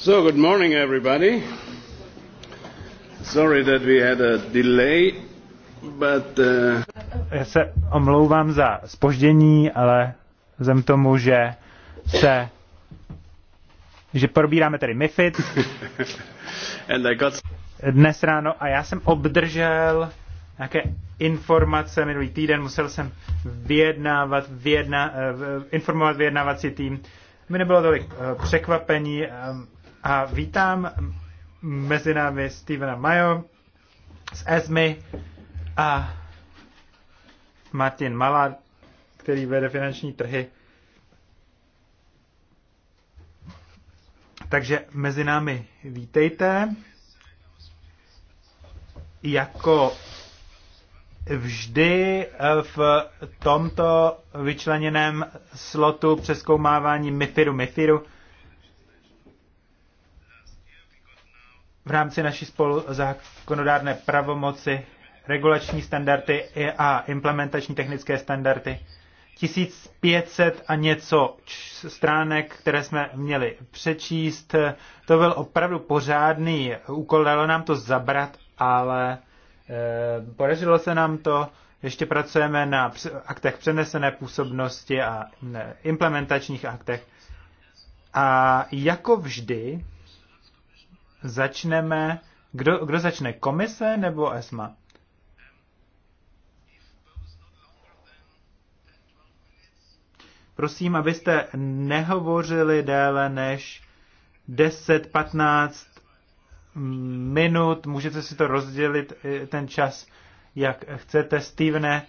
So, good morning, everybody. Sorry that we had a delay, but... Uh... Já se omlouvám za spoždění, ale vzhledem tomu, že se že probíráme tedy MIFID. And I got... Dnes ráno a já jsem obdržel nějaké informace minulý týden, musel jsem vyjednávat, vyjedna, eh, informovat vyjednávací tým mi nebylo tolik eh, překvapení eh, a vítám mezi námi Stevena Majo z Esmy a Martin Malar, který vede finanční trhy. Takže mezi námi vítejte. Jako vždy eh, v tomto vyčleněném slotu přeskoumávání MIFIRu MIFIRu v rámci naší spolu zákonodárné pravomoci, regulační standardy a implementační technické standardy. 1500 a něco stránek, které jsme měli přečíst. To byl opravdu pořádný úkol, dalo nám to zabrat, ale Eh, podařilo se nám to, ještě pracujeme na aktech přenesené působnosti a implementačních aktech. A jako vždy začneme, kdo, kdo začne, komise nebo ESMA? Prosím, abyste nehovořili déle než 10, 15, minut, můžete si to rozdělit, eh, ten čas, jak chcete. Stevene,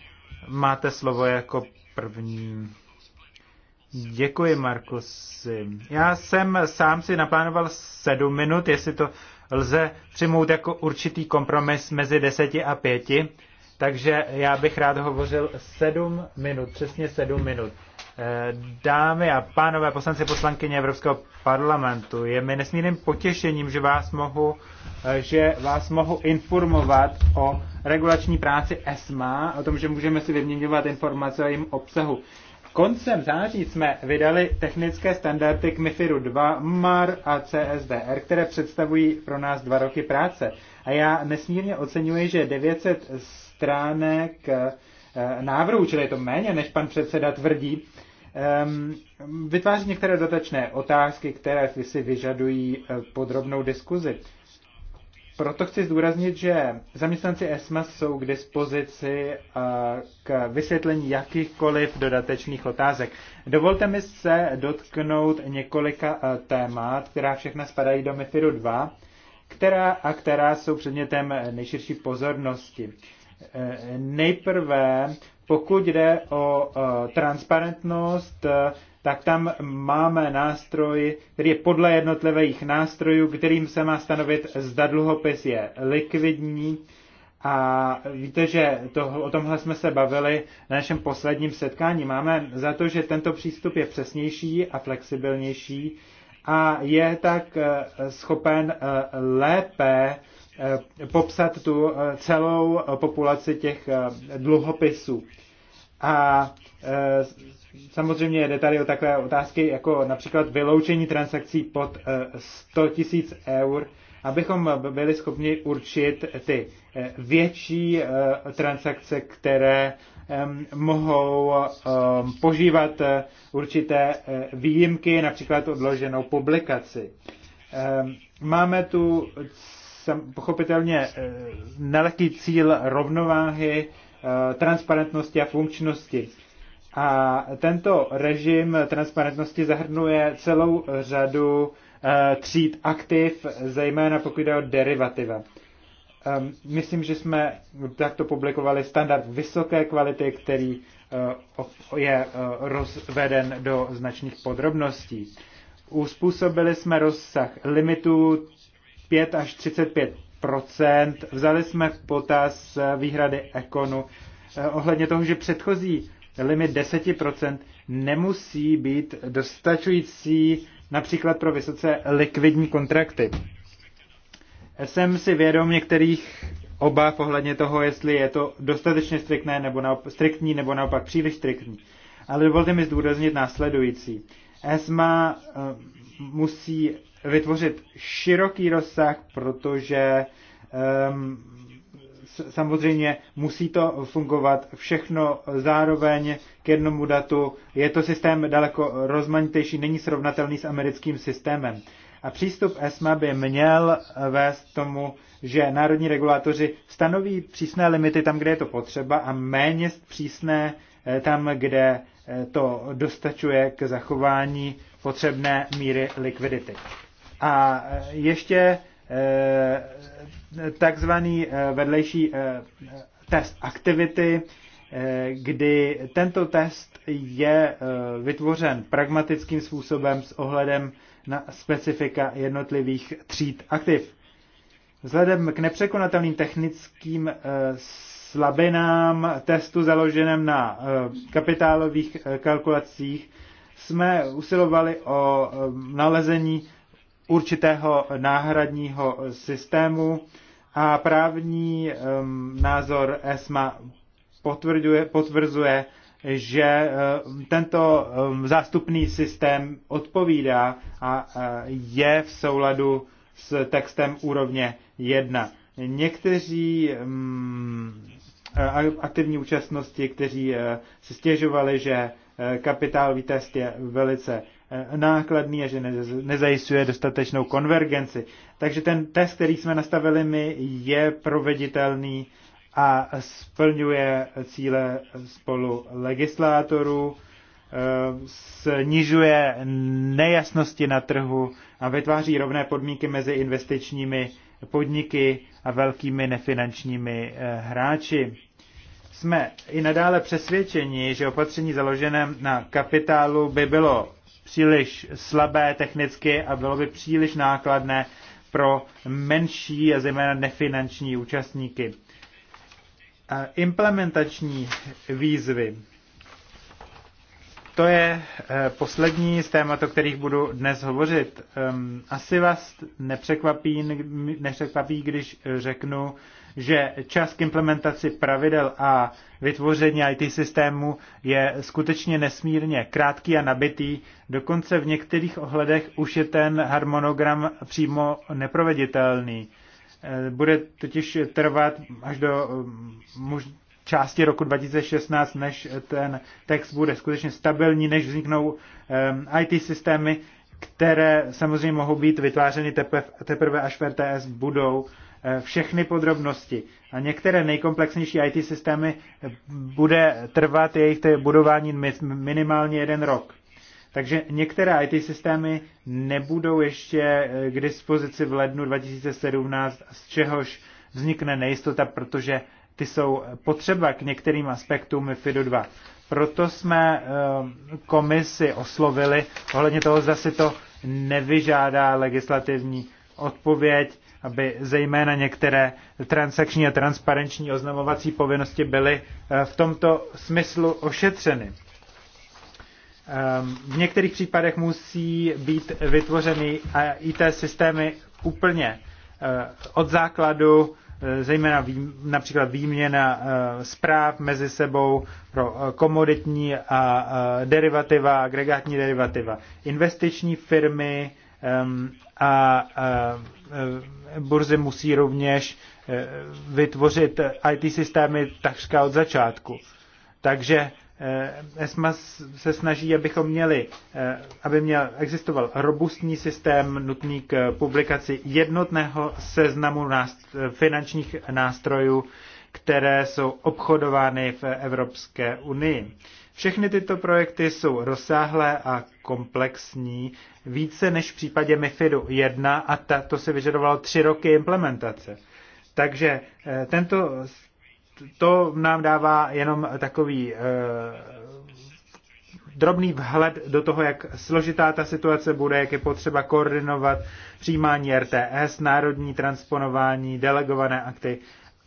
máte slovo jako první. Děkuji, Markus. Já jsem sám si naplánoval sedm minut, jestli to lze přijmout jako určitý kompromis mezi deseti a pěti. Takže já bych rád hovořil sedm minut, přesně sedm minut. Eh, dámy a pánové, poslanci poslankyně Evropského parlamentu, je mi nesmírným potěšením, že vás mohu, eh, že vás mohu informovat o regulační práci ESMA, o tom, že můžeme si vyměňovat informace o jejím obsahu. Koncem září jsme vydali technické standardy k MIFIRu 2, MAR a CSDR, které představují pro nás dva roky práce. A já nesmírně oceňuji, že 900 stránek eh, návrhu, čili je to méně, než pan předseda tvrdí, Ehm, vytváří některé dotačné otázky, které si vyžadují eh, podrobnou diskuzi. Proto chci zdůraznit, že zaměstnanci ESMA jsou k dispozici eh, k vysvětlení jakýchkoliv dodatečných otázek. Dovolte mi se dotknout několika eh, témat, která všechna spadají do MIFIRu 2 která a která jsou předmětem nejširší pozornosti. Nejprve pokud jde o e, transparentnost, e, tak tam máme nástroj, který je podle jednotlivých nástrojů, kterým se má stanovit, zda dluhopis je likvidní. A víte, že to, o tomhle jsme se bavili na našem posledním setkání. Máme za to, že tento přístup je přesnější a flexibilnější a je tak e, schopen lépe Eh, popsat tu eh, celou populaci těch eh, dluhopisů. A samozřejmě jde tady o takové otázky, jako například vyloučení transakcí pod 100 000 eur, abychom byli schopni určit ty větší transakce, které mohou požívat určité výjimky, například odloženou publikaci. Máme tu pochopitelně eh, nelehký cíl rovnováhy, eh, transparentnosti a funkčnosti. A tento režim transparentnosti zahrnuje celou řadu eh, tříd aktiv, zejména pokud jde o derivativa. Ehm, myslím, že jsme takto publikovali standard vysoké kvality, který je rozveden do značných podrobností. Uspůsobili jsme rozsah limitů 5 až 35 Vzali jsme v potaz eh, výhrady Ekonu eh, ohledně toho, že předchozí limit 10 nemusí být dostačující například pro vysoce likvidní kontrakty. Jsem si vědom některých obav ohledně toho, jestli je to dostatečně striktné nebo naopak, striktní nebo naopak příliš striktní. Ale dovolte mi zdůraznit následující. ESMA eh, musí vytvořit široký rozsah, protože um, samozřejmě musí to fungovat všechno zároveň k jednomu datu. Je to systém daleko rozmanitější, není srovnatelný s americkým systémem. A přístup ESMA by měl vést tomu, že národní regulátoři stanoví přísné limity tam, kde je to potřeba a méně přísné eh, tam, kde eh, to dostačuje k zachování potřebné míry likvidity. A ještě eh, takzvaný eh, vedlejší eh, test aktivity, kdy tento test je vytvořen pragmatickým způsobem s ohledem na specifika jednotlivých tříd aktiv. Vzhledem k nepřekonatelným technickým slabinám testu založeném na kapitálových kalkulacích jsme usilovali o nalezení určitého náhradního systému a právní um, názor ESMA potvrduje, potvrzuje, že um, tento um, zástupný systém odpovídá a uh, je v souladu s textem úrovně 1. Někteří um, aktivní účastnosti, kteří uh, si stěžovali, že uh, e, kapitálový test je velice Eh, nákladný a že nezajistuje dostatečnou konvergenci. Takže ten test, který jsme nastavili my, je proveditelný a splňuje cíle spolu legislátorů, eh, snižuje nejasnosti na trhu a vytváří rovné podmínky mezi investičními podniky a velkými nefinančními eh, hráči. Jsme i nadále přesvědčeni, že opatření založené na kapitálu by bylo příliš slabé technicky a bylo by příliš nákladné pro menší a zejména nefinanční účastníky. Implementační výzvy. To je eh, poslední z témat, o kterých budu dnes hovořit. Ehm, asi vás nepřekvapí, nepřekvapí když řeknu, že čas k implementaci pravidel a vytvoření IT systému je skutečně nesmírně krátký a nabitý. Dokonce v některých ohledech už je ten harmonogram přímo neproveditelný. Eh, bude totiž trvat až do eh, mož, části roku 2016, než ten text bude skutečně stabilní, než vzniknou eh, IT systémy, které samozřejmě mohou být vytvářeny teprve, teprve až v RTS budou Eh, všechny podrobnosti. A některé nejkomplexnější IT systémy bude trvat jejich budování minimálně jeden rok. Takže některé IT systémy nebudou ještě eh, k dispozici v lednu 2017, z čehož vznikne nejistota, protože ty jsou potřeba k některým aspektům FIDO 2. Proto jsme eh, komisi oslovili ohledně toho, zase to nevyžádá legislativní odpověď aby zejména některé transakční a transparenční oznamovací povinnosti byly eh, v tomto smyslu ošetřeny. Ehm, v některých případech musí být vytvořeny eh, IT systémy úplně eh, od základu, zejména například výměna zpráv mezi sebou pro komoditní a derivativa, agregátní derivativa, investiční firmy ehm, a Eh, burzy musí rovněž eh, vytvořit IT systémy takřka od začátku. Takže eh, ESMA se snaží, abychom měli, aby měl existoval robustní systém nutný k publikaci jednotného seznamu finančních nástrojů, které jsou obchodovány v Evropské unii. Všechny tyto projekty jsou rozsáhlé a komplexní více než v případě MIFIDu 1 a ta, to se vyžadovalo tři roky implementace. Takže eh, tento, to nám dává jenom takový eh, drobný vhled do toho, jak složitá ta situace bude, jak je potřeba koordinovat přijímání RTS, národní transponování, delegované akty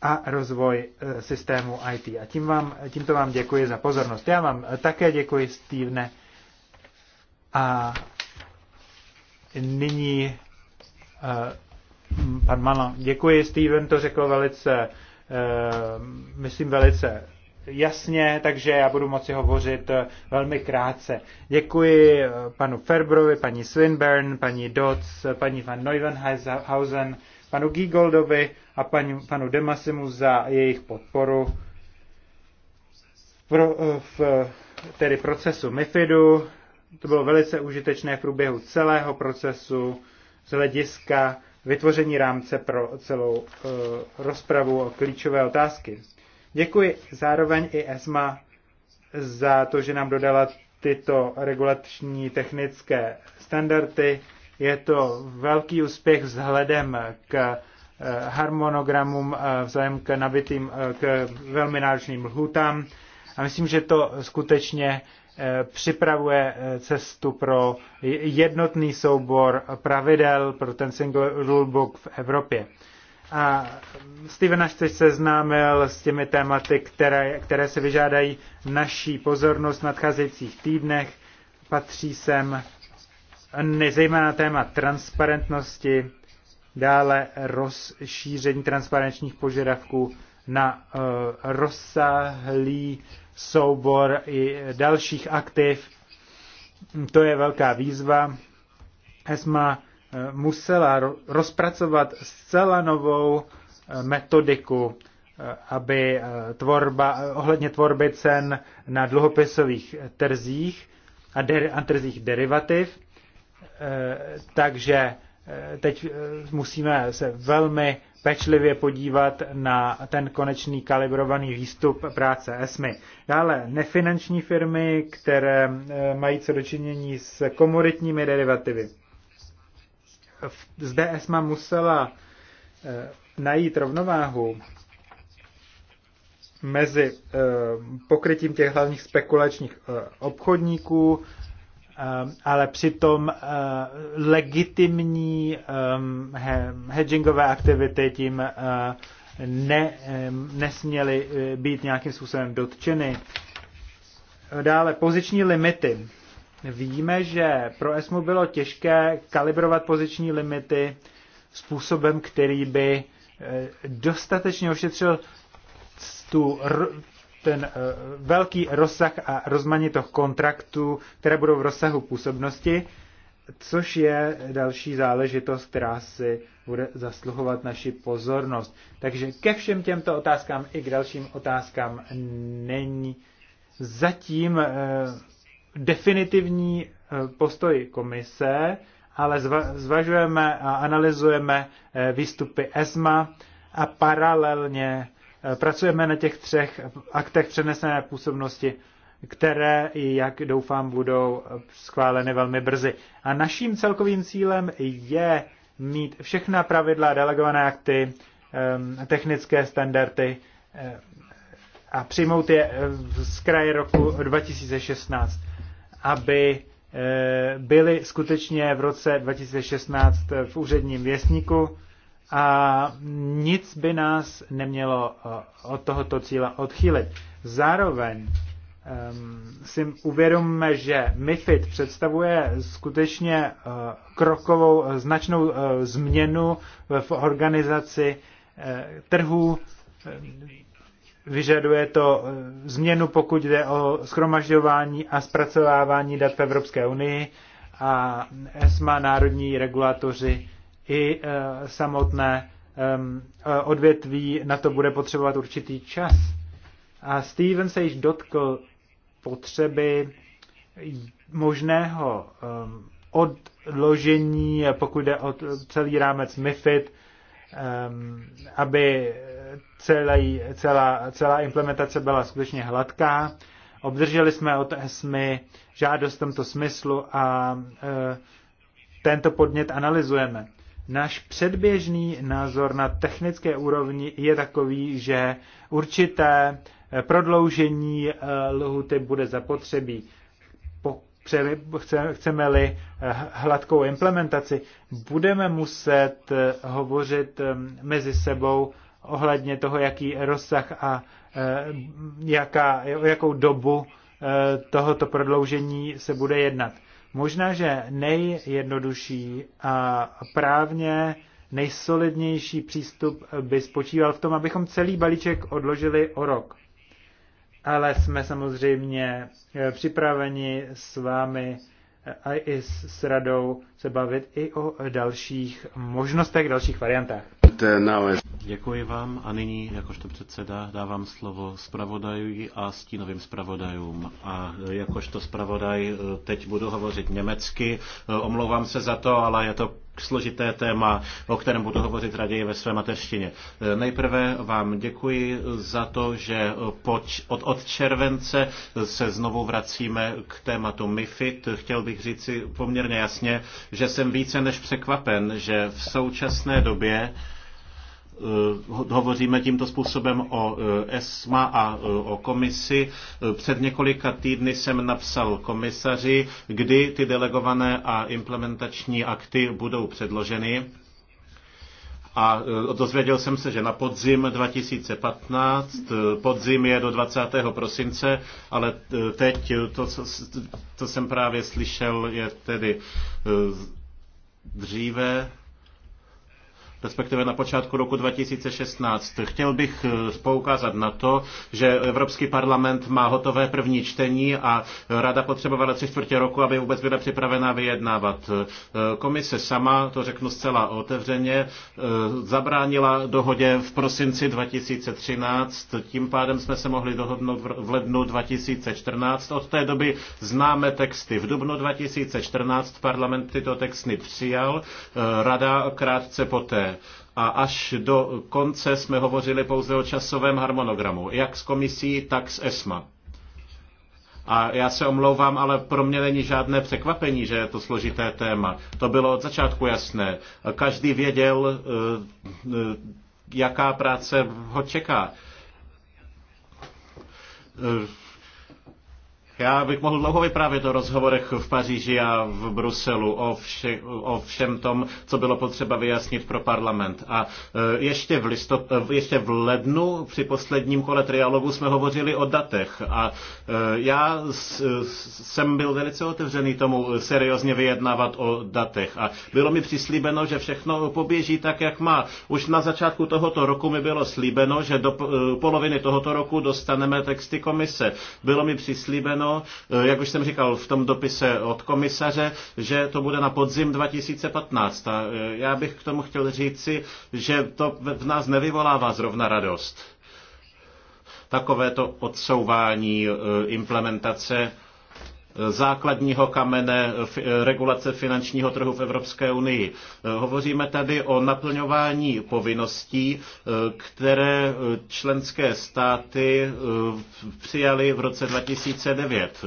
a rozvoj eh, systému IT. A tím vám, tímto vám děkuji za pozornost. Já vám také děkuji, Stevene. A nyní eh, pan Malan. Děkuji, Steven to řekl velice, eh, myslím velice jasně, takže já budu moci hovořit eh, velmi krátce. Děkuji panu Ferbrovi, paní Swinburne, paní Dodds, paní van Neuvenhausen, panu Giegoldovi a paní, panu Demasimu za jejich podporu v, pro, v tedy procesu MIFIDu, to bylo velice užitečné v průběhu celého procesu z hlediska vytvoření rámce pro celou e, rozpravu o klíčové otázky. Děkuji zároveň i ESMA za to, že nám dodala tyto regulační technické standardy. Je to velký úspěch vzhledem k e, harmonogramům, e, vzhledem k nabitým, e, k velmi náročným lhutám. A myslím, že to skutečně Eh, připravuje eh, cestu pro jednotný soubor pravidel pro ten single rulebook v Evropě. A Steven až se seznámil s těmi tématy, které, které se vyžádají naší pozornost v nadcházejících týdnech. Patří sem nezejména téma transparentnosti, dále rozšíření transparentních požadavků na uh, rozsáhlý uh, soubor i dalších aktiv. To je velká výzva. ESMA eh, musela rozpracovat zcela novou eh, metodiku, eh, aby tvorba, ohledně tvorby cen na dluhopisových trzích a, der, a trzích derivativ, takže Eh, teď eh, musíme se velmi pečlivě podívat na ten konečný kalibrovaný výstup práce ESMI. Dále nefinanční firmy, které eh, mají co dočinění s komoditními derivativy. Zde ESMA musela najít rovnováhu mezi pokrytím těch hlavních spekulačních obchodníků Ehm, ale přitom eh, legitimní ehm, hedgingové aktivity tím eh, ne, ehm, nesměly eh, být nějakým způsobem dotčeny. Dále poziční limity. Víme, že pro ESMU bylo těžké kalibrovat poziční limity způsobem, který by dostatečně ošetřil tu, ten eh, velký rozsah a rozmanitost kontraktů, které budou v rozsahu působnosti, což je další záležitost, která si bude zasluhovat naši pozornost. Takže ke všem těmto otázkám i k dalším otázkám není zatím eh, definitivní eh, postoj komise, ale zvažujeme a analyzujeme výstupy ESMA a paralelně Eh, pracujeme na těch třech aktech přenesené působnosti, které, jak doufám, budou schváleny velmi brzy. A naším celkovým cílem je mít všechna pravidla, delegované akty, eh, technické standardy eh, a přijmout je z kraje roku 2016, aby byly skutečně v roce 2016 v úředním věstníku a nic by nás nemělo eh, od tohoto cíle odchýlit. Zároveň um, si uvědomme, že MIFID představuje skutečně uh, krokovou eh, značnou uh, změnu v organizaci uh, trhů. Ehm, vyžaduje to změnu, pokud jde o schromažďování a zpracovávání dat v Evropské unii a ESMA, národní regulatoři, i eh, samotné eh, odvětví na to bude potřebovat určitý čas. A Steven se již dotkl potřeby možného odložení, pokud jde o celý rámec MIFID, aby celý, celá, celá implementace byla skutečně hladká. Obdrželi jsme od ESMY žádost v tomto smyslu a eh, tento podnět analyzujeme. Náš předběžný názor na technické úrovni je takový, že určité eh, prodloužení eh, lhuty bude zapotřebí. Chceme-li eh, hladkou implementaci, budeme muset hovořit mezi sebou ohledně toho, jaký rozsah a jaká, jakou dobu tohoto prodloužení se bude jednat. Možná, že nejjednodušší a právně nejsolidnější přístup by spočíval v tom, abychom celý balíček odložili o rok. Ale jsme samozřejmě eh, připraveni s vámi eh, a i s radou se bavit i o dalších možnostech, dalších variantách. Uh, děkuji vám a nyní, jakožto předseda, dávám slovo zpravodajům a stínovým zpravodajům. A e, jakožto zpravodaj e, teď budu hovořit německy. E, omlouvám se za to, ale je to složité téma, o kterém budu hovořit raději ve své mateřštině. Nejprve vám děkuji za to, že od, od července se znovu vracíme k tématu MIFID. Chtěl bych říci poměrně jasně, že jsem více než překvapen, že v současné době Eh, hovoříme tímto způsobem o eh, ESMA a eh, o komisi. Před několika týdny jsem napsal komisaři, kdy ty delegované a implementační akty budou předloženy. A dozvěděl jsem se, že na podzim 2015, podzim je do 20. prosince, ale teď to, co, to jsem právě slyšel, je tedy dříve respektive na počátku roku 2016. Chtěl bych eh, poukázat na to, že Evropský parlament má hotové první čtení a rada potřebovala tři čtvrtě roku, aby vůbec byla připravená vyjednávat. Eh, komise sama, to řeknu zcela otevřeně, eh, zabránila dohodě v prosinci 2013, tím pádem jsme se mohli dohodnout v lednu 2014. Od té doby známe texty. V dubnu 2014 parlament tyto texty přijal, rada krátce poté a až do konce jsme hovořili pouze o časovém harmonogramu, jak s komisí, tak s ESMA. A já se omlouvám, ale pro mě není žádné překvapení, že je to složité téma. To bylo od začátku jasné. Každý věděl, eh, eh, jaká práce ho čeká eh, já bych mohl dlouho vyprávět o rozhovorech v Paříži a v Bruselu, o, vše, o všem tom, co bylo potřeba vyjasnit pro parlament. A e, ještě v, listop, e, ještě v lednu při posledním kole trialogu jsme hovořili o datech. A e, já jsem byl velice otevřený tomu seriózně vyjednávat o datech. A bylo mi přislíbeno, že všechno poběží tak, jak má. Už na začátku tohoto roku mi bylo slíbeno, že do poloviny tohoto roku dostaneme texty komise. Bylo mi přislíbeno, řečeno, eh, jak už jsem říkal v tom dopise od komisaře, že to bude na podzim 2015. A eh, já bych k tomu chtěl říci, že to v nás nevyvolává zrovna radost. Takovéto odsouvání eh, implementace základního kamene regulace finančního trhu v Evropské unii. Hovoříme tady o naplňování povinností, eh, které eh, členské státy eh, přijaly v roce 2009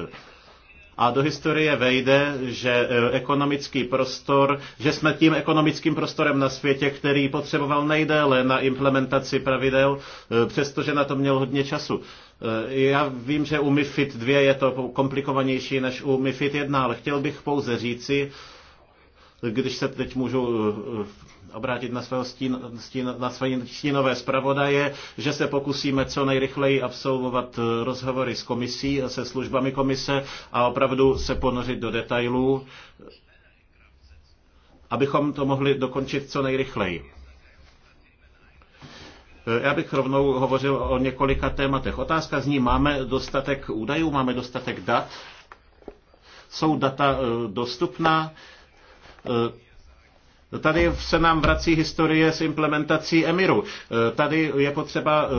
a do historie vejde, že ekonomický prostor, že jsme tím ekonomickým prostorem na světě, který potřeboval nejdéle na implementaci pravidel, přestože na to měl hodně času. Eh, já vím, že u MIFID 2 je to komplikovanější než u MIFID 1, ale chtěl bych pouze říci, když se teď můžu eh, obrátit na, svého stín, stín, na své stínové zpravodaje, že se pokusíme co nejrychleji absolvovat eh, rozhovory s komisí, a se službami komise a opravdu se ponořit do detailů, abychom to mohli dokončit co nejrychleji. Eh, já bych rovnou hovořil o několika tématech. Otázka zní, máme dostatek údajů, máme dostatek dat? Jsou data eh, dostupná? Eh, tady se nám vrací historie s implementací Emiru. Tady je potřeba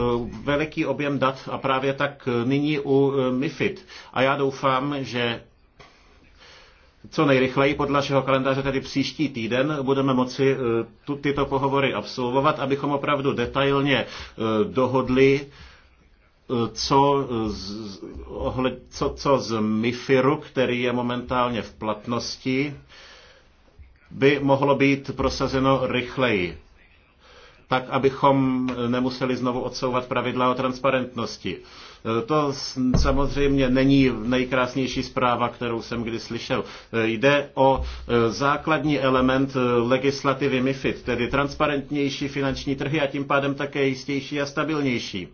veliký objem dat a právě tak nyní u MIFID. A já doufám, že co nejrychleji podle našeho kalendáře, tedy příští týden, budeme moci eh, tu, tyto pohovory absolvovat, abychom opravdu detailně eh, dohodli, eh, co z, ohled, co, co z MIFIRu, který je momentálně v platnosti, by mohlo být prosazeno rychleji tak abychom nemuseli znovu odsouvat pravidla o transparentnosti. Eh, to samozřejmě není nejkrásnější zpráva, kterou jsem kdy slyšel. Eh, jde o eh, základní element legislativy MIFID, tedy transparentnější finanční trhy a tím pádem také jistější a stabilnější.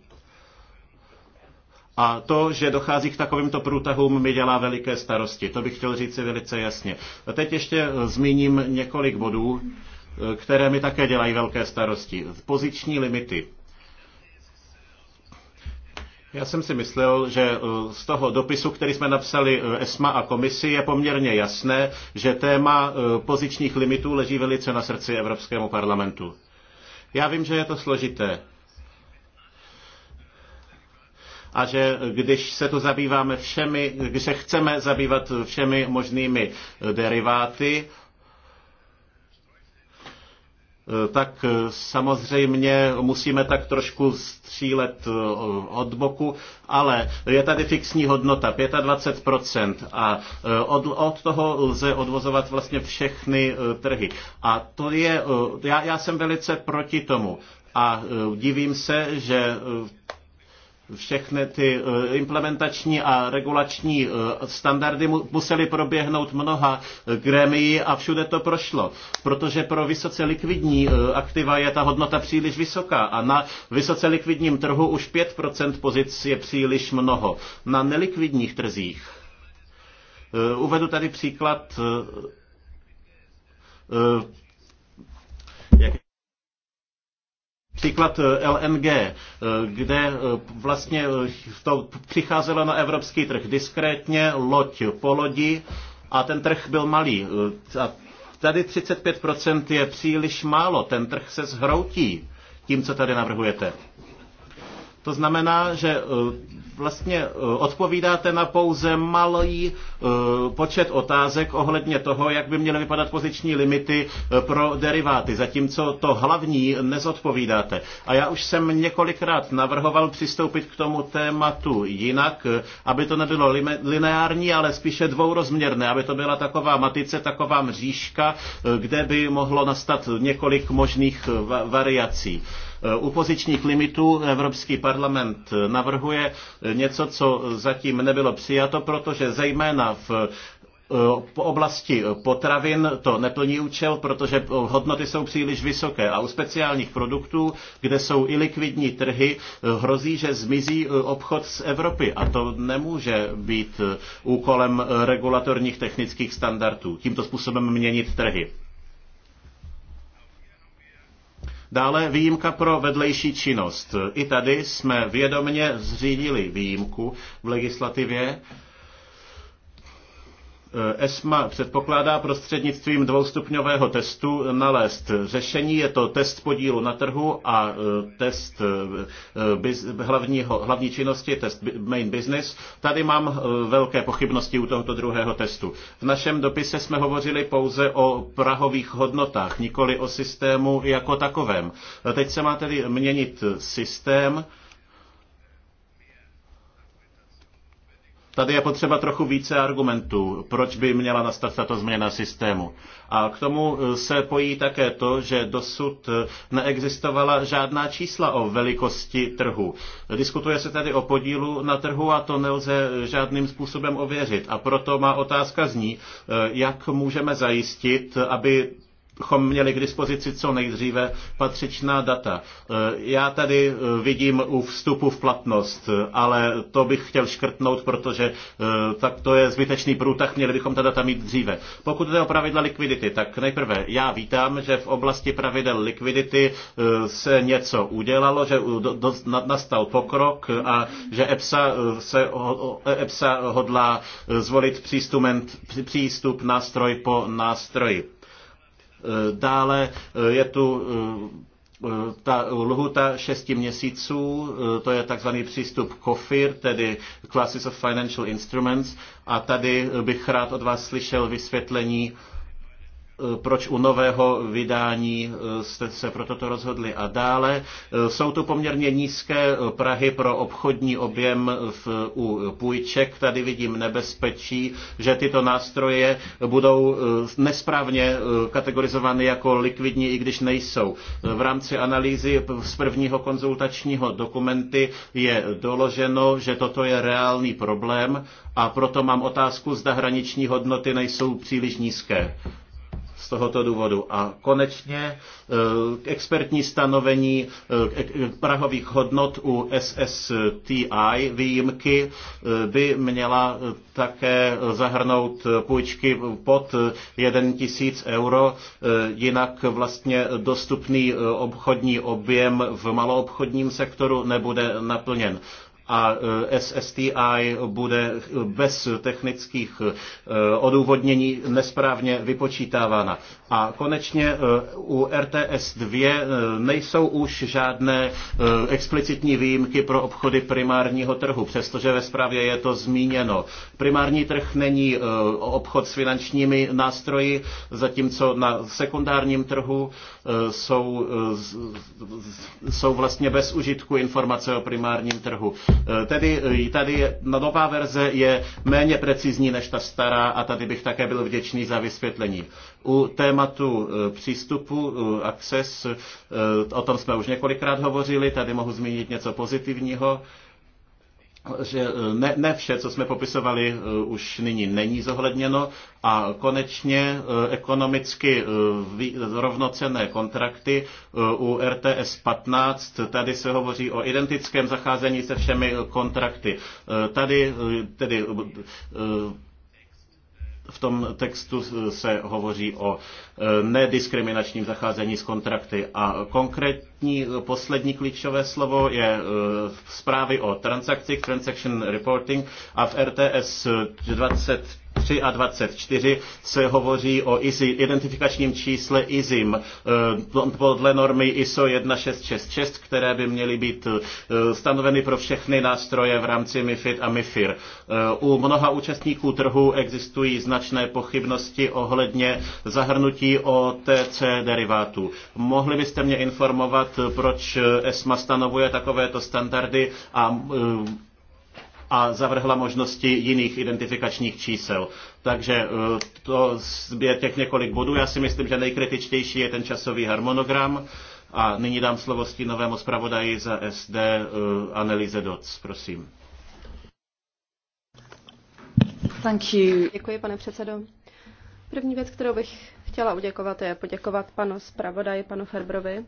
A to, že dochází k takovýmto průtahům, mi dělá veliké starosti. To bych chtěl si velice jasně. A teď ještě zmíním několik bodů, které mi také dělají velké starosti. Poziční limity. Já jsem si myslel, že eh, z toho dopisu, který jsme napsali eh, ESMA a komisi, je poměrně jasné, že téma eh, pozičních limitů leží velice na srdci Evropskému parlamentu. Já vím, že je to složité, a že když se tu zabýváme všemi, když se chceme zabývat všemi možnými deriváty, Eh, tak eh, samozřejmě musíme tak trošku střílet eh, od boku, ale je tady fixní hodnota 25% a od, od toho lze odvozovat vlastně všechny trhy. A to je, já, já jsem velice proti tomu a divím se, že všechny ty eh, implementační a regulační eh, standardy musely proběhnout mnoha eh, grémii a všude to prošlo, protože pro vysoce likvidní aktiva je ta hodnota příliš vysoká a na vysoce likvidním trhu už 5% pozic je příliš mnoho. Na nelikvidních trzích uvedu tady příklad Příklad eh, LNG, eh, kde eh, vlastně to přicházelo na evropský trh diskrétně, loď po lodi a ten trh byl malý. A tady 35% je příliš málo, ten trh se zhroutí tím, co tady navrhujete. To znamená, že eh, vlastně eh, odpovídáte na pouze malý eh, počet otázek ohledně toho, jak by měly vypadat poziční limity pro deriváty, zatímco to hlavní nezodpovídáte. A já už jsem několikrát navrhoval přistoupit k tomu tématu jinak, aby to nebylo lineární, ale spíše dvourozměrné, aby to byla taková matice, taková mřížka, kde by mohlo nastat několik možných variací. Eh, u pozičních limitů Evropský parlament navrhuje eh, něco, co zatím nebylo přijato, protože zejména v po eh, oblasti potravin to neplní účel, protože hodnoty jsou příliš vysoké a u speciálních produktů, kde jsou i likvidní trhy, hrozí, že zmizí obchod z Evropy a to nemůže být úkolem regulatorních technických standardů tímto způsobem měnit trhy. Dále výjimka pro vedlejší činnost. I tady jsme vědomně zřídili výjimku v legislativě Eh, ESMA předpokládá prostřednictvím dvoustupňového testu nalézt řešení. Je to test podílu na trhu a eh, test eh, hlavního, hlavní činnosti, test main business. Tady mám velké pochybnosti u tohoto druhého testu. V našem dopise jsme hovořili pouze o prahových hodnotách, nikoli o systému jako takovém. Teď se má tedy měnit systém, Tady je potřeba trochu více argumentů, proč by měla nastat tato změna systému. A k tomu e, se pojí také to, že dosud e, neexistovala žádná čísla o velikosti trhu. Diskutuje se tady o podílu na trhu a to nelze e, žádným způsobem ověřit. A proto má otázka zní, jak můžeme zajistit, aby bychom měli k dispozici co nejdříve patřičná data. Eh, já tady eh, vidím u vstupu v platnost, ale to bych chtěl škrtnout, protože eh, tak to je zbytečný průtah, měli bychom ta data mít dříve. Pokud jde o pravidla likvidity, tak nejprve já vítám, že v oblasti pravidel likvidity se něco udělalo, že nastal pokrok a že EPSA, se, EPSA hodlá zvolit přístup nástroj po nástroji Eh, dále eh, je tu eh, ta lhuta šesti měsíců, to je takzvaný přístup COFIR, tedy Classes of Financial Instruments, a tady bych rád od vás slyšel vysvětlení, Eh, proč u nového vydání eh, jste se pro toto rozhodli. A dále eh, jsou tu poměrně nízké Prahy pro obchodní objem v, u půjček. Tady vidím nebezpečí, že tyto nástroje budou nesprávně kategorizovány jako likvidní, i když nejsou. V rámci analýzy z prvního konzultačního dokumenty je doloženo, že toto je reálný problém a proto mám otázku, zda hraniční hodnoty nejsou příliš nízké z tohoto důvodu. A konečně e, expertní stanovení e, e, prahových hodnot u SSTI výjimky by měla také zahrnout půjčky pod 1 tisíc euro, jinak vlastně dostupný obchodní objem v maloobchodním sektoru nebude naplněn a e, SSTI bude bez technických e, odůvodnění nesprávně vypočítávána. A konečně e, u RTS 2 nejsou už žádné explicitní výjimky pro obchody primárního trhu, přestože ve zprávě je to zmíněno. Primární trh není obchod s finančními nástroji, zatímco na sekundárním trhu jsou, jsou vlastně bez užitku informace o primárním trhu. Eh, tedy eh, tady na no, nová verze je méně precizní než ta stará a tady bych také byl vděčný za vysvětlení. U tématu eh, přístupu Access, o tom jsme už několikrát hovořili, tady mohu zmínit něco pozitivního že eh, ne, ne vše, co jsme popisovali, eh, už nyní není zohledněno a konečně eh, ekonomicky rovnocené kontrakty u RTS 15, tady se hovoří o identickém zacházení se všemi kontrakty. Tady tedy v tom textu se hovoří o e, nediskriminačním zacházení s kontrakty a konkrétní e, poslední klíčové slovo je v e, zprávy o transakcích, transaction reporting a v RTS 23 23 a 24 se hovoří o ISI, identifikačním čísle ISIM eh, podle normy ISO 1666, které by měly být eh, stanoveny pro všechny nástroje v rámci MIFID a MIFIR. Eh, u mnoha účastníků trhu existují značné pochybnosti ohledně zahrnutí OTC derivátů. Mohli byste mě informovat, proč ESMA stanovuje takovéto standardy a a zavrhla možnosti jiných identifikačních čísel. Takže eh, to je těch několik bodů. Já si myslím, že nejkritičtější je ten časový harmonogram. A nyní dám slovo novému zpravodaji za SD eh, Analýze Doc. Prosím. Thank you. Děkuji, pane předsedo. První věc, kterou bych chtěla uděkovat, je poděkovat panu zpravodaji, panu Ferbrovi,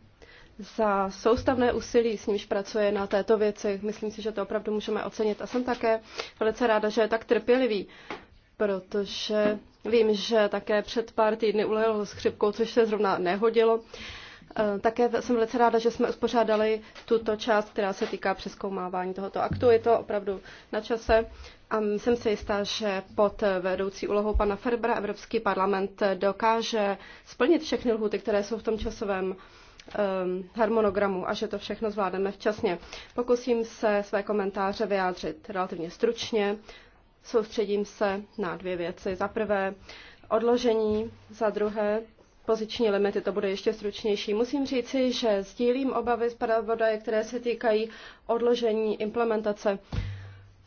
za soustavné úsilí, s nímž pracuje na této věci. Myslím si, že to opravdu můžeme ocenit. A jsem také velice ráda, že je tak trpělivý, protože vím, že také před pár týdny ulehl s chřipkou, což se zrovna nehodilo. Eh, také jsem velice ráda, že jsme uspořádali tuto část, která se týká přeskoumávání tohoto aktu. Je to opravdu na čase. A jsem si jistá, že pod vedoucí úlohou pana Ferbra Evropský parlament dokáže splnit všechny lhuty, které jsou v tom časovém Ehm, harmonogramu a že to všechno zvládneme včasně. Pokusím se své komentáře vyjádřit relativně stručně. Soustředím se na dvě věci. Za prvé odložení, za druhé poziční limity, to bude ještě stručnější. Musím říci, že sdílím obavy zpravodaje, které se týkají odložení implementace.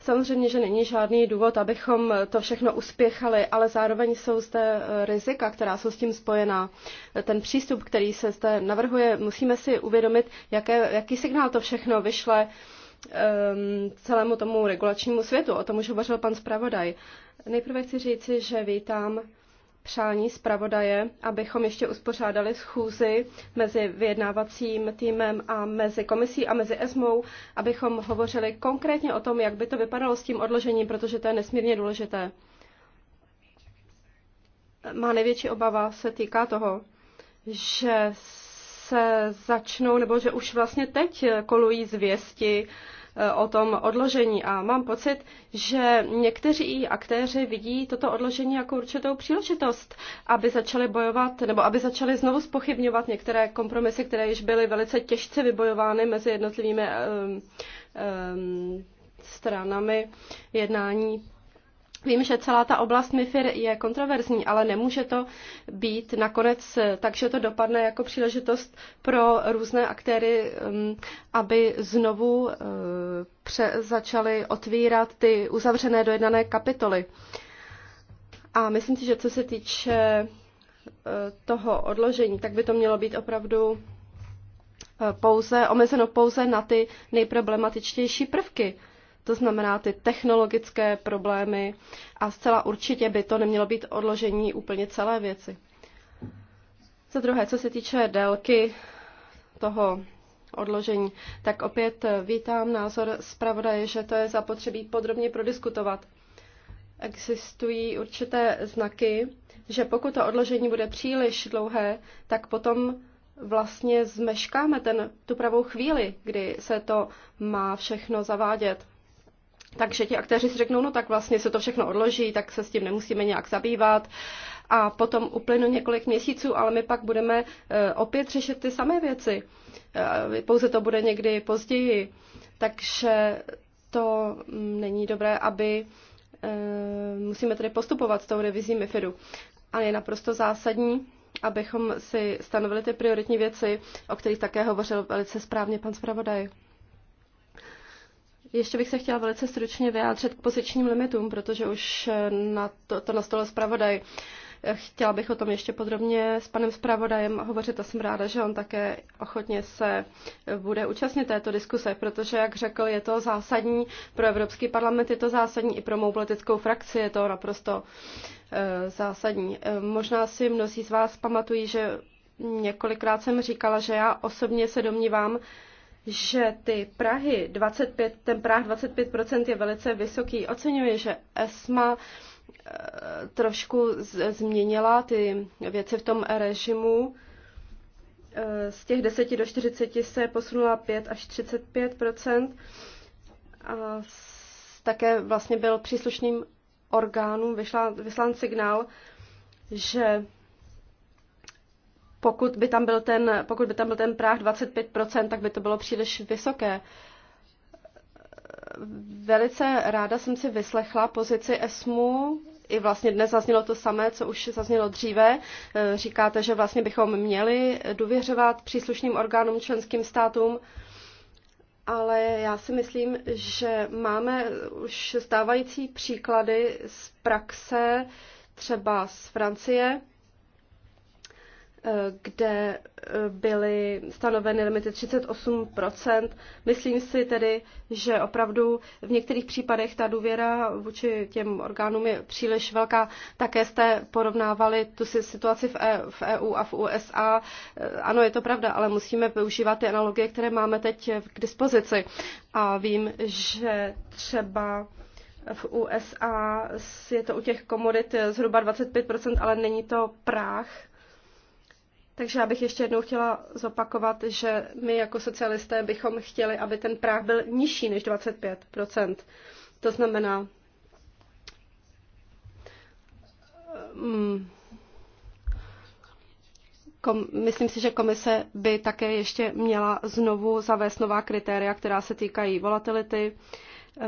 Samozřejmě, že není žádný důvod, abychom to všechno uspěchali, ale zároveň jsou zde eh, rizika, která jsou s tím spojená. Ten přístup, který se zde navrhuje, musíme si uvědomit, jaké, jaký signál to všechno vyšle um, celému tomu regulačnímu světu. O tom už hovořil pan zpravodaj. Nejprve chci říci, že vítám přání zpravodaje, abychom ještě uspořádali schůzi mezi vyjednávacím týmem a mezi komisí a mezi ESMou, abychom hovořili konkrétně o tom, jak by to vypadalo s tím odložením, protože to je nesmírně důležité. Má největší obava se týká toho, že se začnou, nebo že už vlastně teď kolují zvěsti, Eh, o tom odložení a mám pocit, že někteří aktéři vidí toto odložení jako určitou příležitost, aby začali bojovat nebo aby začali znovu spochybňovat některé kompromisy, které již byly velice těžce vybojovány mezi jednotlivými um, um, stranami jednání Vím, že celá ta oblast MIFIR je kontroverzní, ale nemůže to být nakonec tak, že to dopadne jako příležitost pro různé aktéry, um, aby znovu uh, začaly otvírat ty uzavřené dojednané kapitoly. A myslím si, že co se týče uh, toho odložení, tak by to mělo být opravdu uh, pouze, omezeno pouze na ty nejproblematičtější prvky to znamená ty technologické problémy a zcela určitě by to nemělo být odložení úplně celé věci. Za druhé, co se týče délky toho odložení, tak opět vítám názor zpravodaje, že to je zapotřebí podrobně prodiskutovat. Existují určité znaky, že pokud to odložení bude příliš dlouhé, tak potom vlastně zmeškáme ten, tu pravou chvíli, kdy se to má všechno zavádět. Takže ti aktéři si řeknou, no tak vlastně se to všechno odloží, tak se s tím nemusíme nějak zabývat. A potom uplynu několik měsíců, ale my pak budeme e, opět řešit ty samé věci. E, pouze to bude někdy později. Takže to mm, není dobré, aby e, musíme tedy postupovat s tou revizí MIFIDu. A je naprosto zásadní, abychom si stanovili ty prioritní věci, o kterých také hovořil velice správně pan zpravodaj. Ještě bych se chtěla velice stručně vyjádřit k pozičním limitům, protože už eh, na to, to nastalo zpravodaj. Eh, chtěla bych o tom ještě podrobně s panem zpravodajem hovořit a jsem ráda, že on také ochotně se eh, bude účastnit této diskuse, protože, jak řekl, je to zásadní pro Evropský parlament, je to zásadní i pro mou politickou frakci, je to naprosto zásadní. Možná si mnozí z vás pamatují, že několikrát jsem říkala, že já osobně se domnívám, že ty Prahy 25, ten prah 25% je velice vysoký. Oceňuji, že ESMA eh, trošku změnila ty věci v tom režimu. Eh, z těch 10 do 40 se posunula 5 až 35 a také vlastně byl příslušným orgánům vyslán signál, že pokud by tam byl ten, pokud by tam byl ten práh 25%, tak by to bylo příliš vysoké. Velice ráda jsem si vyslechla pozici ESMu, i vlastně dnes zaznělo to samé, co už zaznělo dříve. Říkáte, že vlastně bychom měli důvěřovat příslušným orgánům členským státům, ale já si myslím, že máme už stávající příklady z praxe, třeba z Francie, kde eh, byly stanoveny limity 38 Myslím si tedy, že opravdu v některých případech ta důvěra vůči těm orgánům je příliš velká. Také jste porovnávali tu situaci v EU e a v USA. Eh, ano, je to pravda, ale musíme využívat ty analogie, které máme teď k dispozici. A vím, že třeba v USA je to u těch komodit zhruba 25 ale není to práh takže já bych ještě jednou chtěla zopakovat, že my jako socialisté bychom chtěli, aby ten práh byl nižší než 25 To znamená, mm, kom, myslím si, že komise by také ještě měla znovu zavést nová kritéria, která se týkají volatility. Uh,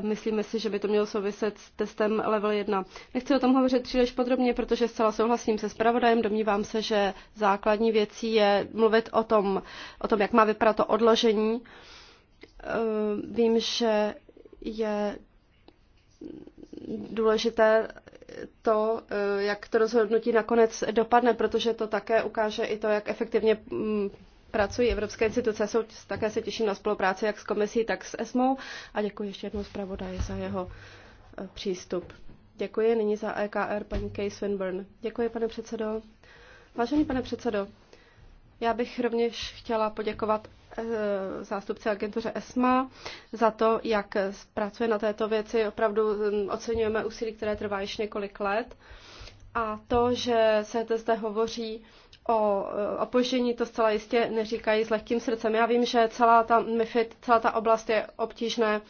Myslíme si, že by to mělo souviset s testem level 1. Nechci o tom hovořit příliš podrobně, protože zcela souhlasím se zpravodajem. Domnívám se, že základní věcí je mluvit o tom, o tom jak má vypadat to odložení. E, vím, že je důležité to, e, jak to rozhodnutí nakonec dopadne, protože to také ukáže i to, jak efektivně mm, pracují evropské instituce. Jsou, také se těším na spolupráci jak s komisí, tak s ESMO. a děkuji ještě jednou zpravodaji za jeho eh, přístup. Děkuji nyní za EKR paní Kay Swinburne. Děkuji, pane předsedo. Vážený pane předsedo, já bych rovněž chtěla poděkovat eh, zástupce agentuře ESMA za to, jak pracuje na této věci. Opravdu hm, oceňujeme úsilí, které trvá již několik let. A to, že se zde hovoří o e, opoždění to zcela jistě neříkají s lehkým srdcem. Já vím, že celá ta MIFID, celá ta oblast je obtížné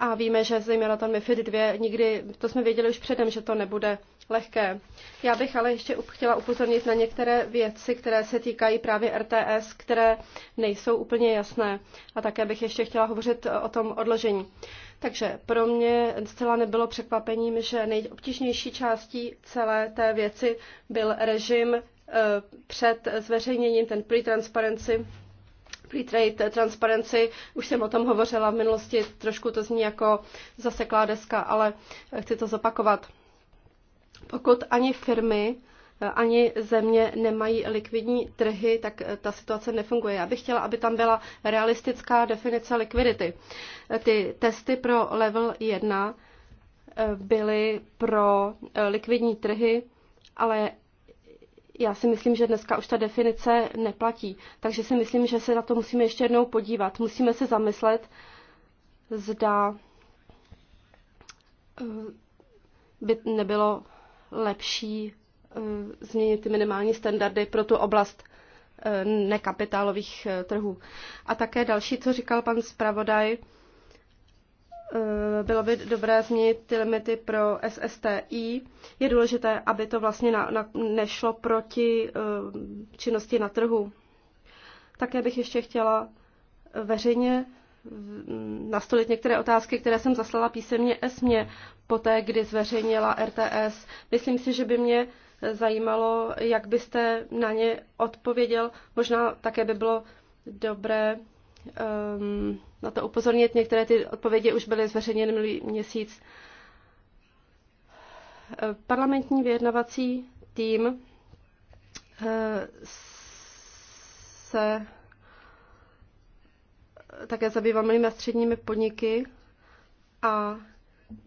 a víme, že zejména ta MIFID 2 nikdy, to jsme věděli už předem, že to nebude lehké. Já bych ale ještě chtěla upozornit na některé věci, které se týkají právě RTS, které nejsou úplně jasné. A také bych ještě chtěla hovořit o tom odložení. Takže pro mě zcela nebylo překvapením, že nejobtížnější částí celé té věci byl režim Eh, před zveřejněním, ten pre-transparency, pre-trade transparency, už jsem o tom hovořila v minulosti, trošku to zní jako zaseklá deska, ale eh, chci to zopakovat. Pokud ani firmy, eh, ani země nemají likvidní trhy, tak ta situace nefunguje. Já bych chtěla, aby tam byla realistická definice likvidity. Ty testy pro level 1 byly pro likvidní trhy, ale já si myslím, že dneska už ta definice neplatí. Takže si myslím, že se na to musíme ještě jednou podívat. Musíme se zamyslet, zda eh, by nebylo lepší eh, změnit ty minimální standardy pro tu oblast eh, nekapitálových trhů. A také další, co říkal pan zpravodaj, Eh, bylo by dobré změnit ty limity pro SSTI. Je důležité, aby to vlastně na, na, nešlo proti eh, činnosti na trhu. Také bych ještě chtěla eh, veřejně mm, nastolit některé otázky, které jsem zaslala písemně ESMě poté, kdy zveřejnila RTS. Myslím si, že by mě zajímalo, jak byste na ně odpověděl. Možná také by bylo dobré um, na to upozornit. Některé ty odpovědi už byly zveřejněny minulý měsíc. Parlamentní vyjednavací tým eh, se také zabýval malými a středními podniky a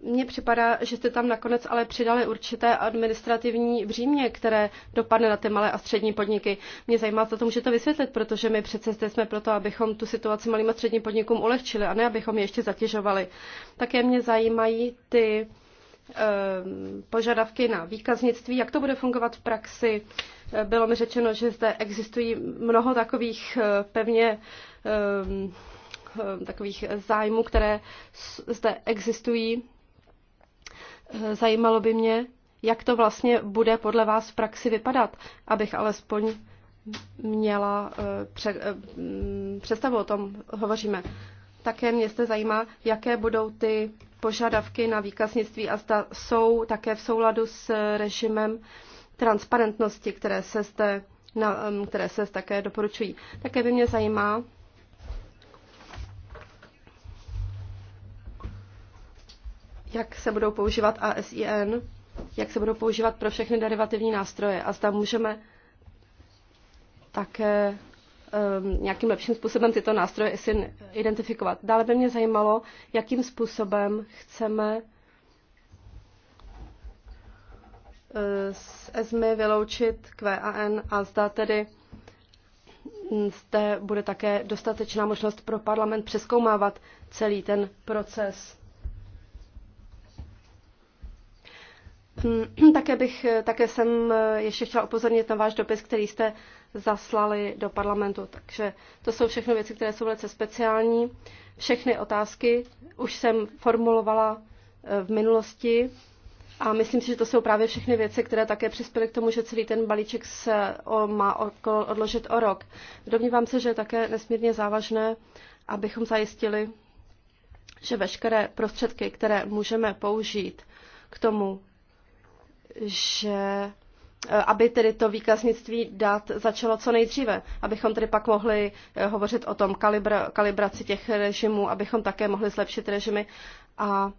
mně připadá, že jste tam nakonec ale přidali určité administrativní břímě, které dopadne na ty malé a střední podniky. Mě zajímá, co to můžete vysvětlit, protože my přece zde jsme proto, abychom tu situaci malým a středním podnikům ulehčili a ne abychom je ještě zatěžovali. Také mě zajímají ty ehm, požadavky na výkaznictví, jak to bude fungovat v praxi. Bylo mi řečeno, že zde existují mnoho takových eh, pevně ehm, Eh, takových zájmů, které zde existují. Eh, zajímalo by mě, jak to vlastně bude podle vás v praxi vypadat, abych alespoň měla eh, mm, představu o tom, hovoříme. Také mě zde zajímá, jaké budou ty požadavky na výkaznictví a zda jsou také v souladu s režimem transparentnosti, které se zde, na, mm, které se také doporučují. Také by mě zajímá, jak se budou používat ASIN, jak se budou používat pro všechny derivativní nástroje a zda můžeme také um, nějakým lepším způsobem tyto nástroje ASIN identifikovat. Dále by mě zajímalo, jakým způsobem chceme eh, z ESMI vyloučit QAN a zda tedy zde bude také dostatečná možnost pro parlament přeskoumávat celý ten proces. Mm, také bych, eh, také jsem eh, ještě chtěla upozornit na váš dopis, který jste zaslali do parlamentu. Takže to jsou všechno věci, které jsou velice speciální. Všechny otázky už jsem formulovala eh, v minulosti a myslím si, že to jsou právě všechny věci, které také přispěly k tomu, že celý ten balíček se o, má odložit o rok. Domnívám se, že je také nesmírně závažné, abychom zajistili, že veškeré prostředky, které můžeme použít k tomu, že e, aby tedy to výkaznictví dat začalo co nejdříve, abychom tedy pak mohli e, hovořit o tom kalibra, kalibraci těch režimů, abychom také mohli zlepšit režimy a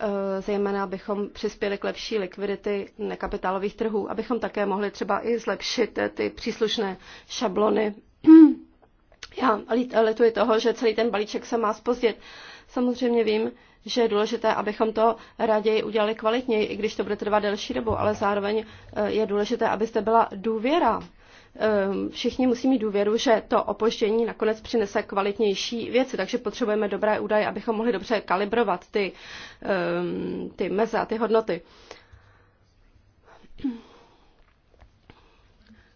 e, zejména abychom přispěli k lepší likvidity nekapitálových trhů, abychom také mohli třeba i zlepšit ty příslušné šablony. Já lituji toho, že celý ten balíček se má spozdit. Samozřejmě vím, že je důležité, abychom to raději udělali kvalitněji, i když to bude trvat delší dobu, ale zároveň eh, je důležité, abyste byla důvěra. Ehm, všichni musí mít důvěru, že to opoždění nakonec přinese kvalitnější věci, takže potřebujeme dobré údaje, abychom mohli dobře kalibrovat ty, ehm, ty meze a ty hodnoty.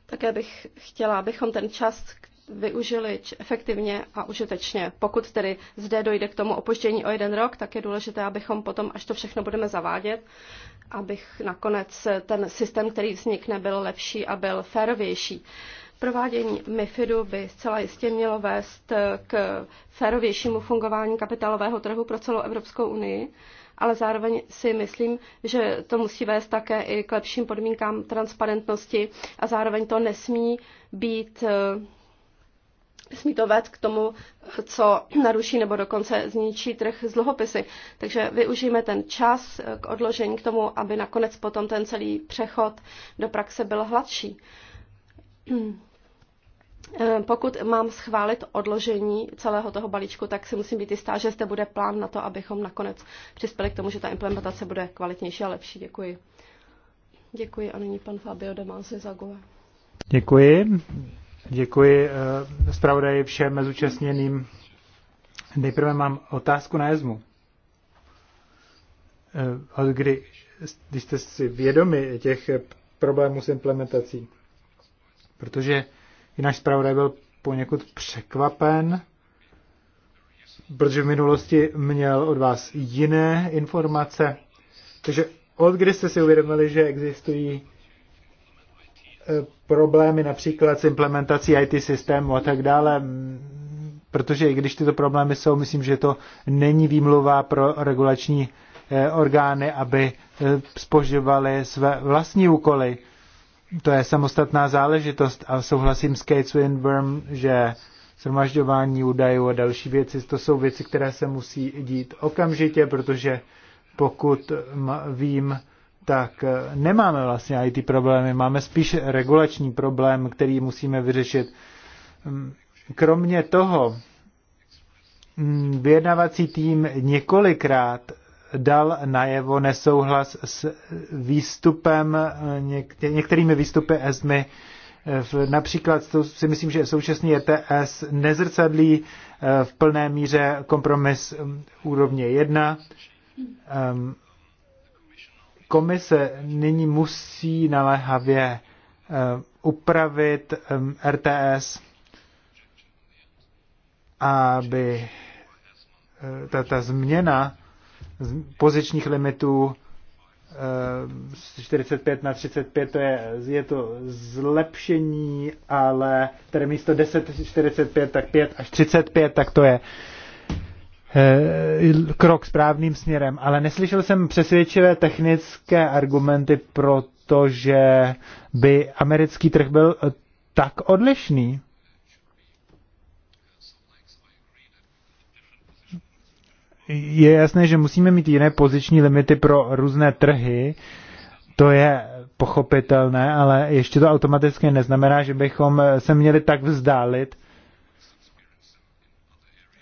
Také bych chtěla, abychom ten čas, využili efektivně a užitečně. Pokud tedy zde dojde k tomu opoždění o jeden rok, tak je důležité, abychom potom, až to všechno budeme zavádět, abych nakonec ten systém, který vznikne, byl lepší a byl férovější. Provádění MIFIDu by zcela jistě mělo vést k férovějšímu fungování kapitálového trhu pro celou Evropskou unii, ale zároveň si myslím, že to musí vést také i k lepším podmínkám transparentnosti a zároveň to nesmí být eh, smí to vést k tomu, co naruší nebo dokonce zničí trh z dluhopisy. Takže využijeme ten čas k odložení k tomu, aby nakonec potom ten celý přechod do praxe byl hladší. Pokud mám schválit odložení celého toho balíčku, tak si musím být jistá, že zde bude plán na to, abychom nakonec přispěli k tomu, že ta implementace bude kvalitnější a lepší. Děkuji. Děkuji a nyní pan Fabio Demasi Masi Děkuji. Děkuji eh, zpravodaji všem zúčastněným. Nejprve mám otázku na jezmu. Eh, od kdy, když jste si vědomi těch problémů s implementací, protože i náš zpravodaj byl poněkud překvapen, protože v minulosti měl od vás jiné informace. Takže od kdy jste si uvědomili, že existují problémy například s implementací IT systému a tak dále, protože i když tyto problémy jsou, myslím, že to není výmluva pro regulační eh, orgány, aby spožívaly eh, své vlastní úkoly. To je samostatná záležitost a souhlasím s Kate Swinburne, že shromažďování údajů a další věci, to jsou věci, které se musí dít okamžitě, protože pokud vím, tak eh, nemáme vlastně IT problémy, máme spíš regulační problém, který musíme vyřešit. Mm, kromě toho, mm, vyjednavací tým několikrát dal najevo nesouhlas s výstupem, eh, některými výstupy ESMY, eh, například to si myslím, že současný ETS nezrcadlí v plné míře kompromis mm, úrovně 1, komise nyní musí naléhavě eh, upravit RTS, aby eh, ta, ta změna pozičních limitů eh, z 45 na 35 to je, je to zlepšení, ale tady místo 10 45 tak 5 až 35, tak to je Eh, krok správným směrem, ale neslyšel jsem přesvědčivé technické argumenty pro to, že by americký trh byl eh, tak odlišný. Je jasné, že musíme mít jiné poziční limity pro různé trhy, to je pochopitelné, ale ještě to automaticky neznamená, že bychom eh, se měli tak vzdálit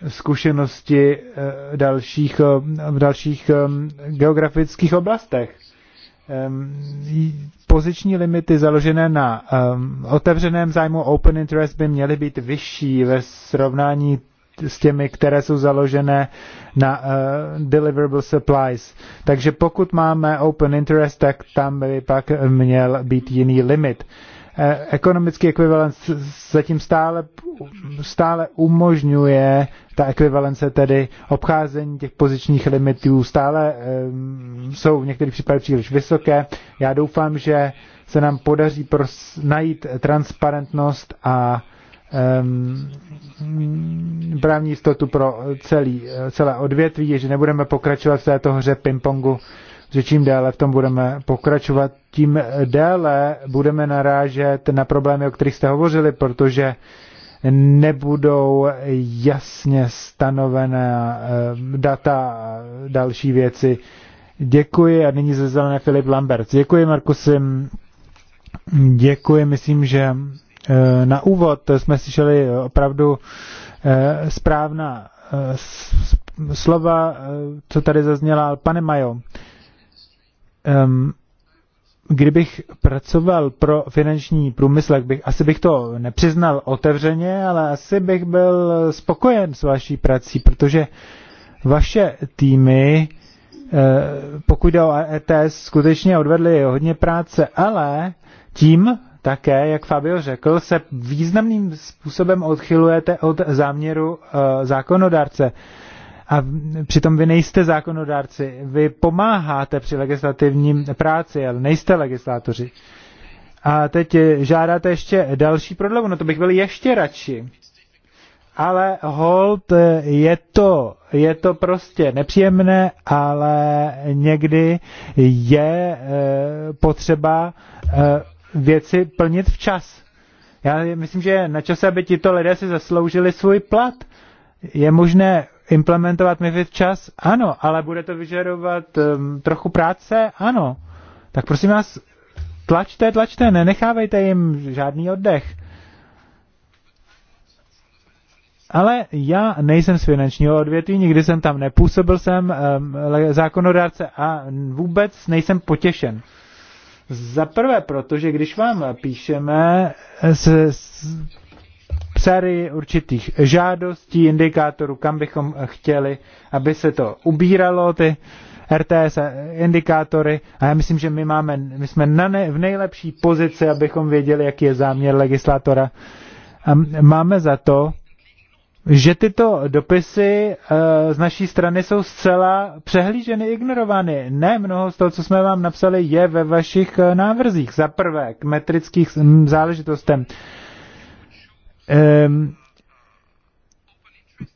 zkušenosti eh, dalších, eh, v dalších eh, geografických oblastech. Ehm, poziční limity založené na ehm, otevřeném zájmu open interest by měly být vyšší ve srovnání s těmi, které jsou založené na uh, deliverable supplies. Takže pokud máme open interest, tak tam by pak měl být jiný limit. Uh, Eh, ekonomický ekvivalent zatím stále, stále umožňuje, ta ekvivalence tedy obcházení těch pozičních limitů stále ehm, jsou v některých případech příliš vysoké. Já doufám, že se nám podaří pros- najít transparentnost a um, právní jistotu pro celý, celé odvětví, že nebudeme pokračovat v této hře uh, že čím déle v tom budeme pokračovat, tím déle budeme narážet na problémy, o kterých jste hovořili, protože nebudou jasně stanovené eh, data a další věci. Děkuji a nyní ze zelené Filip Lambert. Děkuji Markusy. Děkuji, myslím, že eh, na úvod jsme slyšeli opravdu eh, správná slova, co tady zazněla. Pane Majo, um, kdybych pracoval pro finanční průmysl, bych, asi bych to nepřiznal otevřeně, ale asi bych byl spokojen s vaší prací, protože vaše týmy, eh, pokud jde o ETS, skutečně odvedly hodně práce, ale tím také, jak Fabio řekl, se významným způsobem odchylujete od záměru eh, zákonodárce. A přitom vy nejste zákonodárci, vy pomáháte při legislativní práci, ale nejste legislátoři. A teď žádáte ještě další prodlevu, no to bych byl ještě radši. Ale hold, je to, je to prostě nepříjemné, ale někdy je e, potřeba e, věci plnit včas. Já myslím, že je na čase, aby tito lidé si zasloužili svůj plat. Je možné implementovat MIFID čas? Ano, ale bude to vyžadovat um, trochu práce? Ano. Tak prosím vás, tlačte, tlačte, nenechávejte jim žádný oddech. Ale já nejsem z finančního odvětví, nikdy jsem tam nepůsobil, jsem um, zákonodárce a vůbec nejsem potěšen. Za prvé, protože když vám píšeme, s, s, psary určitých žádostí, indikátorů, kam bychom chtěli, aby se to ubíralo, ty RTS a indikátory. A já myslím, že my, máme, my jsme na ne, v nejlepší pozici, abychom věděli, jaký je záměr legislatora. A máme za to, že tyto dopisy eh, z naší strany jsou zcela přehlíženy, ignorovány. Ne, mnoho z toho, co jsme vám napsali, je ve vašich eh, návrzích. Za prvé, k metrických záležitostem. Um,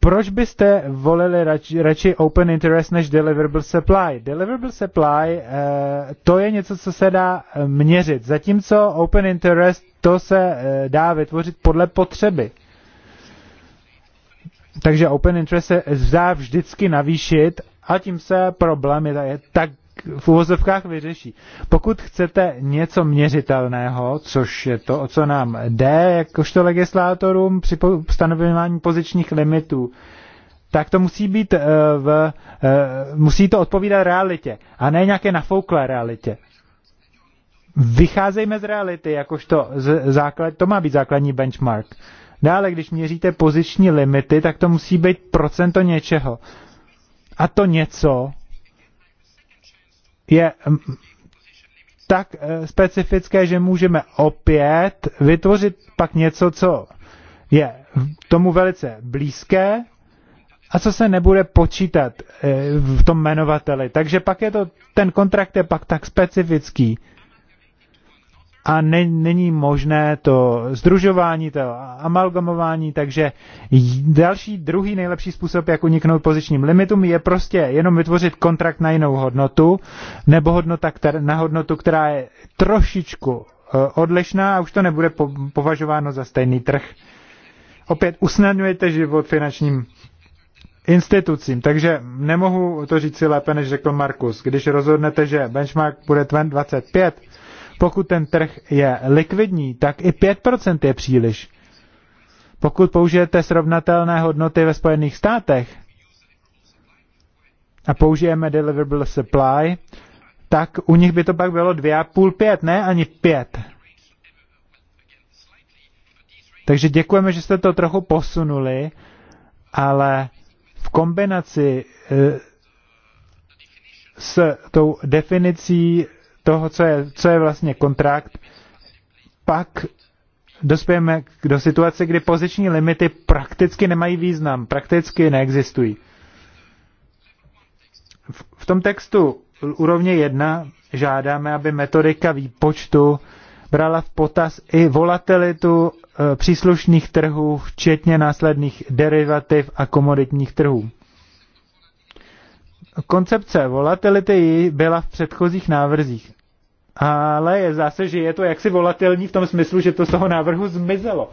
proč byste volili radši, radši open interest než deliverable supply? Deliverable supply eh, to je něco, co se dá eh, měřit, zatímco open interest to se eh, dá vytvořit podle potřeby. Takže open interest se zdá vždycky navýšit a tím se problém je tak v uvozovkách vyřeší. Pokud chcete něco měřitelného, což je to, o co nám jde, jakožto legislátorům při stanovování pozičních limitů, tak to musí být eh, v, eh, musí to odpovídat realitě a ne nějaké nafouklé realitě. Vycházejme z reality, jakožto z základ, to má být základní benchmark. Dále, když měříte poziční limity, tak to musí být procento něčeho. A to něco je mm, tak eh, specifické, že můžeme opět vytvořit pak něco, co je tomu velice blízké a co se nebude počítat eh, v tom jmenovateli. Takže pak je to, ten kontrakt je pak tak specifický, a ne, není možné to združování, to amalgamování, takže další, druhý nejlepší způsob, jak uniknout pozičním limitům, je prostě jenom vytvořit kontrakt na jinou hodnotu, nebo hodnota, která, na hodnotu, která je trošičku e, odlišná a už to nebude považováno za stejný trh. Opět usnadňujete život finančním institucím. Takže nemohu to říct si lépe, než řekl Markus. Když rozhodnete, že benchmark bude 25, pokud ten trh je likvidní, tak i 5% je příliš. Pokud použijete srovnatelné hodnoty ve Spojených státech a použijeme deliverable supply, tak u nich by to pak bylo 2,5, 5, ne ani 5. Takže děkujeme, že jste to trochu posunuli, ale v kombinaci eh, s tou definicí toho, co je, co je vlastně kontrakt, pak dospějeme do situace, kdy poziční limity prakticky nemají význam, prakticky neexistují. V, v tom textu úrovně 1 žádáme, aby metodika výpočtu brala v potaz i volatilitu e, příslušných trhů, včetně následných derivativ a komoditních trhů. Koncepce volatility byla v předchozích návrzích ale je zase, že je to jaksi volatilní v tom smyslu, že to z toho návrhu zmizelo.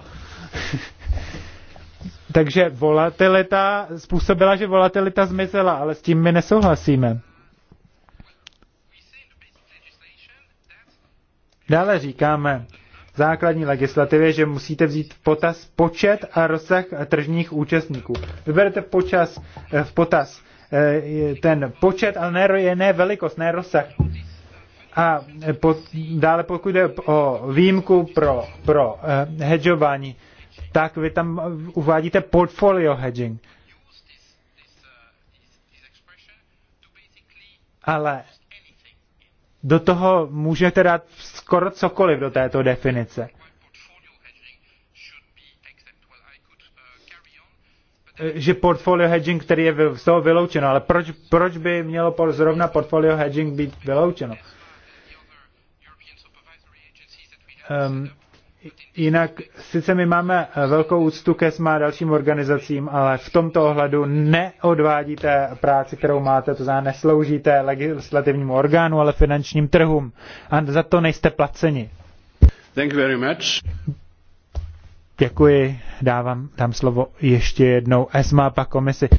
Takže volatilita způsobila, že volatilita zmizela, ale s tím my nesouhlasíme. Dále říkáme v základní legislativě, že musíte vzít v potaz počet a rozsah tržních účastníků. Vyberete počas, eh, v potaz eh, ten počet, ale ne, ne velikost, ne rozsah. A po, dále pokud jde o výjimku pro, pro eh, hedžování, tak vy tam uvádíte portfolio hedging. Ale do toho můžete dát skoro cokoliv do této definice. že portfolio hedging, který je z toho vyloučeno, ale proč, proč by mělo zrovna portfolio hedging být vyloučeno? um, jinak, sice my máme eh, velkou úctu ke SMA dalším organizacím, ale v tomto ohledu neodvádíte práci, kterou máte, to znamená nesloužíte legislativnímu orgánu, ale finančním trhům. A za to nejste placeni. Thank you very much. Děkuji, dávám tam slovo ještě jednou ESMA pak komisi.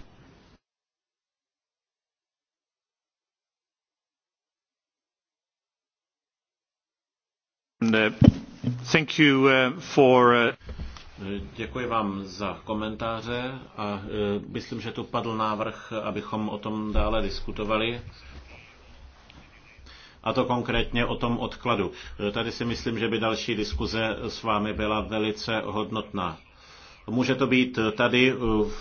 Uh, uh, uh, Děkuji vám za komentáře a myslím, že tu padl návrh, abychom o tom dále diskutovali. A to konkrétně o tom odkladu. Tady si myslím, že by další diskuze s vámi byla velice hodnotná. Může to být tady eh,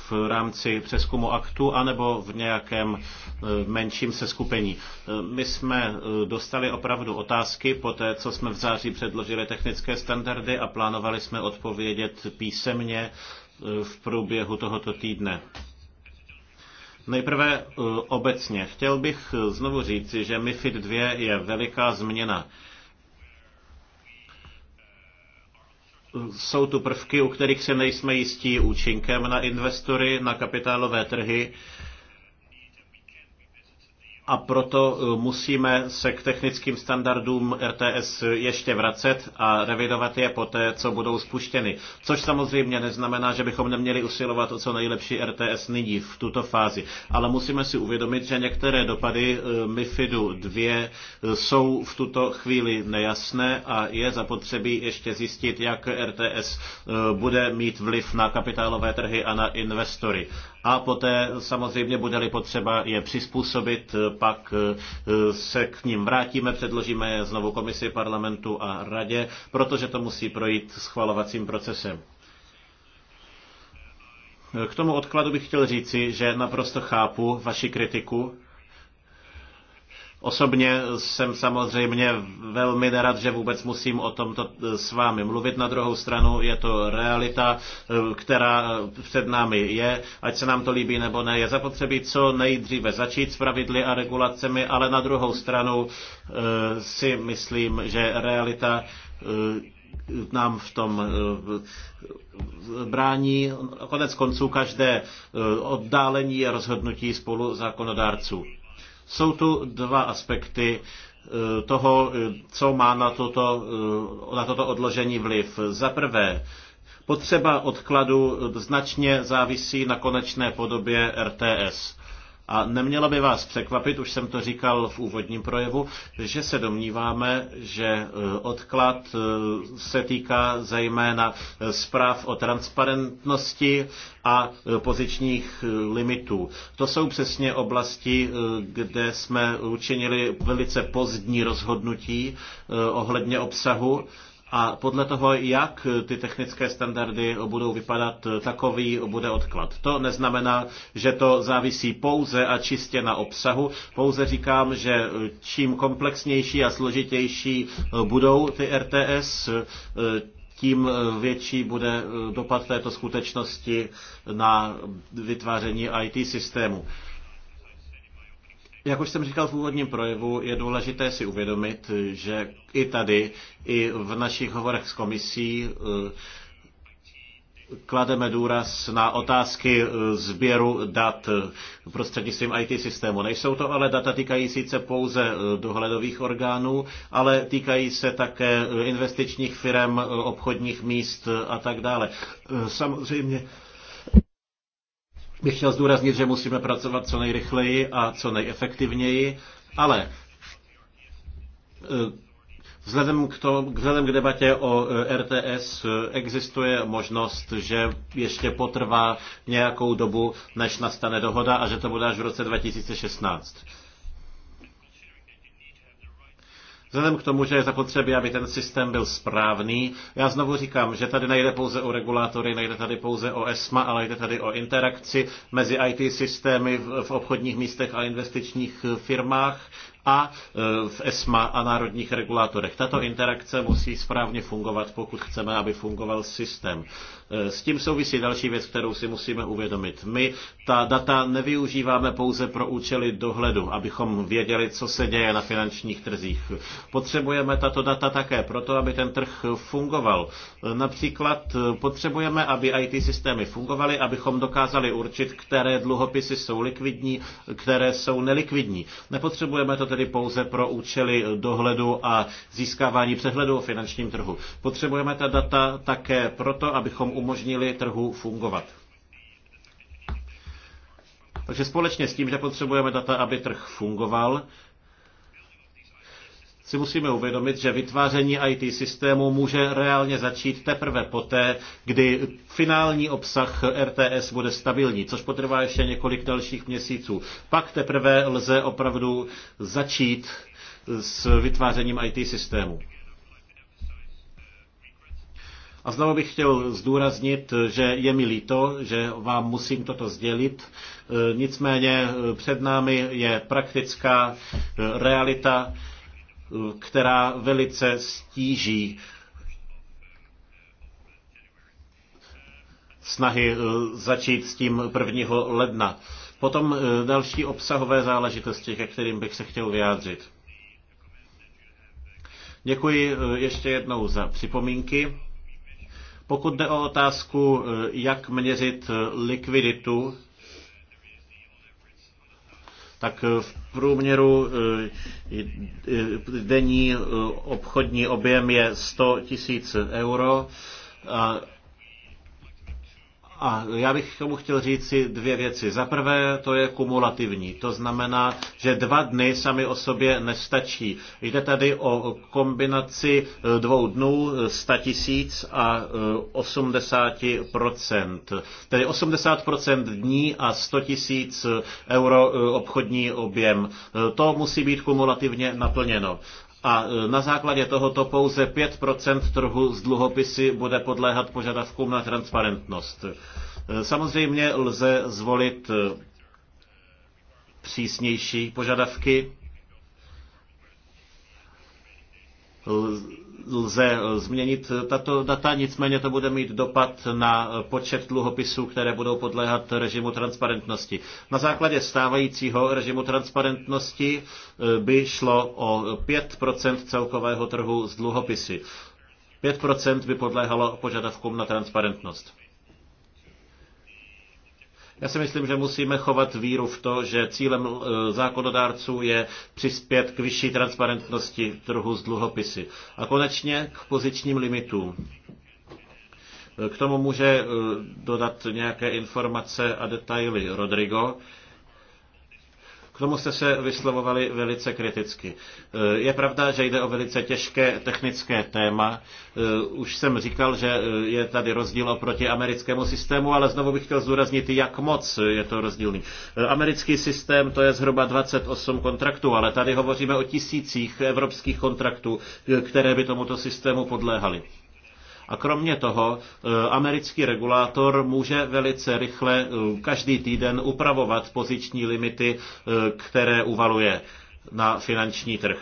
v rámci přeskumu aktu anebo v nějakém eh, menším seskupení. Eh, my jsme dostali opravdu otázky po té, co jsme v září předložili technické standardy a plánovali jsme odpovědět písemně v průběhu tohoto týdne. Nejprve obecně. Chtěl bych znovu říci, že MIFID 2 je veliká změna jsou tu prvky, u kterých se nejsme jistí účinkem na investory, na kapitálové trhy a proto eh, musíme se k technickým standardům RTS ještě vracet a revidovat je poté, co budou spuštěny. Což samozřejmě neznamená, že bychom neměli usilovat o co nejlepší RTS nyní, v tuto fázi. Ale musíme si uvědomit, že některé dopady eh, MIFIDu 2 eh, jsou v tuto chvíli nejasné a je zapotřebí ještě zjistit, jak RTS bude mít vliv na kapitálové trhy a na investory a poté samozřejmě bude-li potřeba je přizpůsobit, pak eh, se k ním vrátíme, předložíme je znovu komisi parlamentu a radě, protože to musí projít schvalovacím procesem. K tomu odkladu bych chtěl říci, že naprosto chápu vaši kritiku Osobně jsem samozřejmě velmi nerad, že vůbec musím o tomto s vámi mluvit. Na druhou stranu je to realita, která před námi je. Ať se nám to líbí nebo ne, je zapotřebí co nejdříve začít s pravidly a regulacemi, ale na druhou stranu eh, si myslím, že realita eh, nám v tom eh, brání. Konec konců každé oddálení je rozhodnutí spolu zákonodárců. Jsou tu dva aspekty eh, toho, eh, co má na toto, eh, na toto odložení vliv. Za prvé, potřeba odkladu značně závisí na konečné podobě RTS. A nemělo by vás překvapit, už jsem to říkal v úvodním projevu, že se domníváme, že eh, odklad eh, se týká zejména eh, zpráv o transparentnosti a pozičních limitů. To jsou přesně oblasti, kde jsme učinili velice pozdní rozhodnutí ohledně obsahu a podle toho, jak ty technické standardy budou vypadat, takový bude odklad. To neznamená, že to závisí pouze a čistě na obsahu. Pouze říkám, že čím komplexnější a složitější budou ty RTS, tím větší bude dopad této skutečnosti na vytváření IT systému. Jak už jsem říkal v úvodním projevu, je důležité si uvědomit, že i tady, i v našich hovorech s komisí eh, klademe důraz na otázky eh, sběru dat eh, prostřednictvím IT systému. Nejsou to ale data týkají sice pouze dohledových orgánů, ale týkají se také investičních firm, obchodních míst a tak dále. Samozřejmě bych chtěl zdůraznit, že musíme pracovat co nejrychleji a co nejefektivněji, ale e, Vzhledem k, to, vzhledem k debatě o e, RTS e, existuje možnost, že ještě potrvá nějakou dobu, než nastane dohoda a že to bude až v roce 2016. Vzhledem k tomu, že je zapotřebí, aby ten systém byl správný, já znovu říkám, že tady nejde pouze o regulátory, nejde tady pouze o ESMA, ale jde tady o interakci mezi IT systémy v obchodních místech a investičních firmách, a e, v ESMA a národních regulátorech. Tato interakce musí správně fungovat, pokud chceme, aby fungoval systém. E, s tím souvisí další věc, kterou si musíme uvědomit. My ta data nevyužíváme pouze pro účely dohledu, abychom věděli, co se děje na finančních trzích. Potřebujeme tato data také proto, aby ten trh fungoval. E, například potřebujeme, aby IT systémy fungovaly, abychom dokázali určit, které dluhopisy jsou likvidní, které jsou nelikvidní. Nepotřebujeme to tedy pouze pro účely dohledu a získávání přehledu o finančním trhu. Potřebujeme ta data také proto, abychom umožnili trhu fungovat. Takže společně s tím, že potřebujeme data, aby trh fungoval, si musíme uvědomit, že vytváření IT systému může reálně začít teprve poté, kdy finální obsah RTS bude stabilní, což potrvá ještě několik dalších měsíců. Pak teprve lze opravdu začít s vytvářením IT systému. A znovu bych chtěl zdůraznit, že je mi líto, že vám musím toto sdělit. Nicméně před námi je praktická realita, která velice stíží snahy eh, začít s tím 1. ledna. Potom eh, další obsahové záležitosti, ke kterým bych se chtěl vyjádřit. Děkuji eh, ještě jednou za připomínky. Pokud jde o otázku, jak měřit likviditu tak eh, v průměru eh, denní eh, obchodní objem je 100 tisíc euro. A a já bych k tomu chtěl říct si dvě věci. Za prvé, to je kumulativní. To znamená, že dva dny sami o sobě nestačí. Jde tady o kombinaci eh, dvou dnů 100 eh, tisíc a 80%. Eh, Tedy 80% dní a 100 tisíc euro obchodní objem. To musí být kumulativně naplněno a e, na základě tohoto pouze 5% trhu z dluhopisy bude podléhat požadavkům na transparentnost. E, samozřejmě lze zvolit e, přísnější požadavky, lze eh, změnit eh, tato data, nicméně to bude mít dopad na eh, počet dluhopisů, které budou podléhat režimu transparentnosti. Na základě stávajícího režimu transparentnosti by šlo o 5 celkového trhu s dluhopisy. 5 by podléhalo požadavkům na transparentnost. Já si myslím, že musíme chovat víru v to, že cílem eh, zákonodárců je přispět k vyšší transparentnosti trhu s dluhopisy. A konečně k pozičním limitům. K tomu může eh, dodat nějaké informace a detaily Rodrigo. K tomu jste se vyslovovali velice kriticky. Eh, je pravda, že jde o velice těžké technické téma. Eh, už jsem říkal, že eh, je tady rozdíl oproti americkému systému, ale znovu bych chtěl zdůraznit, jak moc je to rozdílný. Americký systém to je zhruba 28 kontraktů, ale tady hovoříme o tisících evropských kontraktů, které by tomuto systému podléhaly. A kromě toho eh, americký regulátor může velice rychle eh, každý týden upravovat poziční limity, eh, které uvaluje na finanční trh.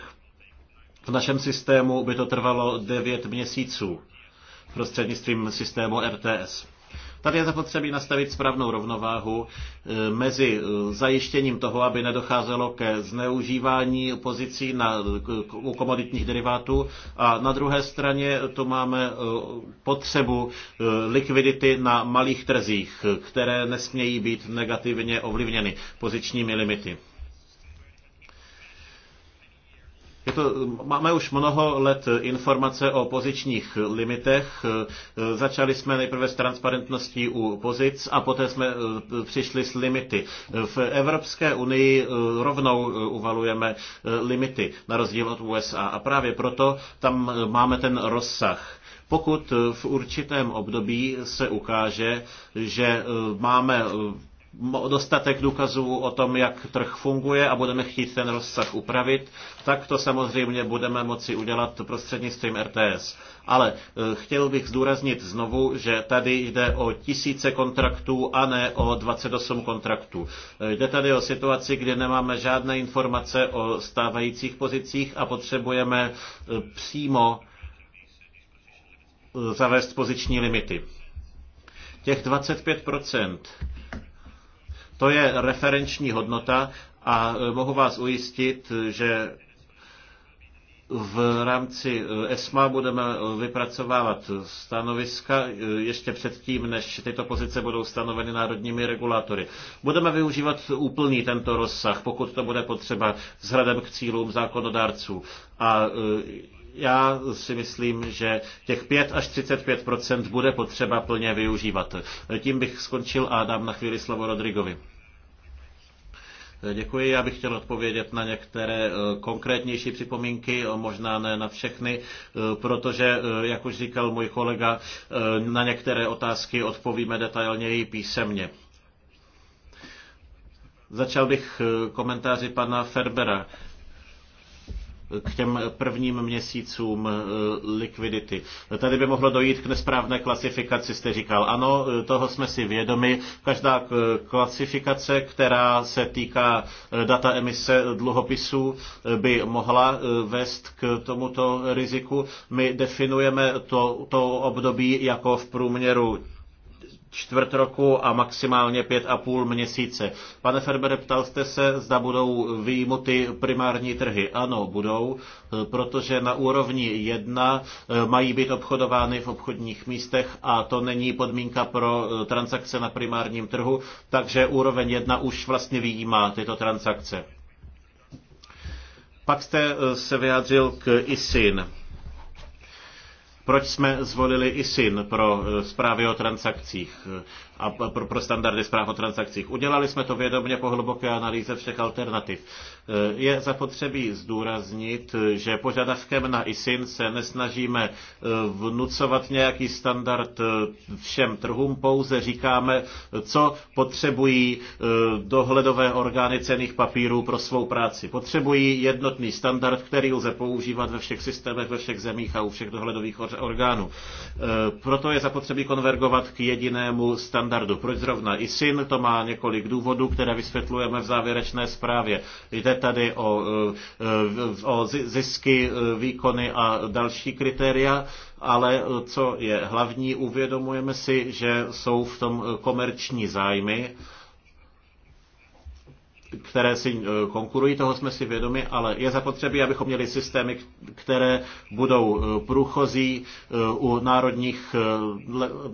V našem systému by to trvalo 9 měsíců prostřednictvím systému RTS. Tady je zapotřebí nastavit správnou rovnováhu eh, mezi eh, zajištěním toho, aby nedocházelo ke zneužívání pozicí na, eh, u komoditních derivátů a na druhé straně tu máme potřebu likvidity na malých trzích, které nesmějí být negativně ovlivněny pozičními limity. Je to, máme už mnoho let informace o pozičních limitech. Začali jsme nejprve s transparentností u pozic a poté jsme eh, přišli s limity. V Evropské unii eh, rovnou eh, uvalujeme limity, na rozdíl od USA. A právě proto tam máme ten rozsah pokud v určitém období se ukáže, že máme dostatek důkazů o tom, jak trh funguje a budeme chtít ten rozsah upravit, tak to samozřejmě budeme moci udělat prostřednictvím RTS. Ale eh, chtěl bych zdůraznit znovu, že tady jde o tisíce kontraktů a ne o 28 kontraktů. Eh, jde tady o situaci, kde nemáme žádné informace o stávajících pozicích a potřebujeme eh, přímo zavést poziční limity. Těch 25 to je referenční hodnota a e, mohu vás ujistit, že v rámci e, ESMA budeme e, vypracovávat stanoviska ještě předtím, než tyto pozice budou stanoveny národními regulátory. Budeme využívat úplný tento rozsah, pokud to bude potřeba, vzhledem k cílům zákonodárců. A já si myslím, že těch 5 až 35 bude potřeba plně využívat. Tím bych skončil a dám na chvíli slovo Rodrigovi. Děkuji, já bych chtěl odpovědět na některé eh, konkrétnější připomínky, eh, možná ne na všechny, eh, protože, jak už říkal můj kolega, na některé otázky odpovíme detailněji písemně. Začal bych komentáři pana Ferbera k těm prvním měsícům eh, likvidity. Tady by mohlo dojít k nesprávné klasifikaci, jste říkal. Ano, eh, toho jsme si vědomi. Každá eh, klasifikace, která se týká data emise dluhopisů, by mohla vést k tomuto riziku. My definujeme to, to období jako v průměru čtvrt roku a maximálně pět a půl měsíce. Pane Ferbere, ptal jste se, zda budou výjimuty primární trhy. Ano, budou, protože na úrovni jedna eh, mají být obchodovány v obchodních místech a to není podmínka pro eh, transakce na primárním trhu, takže úroveň jedna už vlastně výjímá tyto transakce. Pak jste eh, se vyjádřil k ISIN. Proč jsme zvolili ISIN pro eh, zprávy o transakcích? a pro, pro standardy zpráv o transakcích. Udělali jsme to vědomě po hluboké analýze všech alternativ. E, je zapotřebí zdůraznit, že požadavkem na ISIN se nesnažíme e, vnucovat nějaký standard e, všem trhům, pouze říkáme, co potřebují dohledové orgány cených papírů pro svou práci. Potřebují jednotný standard, který lze používat ve všech systémech, ve všech zemích a u všech dohledových orgánů. Proto je zapotřebí konvergovat k jedinému standardu standardu. Proč zrovna syn, To má několik důvodů, které vysvětlujeme v závěrečné zprávě. Jde tady o, eh, o zisky, eh, výkony a další kritéria ale eh, co je hlavní, uvědomujeme si, že jsou v tom komerční zájmy které si eh, konkurují, toho jsme si vědomi, ale je zapotřebí, abychom měli systémy, které budou eh, průchozí eh, u národních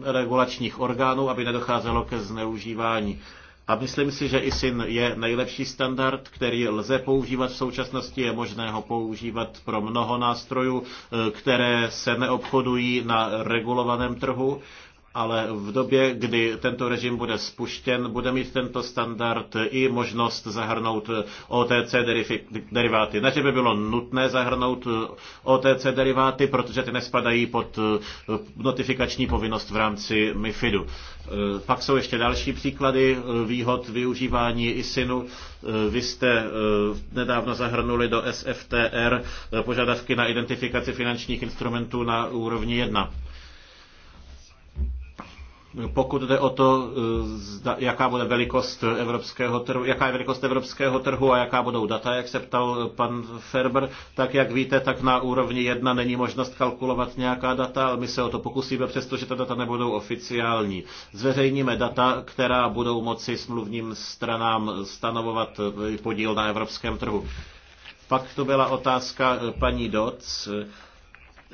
regulačních orgánů, aby nedocházelo ke zneužívání. A myslím si, že ISIN je nejlepší standard, který lze používat v současnosti. Je možné ho používat pro mnoho nástrojů, které se neobchodují na regulovaném trhu ale v době, kdy tento režim bude spuštěn, bude mít tento standard i možnost zahrnout OTC deriváty. Ne, že by bylo nutné zahrnout eh, OTC deriváty, protože ty nespadají pod eh, notifikační povinnost v rámci MIFIDu. Eh, pak jsou ještě další příklady výhod využívání ISINu. Vy jste nedávno zahrnuli do SFTR požadavky na identifikaci finančních instrumentů na úrovni 1. Pokud jde o to, e, jaká bude velikost evropského trhu, jaká je velikost evropského trhu a jaká budou data, jak se ptal pan Ferber, tak jak víte, tak na úrovni jedna není možnost kalkulovat nějaká data, ale my se o to pokusíme, přestože ta data nebudou oficiální. Zveřejníme data, která budou moci smluvním stranám stanovovat podíl na evropském trhu. Pak to byla otázka e, paní Doc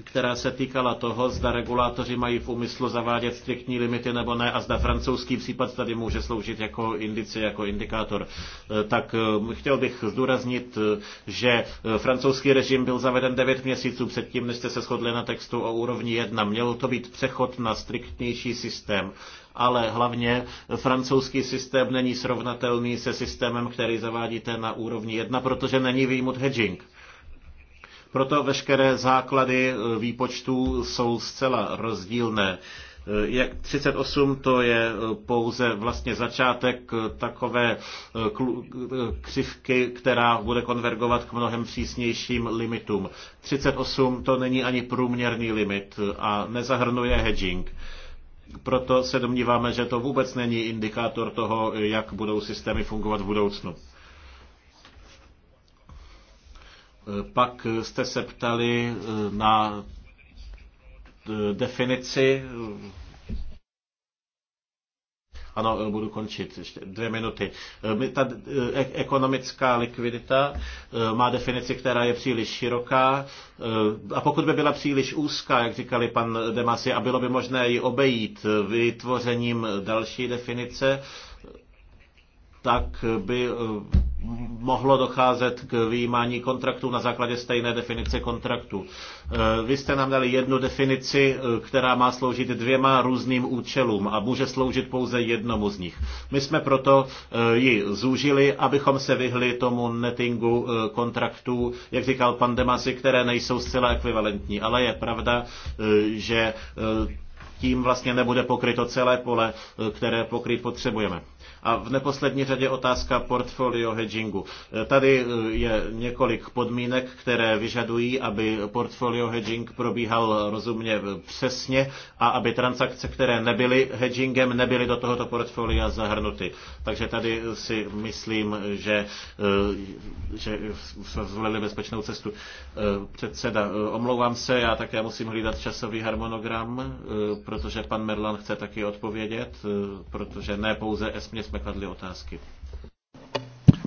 která se týkala toho, zda regulátoři mají v úmyslu zavádět striktní limity nebo ne a zda francouzský případ tady může sloužit jako indici, jako indikátor. E, tak e, chtěl bych zdůraznit, e, že francouzský režim byl zaveden 9 měsíců předtím, než jste se shodli na textu o úrovni 1. Mělo to být přechod na striktnější systém ale hlavně francouzský systém není srovnatelný se systémem, který zavádíte na úrovni 1, protože není výjimut hedging. Proto veškeré základy e, výpočtů jsou zcela rozdílné. E, jak 38 to je e, pouze vlastně začátek takové křivky, která bude konvergovat k mnohem přísnějším limitům. 38 to není ani průměrný limit a nezahrnuje hedging. Proto se domníváme, že to vůbec není indikátor toho, jak budou systémy fungovat v budoucnu. Eh, pak jste se ptali eh, na eh, definici. Ano, budu končit, ještě dvě minuty. Ta ekonomická likvidita má definici, která je příliš široká a pokud by byla příliš úzká, jak říkali pan Demasi, a bylo by možné ji obejít vytvořením další definice, tak by mohlo docházet k výjímání kontraktů na základě stejné definice kontraktu. E, vy jste nám dali jednu definici, e, která má sloužit dvěma různým účelům a může sloužit pouze jednomu z nich. My jsme proto e, ji zúžili, abychom se vyhli tomu nettingu kontraktů, jak říkal pan Demasi, které nejsou zcela ekvivalentní. Ale je pravda, že tím vlastně nebude pokryto celé pole, které pokryt potřebujeme. A v neposlední řadě otázka portfolio hedgingu. E, tady e, je několik podmínek, které vyžadují, aby portfolio hedging probíhal rozumně e, přesně a aby transakce, které nebyly hedgingem, nebyly do tohoto portfolia zahrnuty. Takže tady si myslím, že, že jsme zvolili bezpečnou cestu. Předseda, omlouvám se, já také musím hlídat časový harmonogram, protože pan Merlan chce taky odpovědět, protože ne pouze SP mě jsme kladli otázky.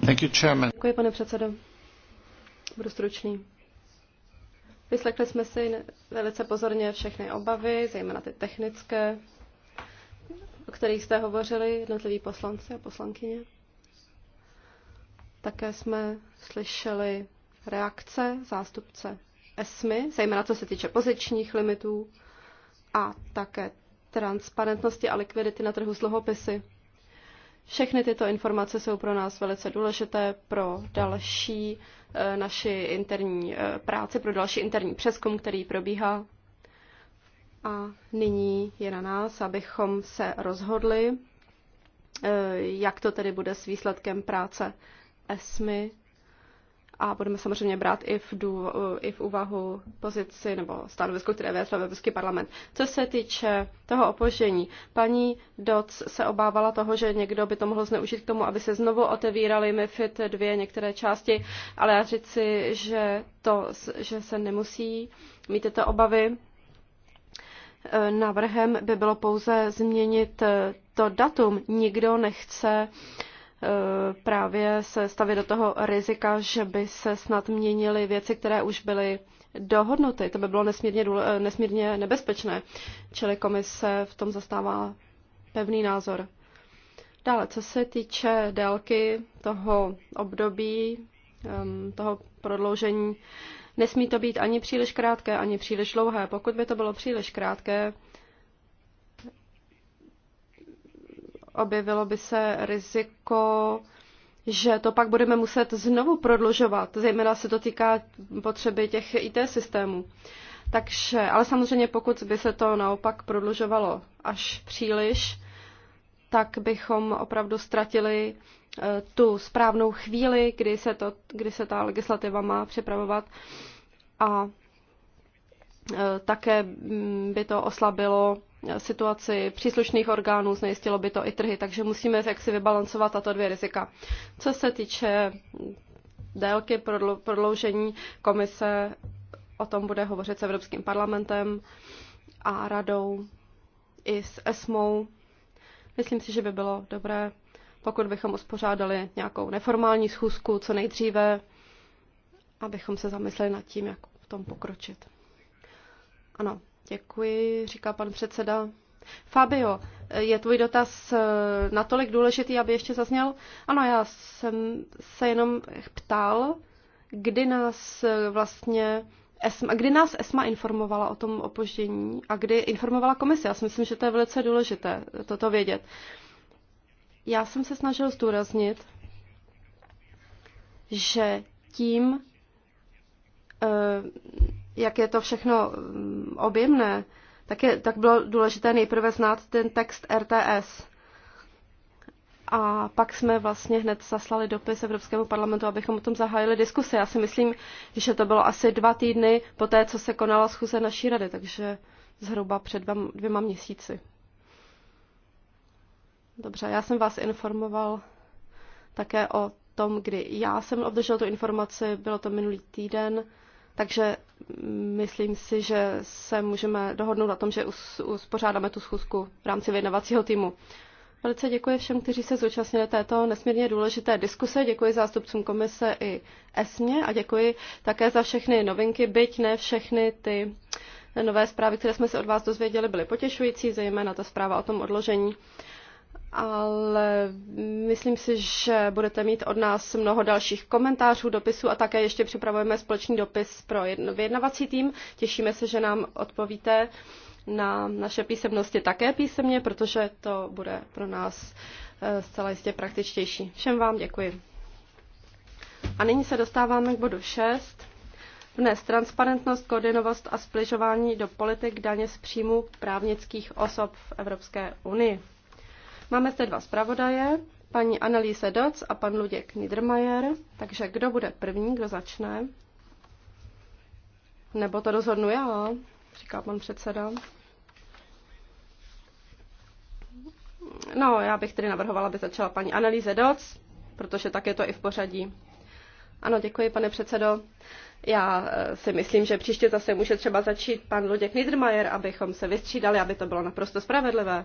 Thank you, chairman. Děkuji, pane předsedo. Budu stručný. Vyslechli jsme si velice pozorně všechny obavy, zejména ty technické, o kterých jste hovořili jednotliví poslanci a poslankyně. Také jsme slyšeli reakce zástupce ESMY, zejména co se týče pozičních limitů a také transparentnosti a likvidity na trhu s dluhopisy. Všechny tyto informace jsou pro nás velice důležité pro další eh, naši interní eh, práci, pro další interní přeskum, který probíhá. A nyní je na nás, abychom se rozhodli, eh, jak to tedy bude s výsledkem práce ESMY a budeme samozřejmě brát i v, dů, i v úvahu pozici nebo stanovisko, které vyjadřil Evropský parlament. Co se týče toho opoždění, paní Doc se obávala toho, že někdo by to mohl zneužít k tomu, aby se znovu otevíraly MIFID 2 některé části, ale já říci, že, to, že se nemusí mít tyto obavy. Návrhem by bylo pouze změnit to datum. Nikdo nechce uh, E, právě se stavit do toho rizika, že by se snad měnily věci, které už byly dohodnuty. To by bylo nesmírně, důle, e, nesmírně nebezpečné. Čili komise v tom zastává pevný názor. Dále, co se týče délky toho období, toho prodloužení, nesmí to být ani příliš krátké, ani příliš dlouhé. Pokud by to bylo příliš krátké, objevilo by se riziko, že to pak budeme muset znovu prodlužovat, zejména se to týká potřeby těch IT systémů. Takže, ale samozřejmě pokud by se to naopak prodlužovalo až příliš, tak bychom opravdu ztratili eh, tu správnou chvíli, kdy se, to, kdy se ta legislativa má připravovat a eh, také mm, by to oslabilo situaci příslušných orgánů, znejistilo by to i trhy, takže musíme jaksi vybalancovat tato dvě rizika. Co se týče délky prodloužení komise, o tom bude hovořit s Evropským parlamentem a radou i s ESMou. Myslím si, že by bylo dobré, pokud bychom uspořádali nějakou neformální schůzku co nejdříve, abychom se zamysleli nad tím, jak v tom pokročit. Ano, Děkuji, říká pan předseda. Fabio, je tvůj dotaz eh, natolik důležitý, aby ještě zazněl? Ano, já jsem se jenom ptal, kdy nás eh, vlastně ESMA, kdy nás ESMA informovala o tom opoždění a kdy informovala komise. Já si myslím, že to je velice důležité eh, toto vědět. Já jsem se snažil zdůraznit, že tím jak je to všechno mm, objemné, tak, je, tak bylo důležité nejprve znát ten text RTS. A pak jsme vlastně hned zaslali dopis Evropskému parlamentu, abychom o tom zahájili diskusi. Já si myslím, že to bylo asi dva týdny po té, co se konala schůze naší rady, takže zhruba před dvěma měsíci. Dobře, já jsem vás informoval také o tom, kdy já jsem obdržel tu informaci, bylo to minulý týden. Takže myslím si, že se můžeme dohodnout na tom, že uspořádáme tu schůzku v rámci vyjednavacího týmu. Velice děkuji všem, kteří se zúčastnili této nesmírně důležité diskuse. Děkuji zástupcům komise i ESMě a děkuji také za všechny novinky, byť ne všechny ty nové zprávy, které jsme se od vás dozvěděli, byly potěšující, zejména ta zpráva o tom odložení ale myslím si, že budete mít od nás mnoho dalších komentářů, dopisů a také ještě připravujeme společný dopis pro vyjednavací tým. Těšíme se, že nám odpovíte na naše písemnosti také písemně, protože to bude pro nás eh, zcela jistě praktičtější. Všem vám děkuji. A nyní se dostáváme k bodu 6. Dnes transparentnost, koordinovost a spližování do politik daně z příjmu právnických osob v Evropské unii. Máme zde dva zpravodaje, paní Annelise Doc a pan Luděk Niedermayer. Takže kdo bude první, kdo začne? Nebo to rozhodnu já, říká pan předseda. No, já bych tedy navrhovala, aby začala paní Annelise Doc, protože tak je to i v pořadí. Ano, děkuji, pane předsedo. Já eh, si myslím, že příště zase může třeba začít pan Luděk Niedermayer, abychom se vystřídali, aby to bylo naprosto spravedlivé.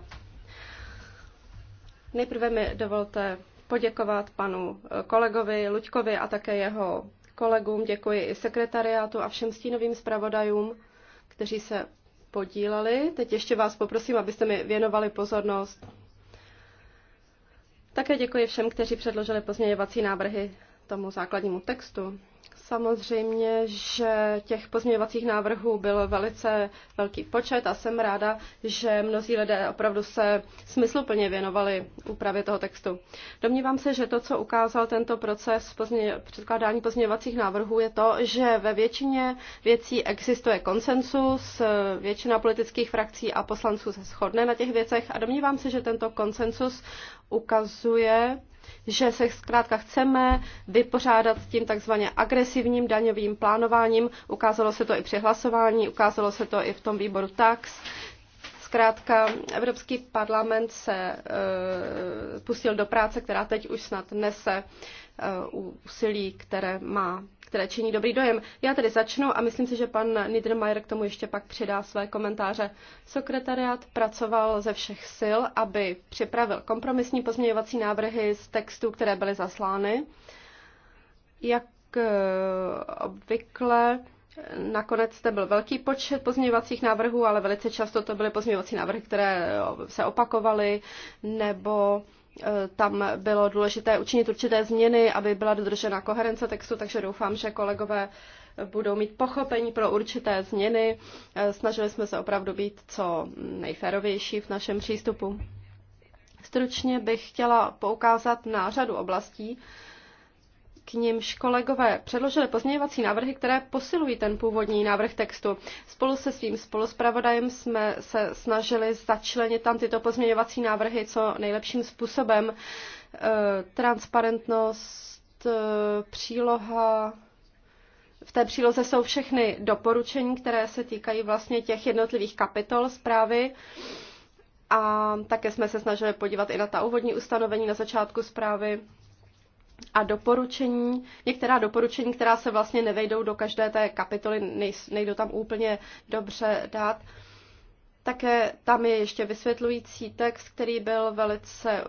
Nejprve mi dovolte poděkovat panu eh, kolegovi Luďkovi a také jeho kolegům. Děkuji i sekretariátu a všem stínovým zpravodajům, kteří se podíleli. Teď ještě vás poprosím, abyste mi věnovali pozornost. Také děkuji všem, kteří předložili pozměňovací návrhy tomu základnímu textu. Samozřejmě, že těch pozměňovacích návrhů byl velice velký počet a jsem ráda, že mnozí lidé opravdu se smysluplně věnovali úpravě toho textu. Domnívám se, že to, co ukázal tento proces pozměň, předkládání pozměňovacích návrhů, je to, že ve většině věcí existuje konsensus, většina politických frakcí a poslanců se shodne na těch věcech a domnívám se, že tento konsensus ukazuje, že se zkrátka chceme vypořádat s tím takzvaně agresivním daňovým plánováním. Ukázalo se to i při hlasování, ukázalo se to i v tom výboru tax. Zkrátka, Evropský parlament se uh, pustil do práce, která teď už snad nese e, úsilí, které má které činí dobrý dojem. Já tedy začnu a myslím si, že pan Niedermayer k tomu ještě pak přidá své komentáře. Sekretariát pracoval ze všech sil, aby připravil kompromisní pozměňovací návrhy z textů, které byly zaslány. Jak eh, obvykle Nakonec to byl velký počet pozměňovacích návrhů, ale velice často to byly pozměňovací návrhy, které se opakovaly nebo Eh, tam bylo důležité učinit určité změny, aby byla dodržena koherence textu, takže doufám, že kolegové budou mít pochopení pro určité změny. Eh, snažili jsme se opravdu být co nejférovější v našem přístupu. Stručně bych chtěla poukázat na řadu oblastí, k nímž kolegové předložili pozměňovací návrhy, které posilují ten původní návrh textu. Spolu se svým spoluspravodajem jsme se snažili začlenit tam tyto pozměňovací návrhy co nejlepším způsobem. E, transparentnost, e, příloha, v té příloze jsou všechny doporučení, které se týkají vlastně těch jednotlivých kapitol zprávy. A také jsme se snažili podívat i na ta úvodní ustanovení na začátku zprávy a doporučení, některá doporučení, která se vlastně nevejdou do každé té kapitoly, nejdou tam úplně dobře dát. Také tam je ještě vysvětlující text, který byl velice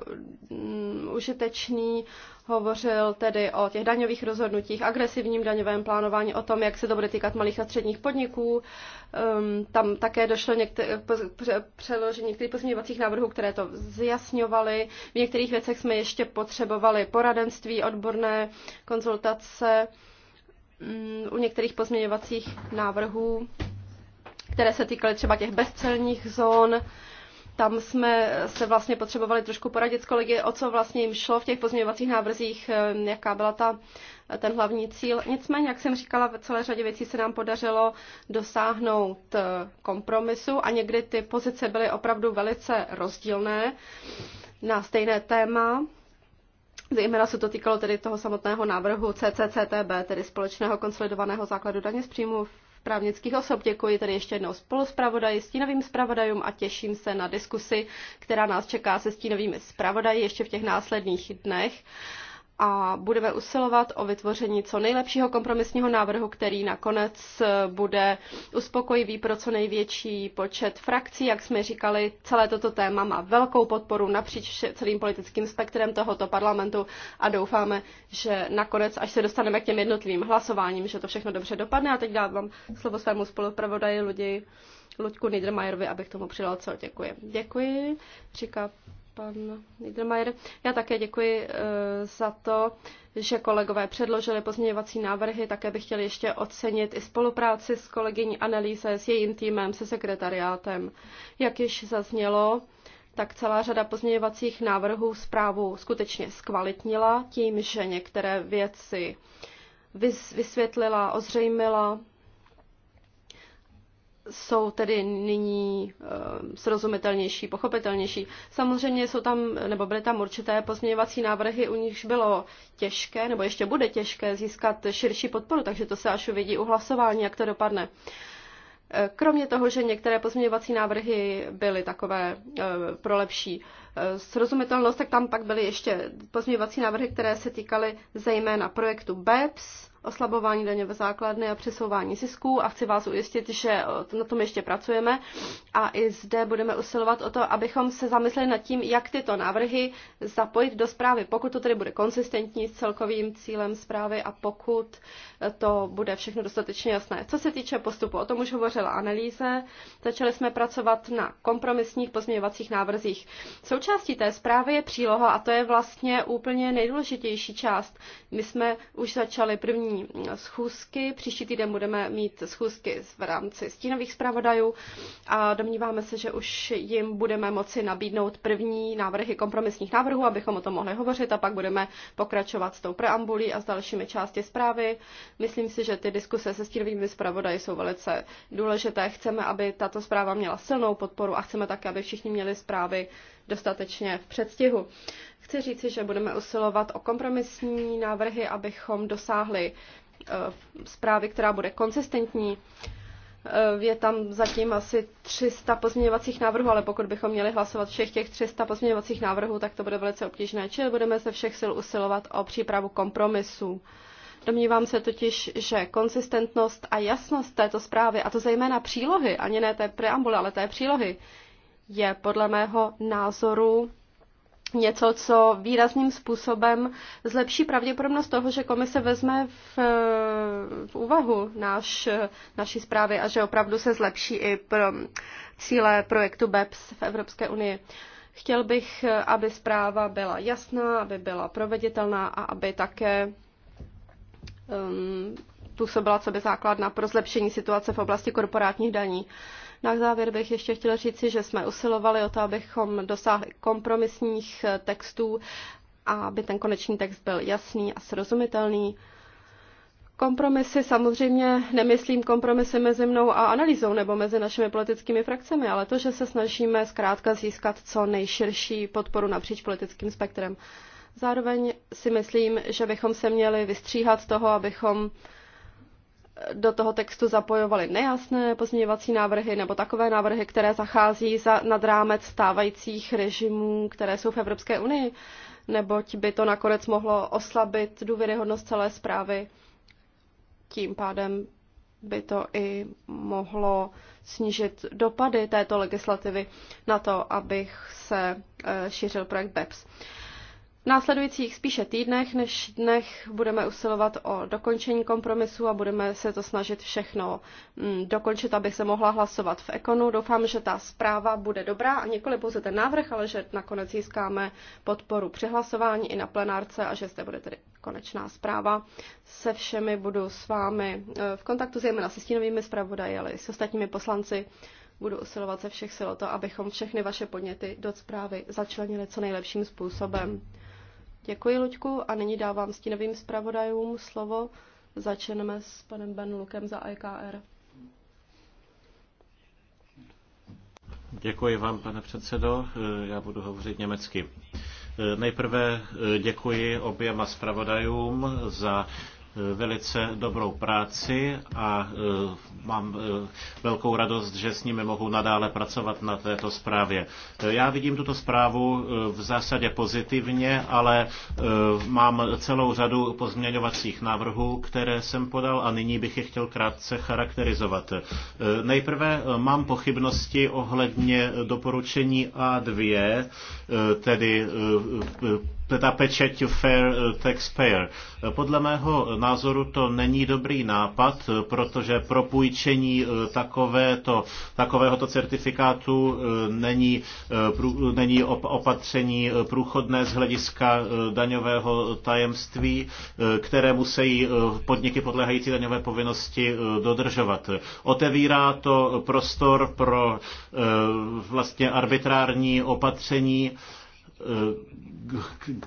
mm, užitečný. Hovořil tedy o těch daňových rozhodnutích, agresivním daňovém plánování, o tom, jak se to bude týkat malých a středních podniků. Um, tam také došlo některé, přeložení některých pozměňovacích návrhů, které to zjasňovaly. V některých věcech jsme ještě potřebovali poradenství, odborné konzultace. Um, u některých pozměňovacích návrhů které se týkaly třeba těch bezcelních zón. Tam jsme se vlastně potřebovali trošku poradit s kolegy, o co vlastně jim šlo v těch pozměňovacích návrzích, eh, jaká byla ta, eh, ten hlavní cíl. Nicméně, jak jsem říkala, ve celé řadě věcí se nám podařilo dosáhnout eh, kompromisu a někdy ty pozice byly opravdu velice rozdílné na stejné téma. Zejména se to týkalo tedy toho samotného návrhu CCCTB, tedy společného konsolidovaného základu daně z příjmu právnických osob. Děkuji tady ještě jednou spoluspravodaji, stínovým zpravodajům a těším se na diskusi, která nás čeká se stínovými zpravodaji ještě v těch následných dnech a budeme usilovat o vytvoření co nejlepšího kompromisního návrhu, který nakonec bude uspokojivý pro co největší počet frakcí. Jak jsme říkali, celé toto téma má velkou podporu napříč celým politickým spektrem tohoto parlamentu a doufáme, že nakonec, až se dostaneme k těm jednotlivým hlasováním, že to všechno dobře dopadne. A teď dávám slovo svému spolupravodaji lidi. Luďku Niedermayerovi, abych tomu přidal co. Děkuji. Děkuji, říká pan Niedermayer. Já také děkuji eh, za to, že kolegové předložili pozměňovací návrhy. Také bych chtěl ještě ocenit i spolupráci s kolegyní Analýze, s jejím týmem, se sekretariátem. Jak již zaznělo, tak celá řada pozměňovacích návrhů zprávu skutečně zkvalitnila tím, že některé věci vysvětlila, ozřejmila, jsou tedy nyní eh, srozumitelnější, pochopitelnější. Samozřejmě jsou tam, nebo byly tam určité pozměňovací návrhy, u nichž bylo těžké, nebo ještě bude těžké získat širší podporu, takže to se až uvidí u hlasování, jak to dopadne. Eh, kromě toho, že některé pozměňovací návrhy byly takové eh, pro lepší srozumitelnost, tak tam pak byly ještě pozměňovací návrhy, které se týkaly zejména projektu BEPS, oslabování daňové základny a přesouvání zisků a chci vás ujistit, že eh, na tom ještě pracujeme a i zde budeme usilovat o to, abychom se zamysleli nad tím, jak tyto návrhy zapojit do zprávy, pokud to tedy bude konsistentní s celkovým cílem zprávy a pokud eh, to bude všechno dostatečně jasné. Co se týče postupu, o tom už hovořila analýze, začali jsme pracovat na kompromisních pozměňovacích návrzích. Součástí té zprávy je příloha a to je vlastně úplně nejdůležitější část. My jsme už začali první dnešní schůzky. Příští týden budeme mít schůzky v rámci stínových zpravodajů a domníváme se, že už jim budeme moci nabídnout první návrhy kompromisních návrhů, abychom o tom mohli hovořit a pak budeme pokračovat s tou preambulí a s dalšími části zprávy. Myslím si, že ty diskuse se stínovými zpravodaji jsou velice důležité. Chceme, aby tato zpráva měla silnou podporu a chceme také, aby všichni měli zprávy dostatečně v předstihu. Chci říci, že budeme usilovat o kompromisní návrhy, abychom dosáhli eh, zprávy, která bude konsistentní. Eh, je tam zatím asi 300 pozměňovacích návrhů, ale pokud bychom měli hlasovat všech těch 300 pozměňovacích návrhů, tak to bude velice obtížné. Čili budeme ze všech sil usilovat o přípravu kompromisů. Domnívám se totiž, že konsistentnost a jasnost této zprávy, a to zejména přílohy, ani ne té preambule, ale té přílohy, je podle mého názoru něco, co výrazným způsobem zlepší pravděpodobnost toho, že komise vezme v, v úvahu náš, naší zprávy a že opravdu se zlepší i pro cíle projektu BEPS v Evropské unii. Chtěl bych, aby zpráva byla jasná, aby byla proveditelná a aby také um, působila co by základna pro zlepšení situace v oblasti korporátních daní. Uh, na závěr bych ještě chtěla říci, že jsme usilovali o to, abychom dosáhli kompromisních eh, textů a aby ten konečný text byl jasný a srozumitelný. Kompromisy samozřejmě nemyslím kompromisy mezi mnou a analýzou nebo mezi našimi politickými frakcemi, ale to, že se snažíme zkrátka získat co nejširší podporu napříč politickým spektrem. Zároveň si myslím, že bychom se měli vystříhat z toho, abychom do toho textu zapojovaly nejasné pozměňovací návrhy nebo takové návrhy, které zachází za, nad rámec stávajících režimů, které jsou v Evropské unii, neboť by to nakonec mohlo oslabit důvěryhodnost celé zprávy. Tím pádem by to i mohlo snížit dopady této legislativy na to, abych se eh, šířil projekt BEPS. V následujících spíše týdnech než dnech budeme usilovat o dokončení kompromisu a budeme se to snažit všechno mm, dokončit, aby se mohla hlasovat v Ekonu. Doufám, že ta zpráva bude dobrá a nikoli pouze ten návrh, ale že nakonec získáme podporu při hlasování i na plenárce a že zde bude tedy konečná zpráva. Se všemi budu s vámi eh, v kontaktu, zejména se stínovými zpravodaji, ale i s ostatními poslanci. Budu usilovat se všech sil o to, abychom všechny vaše podněty do zprávy začlenili co nejlepším způsobem. Děkuji, Luďku, a nyní dávám stínovým zpravodajům slovo. Začneme s panem Ben Lukem za IKR. Děkuji vám, pane předsedo. Já budu hovořit německy. Nejprve děkuji oběma zpravodajům za Eh, velice dobrou práci a eh, mám eh, velkou radost, že s nimi mohu nadále pracovat na této zprávě. Já vidím tuto zprávu v zásadě pozitivně, ale mám celou řadu pozměňovacích návrhů, které jsem podal a nyní bych je chtěl krátce charakterizovat. Nejprve mám pochybnosti ohledně doporučení A2, tedy teda pečeť fair eh, taxpayer. Eh, podle mého názoru to není dobrý nápad, eh, protože propůjčení takovéto, takovéhoto certifikátu není, není opatření průchodné z hlediska daňového tajemství, které musí podniky podléhající daňové povinnosti dodržovat. Otevírá to prostor pro vlastně arbitrární opatření, Eh,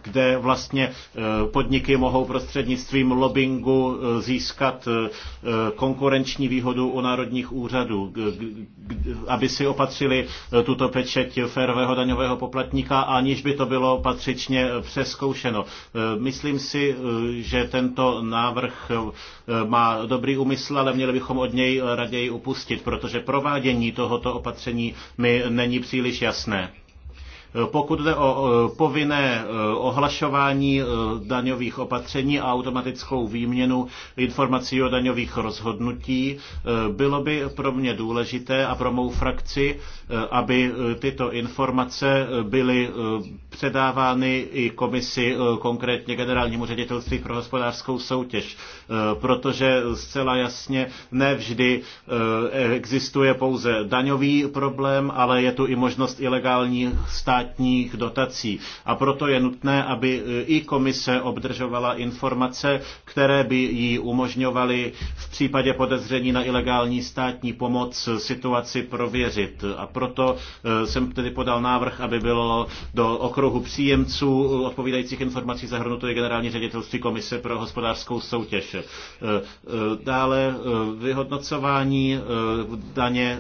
kde vlastně eh, podniky mohou prostřednictvím lobbingu eh, získat konkurenční výhodu u národních úřadů, aby si opatřili tuto pečeť férového daňového poplatníka, aniž by to bylo patřičně přeskoušeno. Myslím si, že tento návrh má dobrý úmysl, ale měli bychom od něj raději upustit, protože provádění tohoto opatření mi není příliš jasné. Pokud jde o povinné e, ohlašování e, daňových opatření a automatickou výměnu informací o daňových rozhodnutí, e, bylo by pro mě důležité a pro mou frakci, aby tyto informace byly předávány i komisi, konkrétně generálnímu ředitelství pro hospodářskou soutěž, protože zcela jasně nevždy existuje pouze daňový problém, ale je tu i možnost ilegální státní státních dotací. A proto je nutné, aby eh, i komise obdržovala informace, které by jí umožňovaly v případě podezření na ilegální státní pomoc situaci prověřit. A proto eh, jsem tedy podal návrh, aby bylo do okruhu příjemců eh, odpovídajících informací zahrnuto i generální ředitelství komise pro hospodářskou soutěž. Dále vyhodnocování daně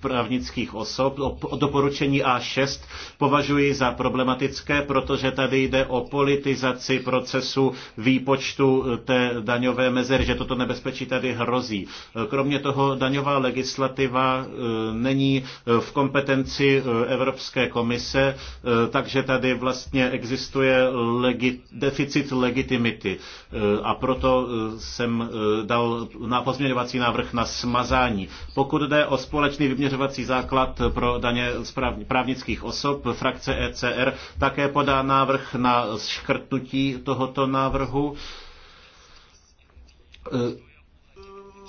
právnických osob, doporučení A6 považuji za problematické, protože tady jde o politizaci procesu výpočtu eh, té daňové mezery, že toto nebezpečí tady hrozí. Eh, kromě toho daňová legislativa eh, není v kompetenci Evropské komise, takže tady vlastně existuje legi- deficit legitimity a proto jsem dal na pozměňovací návrh na smazání. Pokud jde o společný vyměřovací základ pro daně právnických osob, osob, frakce ECR, také podá návrh na škrtnutí tohoto návrhu e,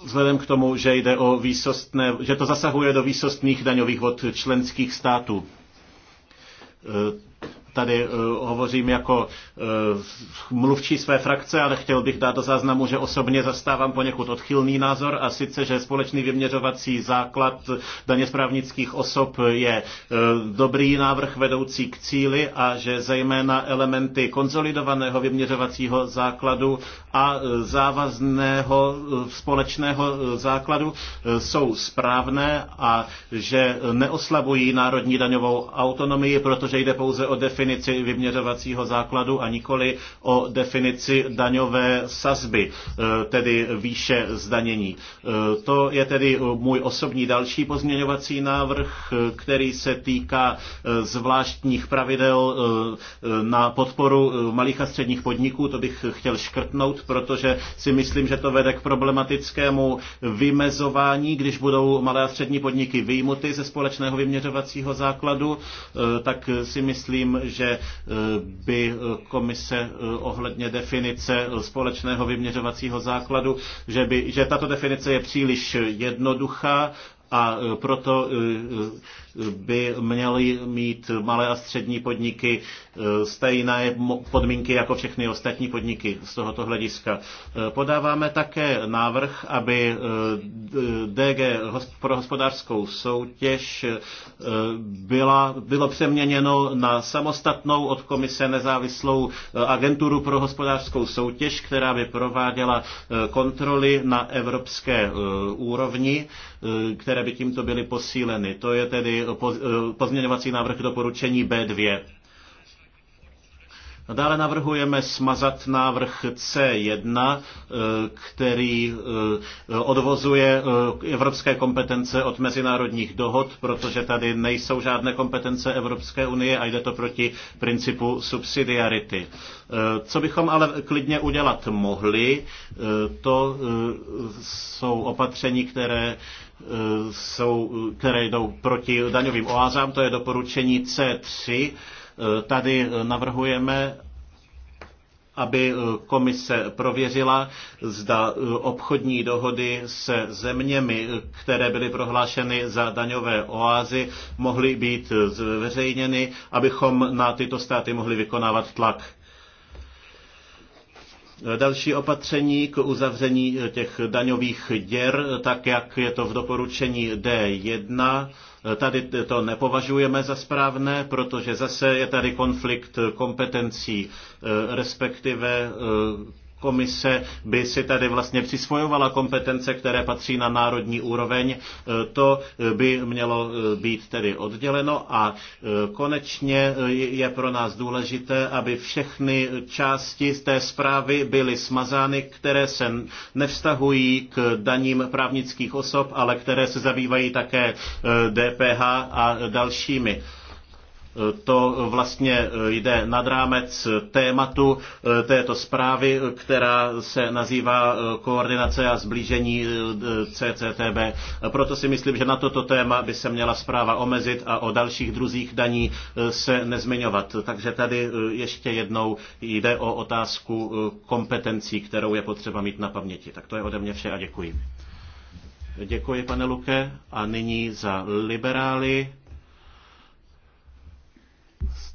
vzhledem k tomu, že jde o výsostné, že to zasahuje do výsostných daňových vod členských států. E, tady eh, hovořím jako eh, mluvčí své frakce, ale chtěl bych dát do záznamu, že osobně zastávám poněkud odchylný názor a sice, že společný vyměřovací základ daně správnických osob je eh, dobrý návrh vedoucí k cíli a že zejména elementy konzolidovaného vyměřovacího základu a závazného společného základu jsou správné a že neoslabují národní daňovou autonomii, protože jde pouze o definici definici vyměřovacího základu a nikoli o definici daňové sazby, e, tedy výše zdanění. E, to je tedy e, můj osobní další pozměňovací návrh, který se týká zvláštních pravidel na podporu malých a středních podniků. To bych chtěl škrtnout, protože si myslím, že to vede k problematickému vymezování, když budou malé a střední podniky výjimuty ze společného vyměřovacího základu, tak si myslím, že eh, by eh, komise eh, ohledně definice společného vyměřovacího základu, že, by, že tato definice je příliš jednoduchá a proto by měly mít malé a střední podniky e, stejné podmínky jako všechny ostatní podniky z tohoto hlediska. E, podáváme také návrh, aby e, DG pro hospodářskou soutěž byla, bylo přeměněno na samostatnou od komise nezávislou agenturu pro hospodářskou soutěž, která by prováděla kontroly na evropské úrovni, které by tímto byly posíleny. To je tedy Eh, pozměňovací návrh doporučení B2. Dále navrhujeme smazat návrh C1, eh, který eh, odvozuje evropské kompetence od mezinárodních dohod, protože tady nejsou žádné kompetence Evropské unie a jde to proti principu subsidiarity. Co bychom ale klidně udělat mohli, to jsou opatření, které jsou, které jdou proti daňovým oázám, to je doporučení C3. Tady navrhujeme, aby komise prověřila, zda obchodní dohody se zeměmi, které byly prohlášeny za daňové oázy, mohly být zveřejněny, abychom na tyto státy mohli vykonávat tlak. Další opatření k uzavření těch daňových děr, tak jak je to v doporučení D1, tady to nepovažujeme za správné, protože zase je tady konflikt kompetencí, respektive komise by si tady vlastně přisvojovala kompetence, které patří na národní úroveň. E, to by mělo e, být tedy odděleno a e, konečně je pro nás důležité, aby všechny části z té zprávy byly smazány, které se nevztahují k daním právnických osob, ale které se zabývají také DPH a dalšími to vlastně jde nad rámec tématu eh, této zprávy, která se nazývá eh, koordinace a zblížení eh, CCTB. Proto si myslím, že na toto téma by se měla zpráva omezit a o dalších druzích daní se nezmiňovat. Takže tady ještě jednou jde o otázku kompetencí, kterou je potřeba mít na paměti. Tak to je ode mě vše a děkuji. Děkuji, pane Luke. A nyní za liberály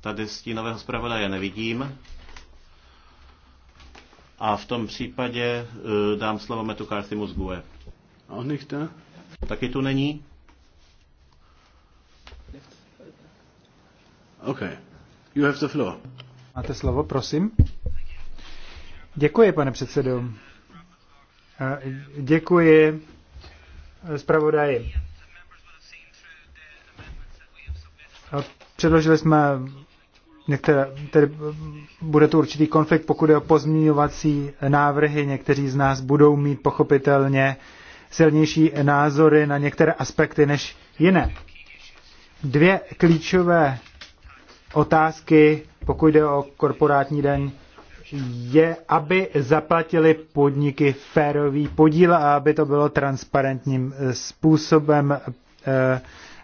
Tady stínového zpravodaje nevidím. A v tom případě eh, dám slovo Metu Karthimu z GUE. A nechte. Taky tu není? OK. You have the floor. Máte slovo, prosím. Děkuji, pane předsedo. Eh, děkuji eh, zpravodaji. Předložili jsme některé, tedy bude tu určitý konflikt, pokud je o pozměňovací návrhy. Někteří z nás budou mít pochopitelně silnější názory na některé aspekty než jiné. Dvě klíčové otázky, pokud jde o korporátní den, je, aby zaplatili podniky férový podíl a aby to bylo transparentním způsobem eh,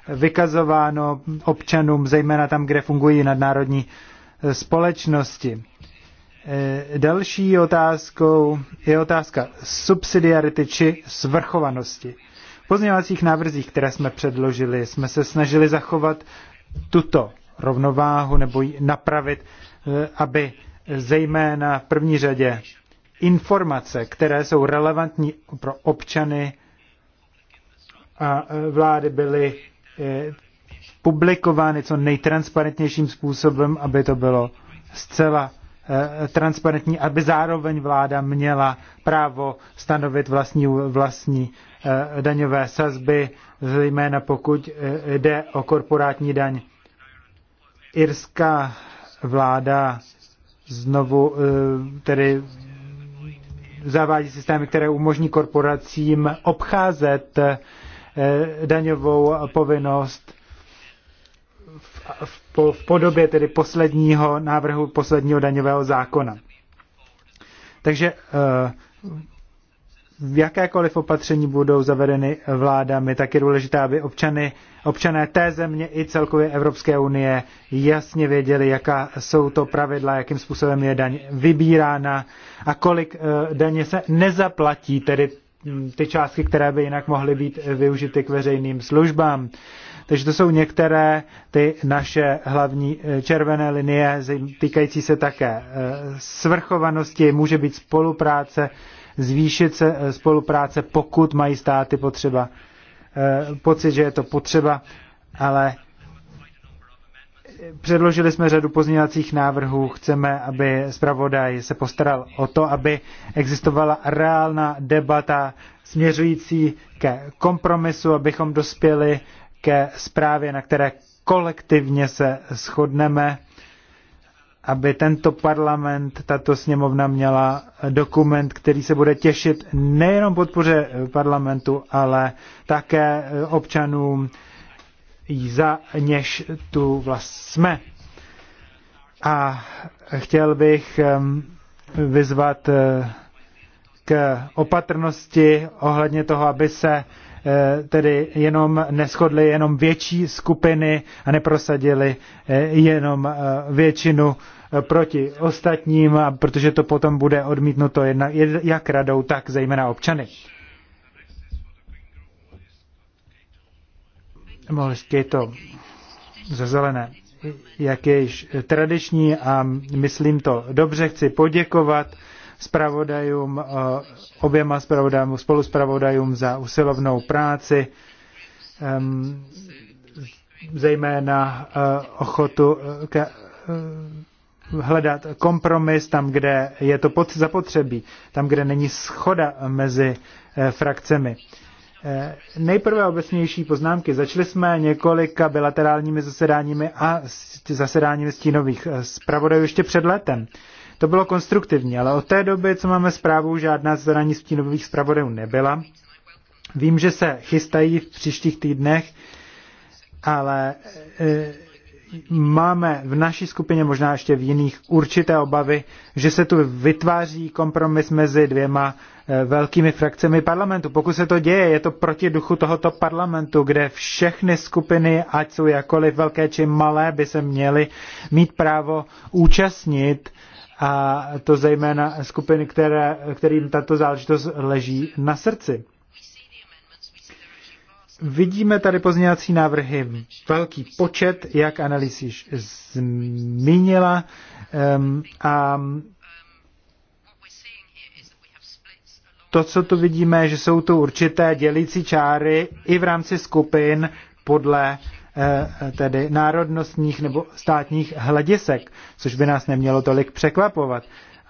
vykazováno občanům, zejména tam, kde fungují nadnárodní eh, společnosti. Eh, další otázkou je otázka subsidiarity či svrchovanosti. V pozměňovacích návrzích, které jsme předložili, jsme se snažili zachovat tuto rovnováhu nebo ji napravit, eh, aby zejména v první řadě informace, které jsou relevantní pro občany a vlády, byly Eh, publikovány co nejtransparentnějším způsobem, aby to bylo zcela eh, transparentní, aby zároveň vláda měla právo stanovit vlastní, vlastní eh, daňové sazby, zejména pokud jde o korporátní daň. Irská vláda znovu tedy zavádí systémy, které umožní korporacím obcházet Eh, daňovou povinnost v, v podobě tedy posledního návrhu, posledního daňového zákona. Takže eh, v jakékoliv opatření budou zavedeny vládami, tak je důležité, aby občany, občané té země i celkově Evropské unie jasně věděli, jaká jsou to pravidla, jakým způsobem je daň vybírána a kolik eh, daně se nezaplatí, tedy ty částky, které by jinak mohly být využity k veřejným službám. Takže to jsou některé ty naše hlavní eh, červené linie týkající se také eh, svrchovanosti, může být spolupráce, zvýšit se eh, spolupráce, pokud mají státy potřeba, pocit, že je to potřeba, ale Předložili jsme řadu pozměňovacích návrhů. Chceme, aby zpravodaj se postaral o to, aby existovala reálná debata směřující ke kompromisu, abychom dospěli ke zprávě, na které kolektivně se shodneme, aby tento parlament, tato sněmovna měla dokument, který se bude těšit nejenom podpoře parlamentu, ale také občanům, za něž tu vlast jsme. A chtěl bych vyzvat eh, k opatrnosti ohledně toho, aby se eh, tedy jenom neschodly jenom větší skupiny a neprosadili eh, jenom většinu proti ostatním, protože to potom bude odmítnuto jak radou, tak zejména občany. je to ze zelené, jak je již tradiční a myslím to dobře, chci poděkovat spravodajům, eh, oběma spravodajům, spravodajům za usilovnou práci, zejména eh, ochotu eh, ke, hledat kompromis tam, kde je to zapotřebí, tam, kde není schoda mezi frakcemi. Eh, nejprve obecnější poznámky. Začali jsme několika bilaterálními zasedáními a zasedáními stínových eh, zpravodajů ještě před letem. To bylo konstruktivní, ale od té doby, co máme zprávu, žádná zasedání stínových zpravodajů nebyla. Vím, že se chystají v příštích týdnech, ale eh, máme v naší skupině, možná ještě v jiných, určité obavy, že se tu vytváří kompromis mezi dvěma eh, velkými frakcemi parlamentu. Pokud se to děje, je to proti duchu tohoto parlamentu, kde všechny skupiny, ať jsou jakoliv velké či malé, by se měly mít právo účastnit a to zejména skupiny, které, kterým tato záležitost leží na srdci. Vidíme tady pozměňovací návrhy, velký počet, jak analýz již zmínila. Um, a to, co tu vidíme, že jsou tu určité dělící čáry i v rámci skupin podle eh, tedy národnostních nebo státních hledisek, což by nás nemělo tolik překvapovat.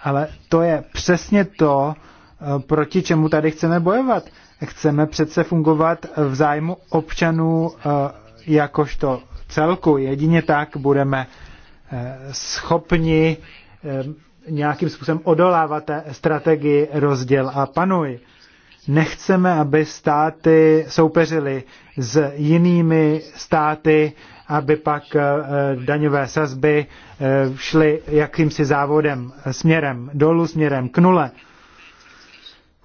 Ale to je přesně to, Eh, proti čemu tady chceme bojovat. Chceme přece fungovat v zájmu občanů eh, jakožto celku. Jedině tak budeme eh, schopni nějakým způsobem odolávat té strategii rozděl a panuj. Nechceme, aby státy soupeřily s jinými státy, aby pak daňové sazby šly jakýmsi závodem směrem dolů, směrem k nule.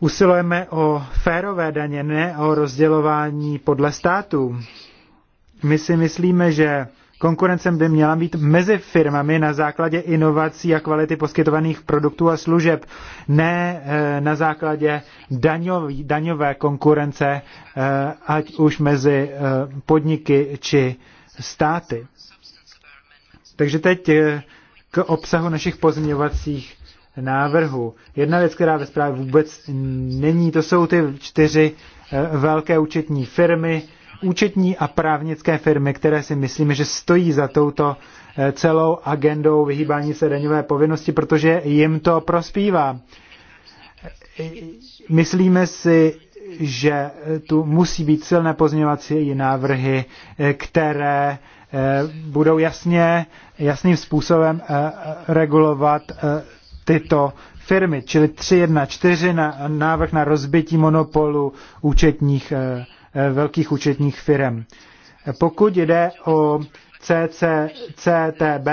Usilujeme o férové daně, ne o rozdělování podle států. My si myslíme, že konkurencem by měla být mezi firmami na základě inovací a kvality poskytovaných produktů a služeb, ne eh, na základě daňový, daňové konkurence, eh, ať už mezi eh, podniky či státy. Takže teď k obsahu našich pozměňovacích návrhu. Jedna věc, která ve zprávě vůbec není, to jsou ty čtyři eh, velké účetní firmy, účetní a právnické firmy, které si myslíme, že stojí za touto eh, celou agendou vyhýbání se daňové povinnosti, protože jim to prospívá. Myslíme si, že tu musí být silné pozměňovací návrhy, eh, které budou jasně, jasným způsobem regulovat tyto firmy, čili 3.1.4 na návrh na rozbití monopolu účetních, eh, eh, velkých účetních firm. Pokud jde o CCCTB,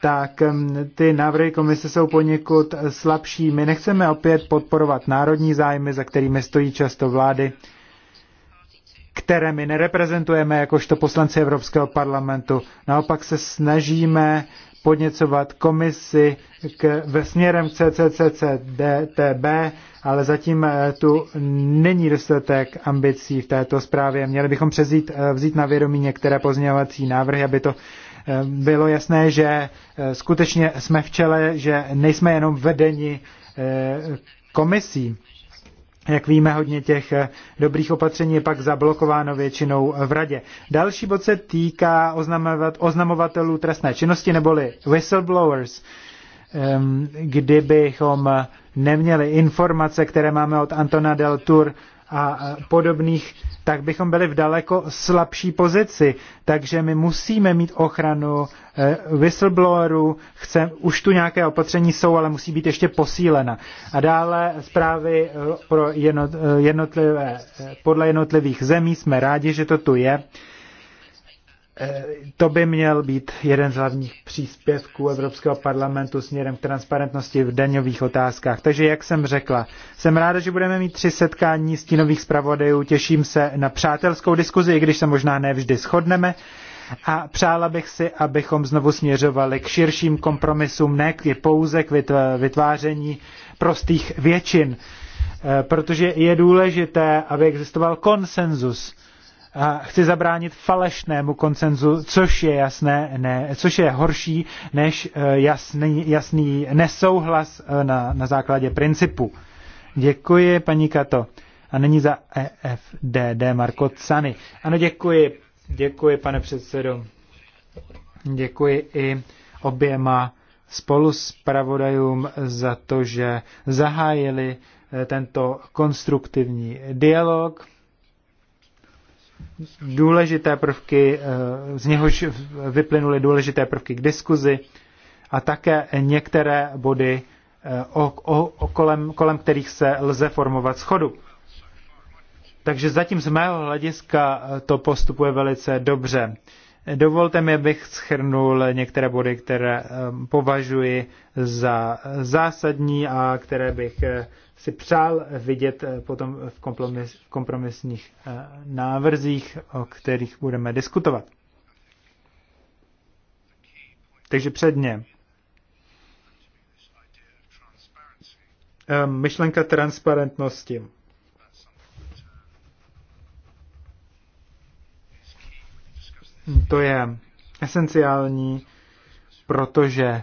tak mm, ty návrhy komise jsou poněkud slabší. My nechceme opět podporovat národní zájmy, za kterými stojí často vlády, které my nereprezentujeme jakožto poslanci Evropského parlamentu. Naopak se snažíme podněcovat komisi k, ve směrem k CCCCDTB, ale zatím eh, tu není dostatek ambicí v této zprávě. Měli bychom přezít, eh, vzít na vědomí některé pozměňovací návrhy, aby to eh, bylo jasné, že skutečně jsme v čele, že nejsme jenom vedeni komisí jak víme, hodně těch eh, dobrých opatření je pak zablokováno většinou v radě. Další bod se týká oznamovatelů trestné činnosti neboli whistleblowers. Ehm, kdybychom neměli informace, které máme od Antona Del Tour a podobných, tak bychom byli v daleko slabší pozici. Takže my musíme mít ochranu eh, whistleblowerů, chce, už tu nějaké opatření jsou, ale musí být ještě posílena. A dále zprávy eh, pro eh, jednotlivé, podle jednotlivých zemí, jsme rádi, že to tu je to by měl být jeden z hlavních příspěvků Evropského parlamentu směrem k transparentnosti v daňových otázkách. Takže, jak jsem řekla, jsem ráda, že budeme mít tři setkání stínových zpravodajů. Těším se na přátelskou diskuzi, i když se možná nevždy shodneme. A přála bych si, abychom znovu směřovali k širším kompromisům, ne k pouze k vytváření prostých většin. Eh, protože je důležité, aby existoval konsenzus a chci zabránit falešnému koncenzu, což je jasné, ne, což je horší než eh, jasný, jasný nesouhlas eh, na, na základě principu. Děkuji, paní Kato. A není za EFDD Marko Cany. Ano, děkuji. Děkuji, pane předsedo. Děkuji i oběma spolu s pravodajům za to, že zahájili eh, tento konstruktivní dialog důležité prvky, eh, z něhož vyplynuly důležité prvky k diskuzi a také některé body, eh, o, o, o kolem, kolem kterých se lze formovat schodu. Takže zatím z mého hlediska eh, to postupuje velice dobře. Dovolte mi, abych schrnul některé body, které eh, považuji za zásadní a které bych eh, si přál vidět eh, potom v, kompromis, v kompromisních návrzích, o kterých budeme diskutovat. Takže předně. Myšlenka transparentnosti. To je esenciální, protože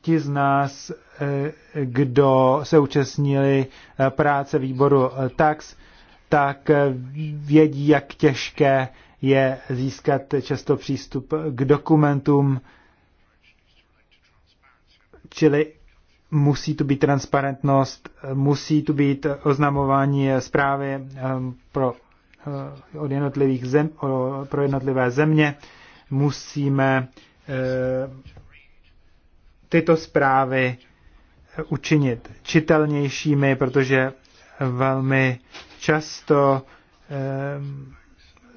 ti z nás, eh, kdo se účastnili eh, práce výboru eh, tax, tak vědí, jak těžké je získat často přístup k dokumentům, čili musí tu být transparentnost, musí tu být oznamování zprávy pro Eh, od jednotlivých zem, pro jednotlivé země. Musíme eh, tyto zprávy eh, učinit čitelnějšími, protože velmi často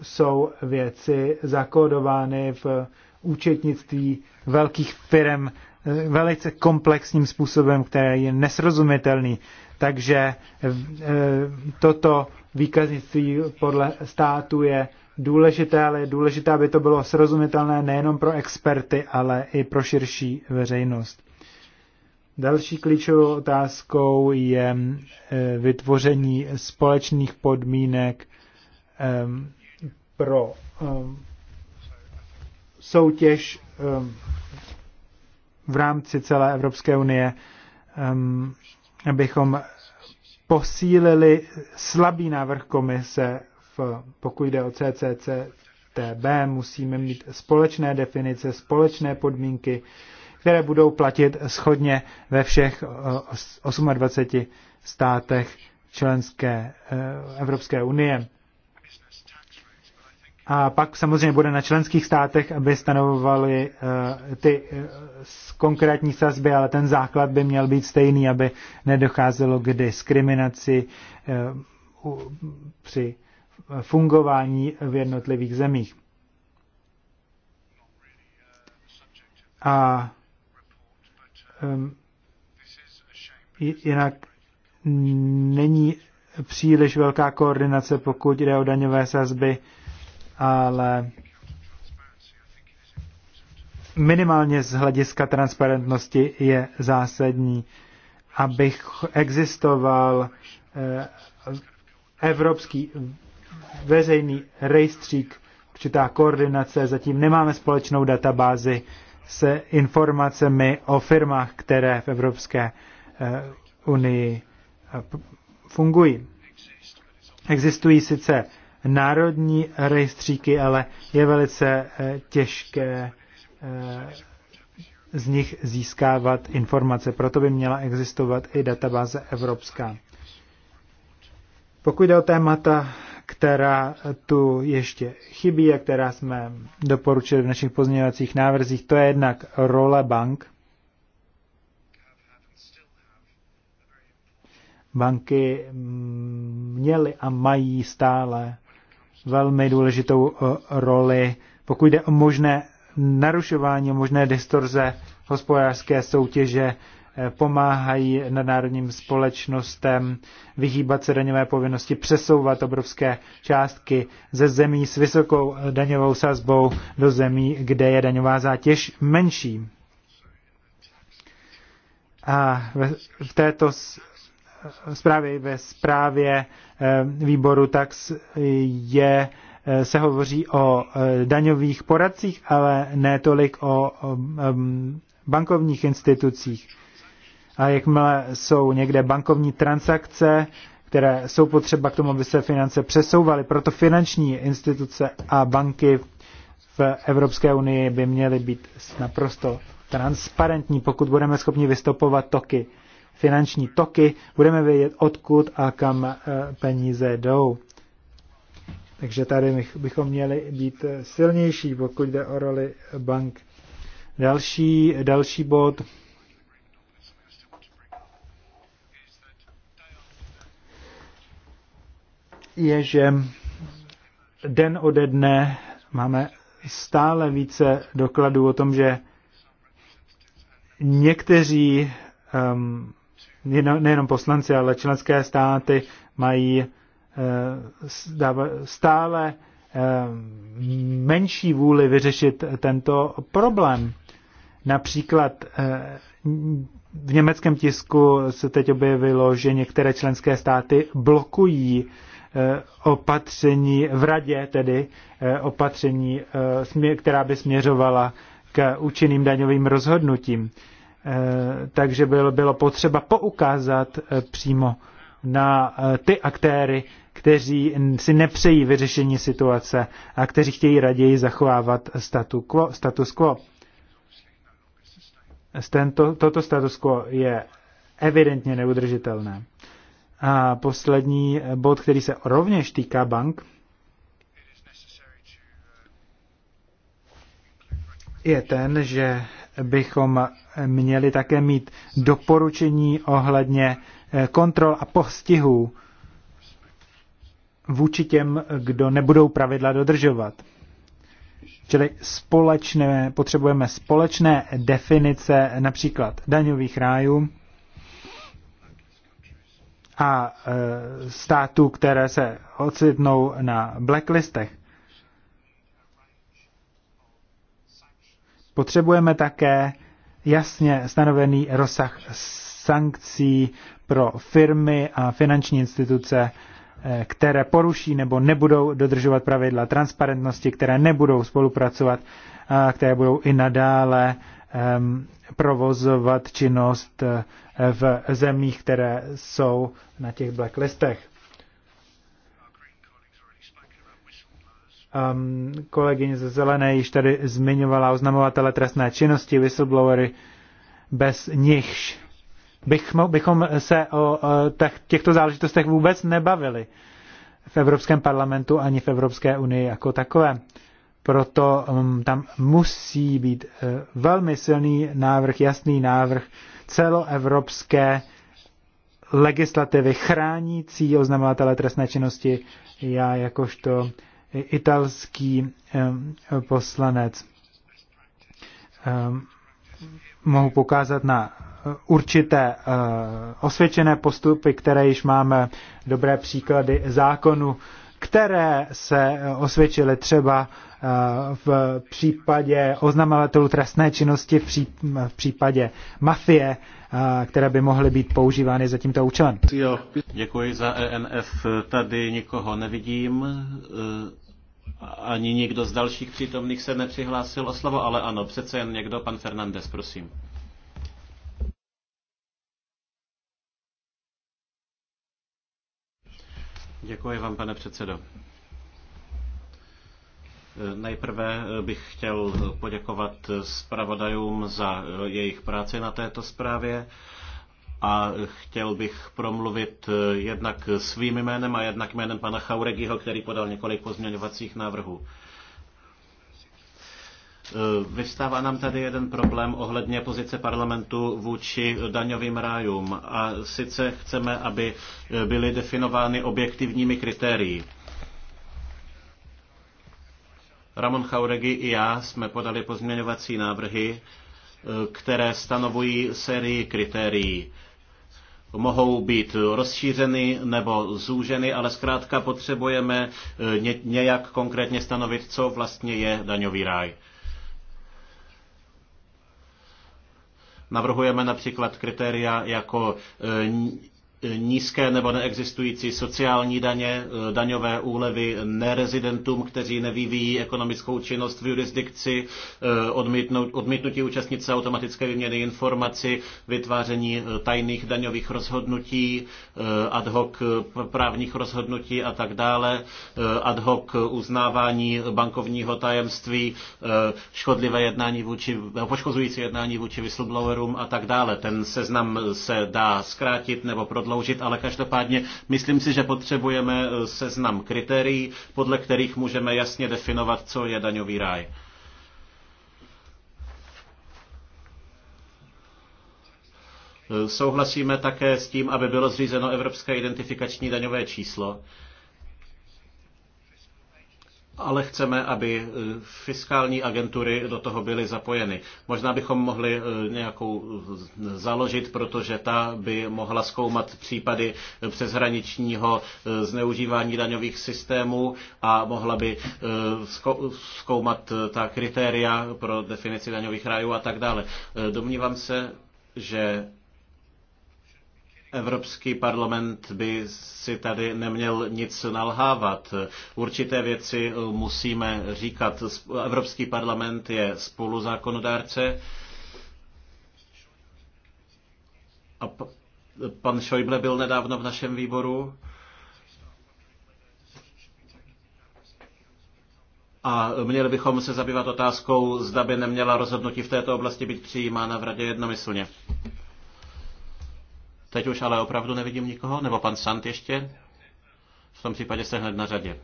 jsou věci zakódovány v účetnictví velkých firm velice komplexním způsobem, který je nesrozumitelný. Takže toto výkaznictví podle státu je důležité, ale je důležité, aby to bylo srozumitelné nejenom pro experty, ale i pro širší veřejnost. Další klíčovou otázkou je eh, vytvoření společných podmínek ehm, pro ehm, soutěž ehm, v rámci celé Evropské unie, abychom posílili slabý návrh komise, v, pokud jde o TB, musíme mít společné definice, společné podmínky, které budou platit schodně ve všech 28 eh, státech členské eh, Evropské unie. A pak samozřejmě bude na členských státech, aby stanovovali eh, ty eh, konkrétní sazby, ale ten základ by měl být stejný, aby nedocházelo k diskriminaci eh, při fungování v jednotlivých zemích. A ehm, jinak není příliš velká koordinace, pokud jde o daňové sazby ale minimálně z hlediska transparentnosti je zásadní, abych existoval eh, evropský veřejný rejstřík, určitá koordinace. Zatím nemáme společnou databázi se informacemi o firmách, které v Evropské eh, unii eh, fungují. Existují sice národní rejstříky, ale je velice eh, těžké eh, z nich získávat informace. Proto by měla existovat i databáze evropská. Pokud jde o témata, která tu ještě chybí a která jsme doporučili v našich pozměňovacích návrzích, to je jednak role bank. Banky mm, měly a mají stále velmi důležitou eh, roli, pokud jde o možné narušování, o možné distorze hospodářské soutěže, eh, pomáhají nadnárodním společnostem vyhýbat se daňové povinnosti, přesouvat obrovské částky ze zemí s vysokou eh, daňovou sazbou do zemí, kde je daňová zátěž menší. A v této zprávy ve zprávě eh, výboru, tak je, eh, se hovoří o eh, daňových poradcích, ale ne tolik o bankovních institucích. A jakmile jsou někde bankovní transakce, které jsou potřeba k tomu, aby se finance přesouvaly, proto finanční instituce a banky v Evropské unii by měly být naprosto transparentní, pokud budeme schopni vystopovat toky finanční toky, budeme vědět, odkud a kam eh, peníze jdou. Takže tady bychom měli být eh, silnější, pokud jde o roli bank. Další, další bod. je, že den ode dne máme stále více dokladů o tom, že někteří um, nejenom poslanci, ale členské státy mají eh, stále eh, menší vůli vyřešit tento problém. Například eh, v německém tisku se teď objevilo, že některé členské státy blokují opatření v radě, tedy opatření, která by směřovala k účinným daňovým rozhodnutím. Eh, takže bylo, bylo potřeba poukázat eh, přímo na eh, ty aktéry, kteří si nepřejí vyřešení situace a kteří chtějí raději zachovávat statu quo, status quo. Tento, toto status quo je evidentně neudržitelné. A poslední bod, který se rovněž týká bank, je ten, že bychom měli také mít doporučení ohledně eh, kontrol a postihů vůči těm, kdo nebudou pravidla dodržovat. Čili společné, potřebujeme společné definice například daňových rájů a eh, států, které se ocitnou na blacklistech. Potřebujeme také jasně stanovený rozsah sankcí pro firmy a finanční instituce, eh, které poruší nebo nebudou dodržovat pravidla transparentnosti, které nebudou spolupracovat, a které budou i nadále ehm, provozovat činnost eh, v zemích, které jsou na těch blacklistech. um, kolegyně ze Zelené již tady zmiňovala oznamovatele trestné činnosti, whistleblowery, bez nichž bychom, bychom se o, o těchto záležitostech vůbec nebavili v Evropském parlamentu ani v Evropské unii jako takové. Proto um, tam musí být uh, velmi silný návrh, jasný návrh celoevropské legislativy chránící oznamovatele trestné činnosti. Já jakožto italský poslanec. Mohu pokázat na eh, určité eh, osvědčené postupy, které již máme dobré příklady zákonu, které se eh, osvědčily třeba v případě oznamovatelů trestné činnosti, v případě mafie, které by mohly být používány za tímto účelem. Děkuji za ENF. Tady nikoho nevidím. Ani nikdo z dalších přítomných se nepřihlásil o slovo, ale ano, přece jen někdo, pan Fernandez, prosím. Děkuji vám, pane předsedo. Nejprve bych chtěl poděkovat zpravodajům za jejich práci na této zprávě a chtěl bych promluvit eh, jednak svým jménem a jednak jménem pana Chauregiho, který podal několik pozměňovacích návrhů. Eh, Vystává nám tady jeden problém ohledně pozice parlamentu vůči daňovým rájům. A sice chceme, aby eh, byly definovány objektivními kritérii. Ramon Chauregi i já jsme podali pozměňovací návrhy, které stanovují sérii kritérií mohou být rozšířeny nebo zúženy, ale zkrátka potřebujeme eh, nějak konkrétně stanovit, co vlastně je daňový ráj. Navrhujeme například kritéria jako eh, nízké nebo neexistující sociální daně, eh, daňové úlevy nerezidentům, kteří nevyvíjí ekonomickou činnost v jurisdikci, eh, odmítnutí účastnice automatické výměny informací, vytváření eh, tajných daňových rozhodnutí, ad hoc právních rozhodnutí a tak dále, ad hoc uznávání bankovního tajemství, škodlivé jednání vůči, poškozující jednání vůči whistleblowerům a tak dále. Ten seznam se dá zkrátit nebo prodloužit prodloužit, ale každopádně myslím si, že potřebujeme eh, seznam kritérií, podle kterých můžeme jasně definovat, co je daňový ráj. Eh, souhlasíme také s tím, aby bylo zřízeno Evropské identifikační daňové číslo, ale chceme, aby e, fiskální agentury do toho byly zapojeny. Možná bychom mohli e, nějakou založit, protože ta by mohla zkoumat případy e, přeshraničního zneužívání daňových systémů a mohla by zkoumat ta kritéria pro definici daňových rájů a tak dále. Domnívám se, že Evropský parlament by si tady neměl nic nalhávat. Určité věci eh, musíme říkat. Evropský parlament je spoluzákonodárce. A pan Schäuble byl nedávno v našem výboru. A měli bychom se zabývat otázkou, zda by neměla rozhodnutí v této oblasti být přijímána v radě jednomyslně. Teď už ale opravdu nevidím nikoho, nebo pan Sant ještě? V tom případě se hned na řadě.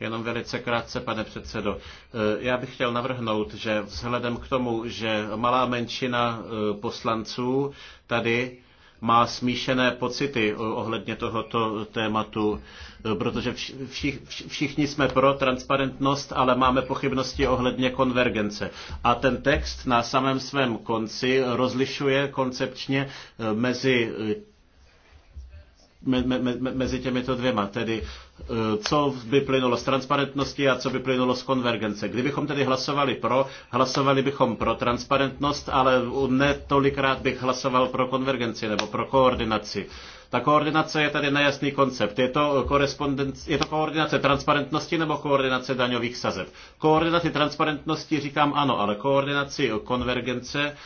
Jenom velice krátce, pane předsedo. Eh, já bych chtěl navrhnout, že vzhledem k tomu, že malá menšina eh, poslanců tady má smíšené pocity ohledně tohoto tématu, protože všichni jsme pro transparentnost, ale máme pochybnosti ohledně konvergence. A ten text na samém svém konci rozlišuje koncepčně eh, mezi me, me, mezi těmito dvěma. Tedy eh, co by plynulo z transparentnosti a co by plynulo z konvergence. Kdybychom tedy hlasovali pro, hlasovali bychom pro transparentnost, ale ne tolikrát bych hlasoval pro konvergenci nebo pro koordinaci. Ta koordinace je tady nejasný koncept. Je to, je to koordinace transparentnosti nebo koordinace daňových sazeb? Koordinaci transparentnosti říkám ano, ale koordinaci konvergence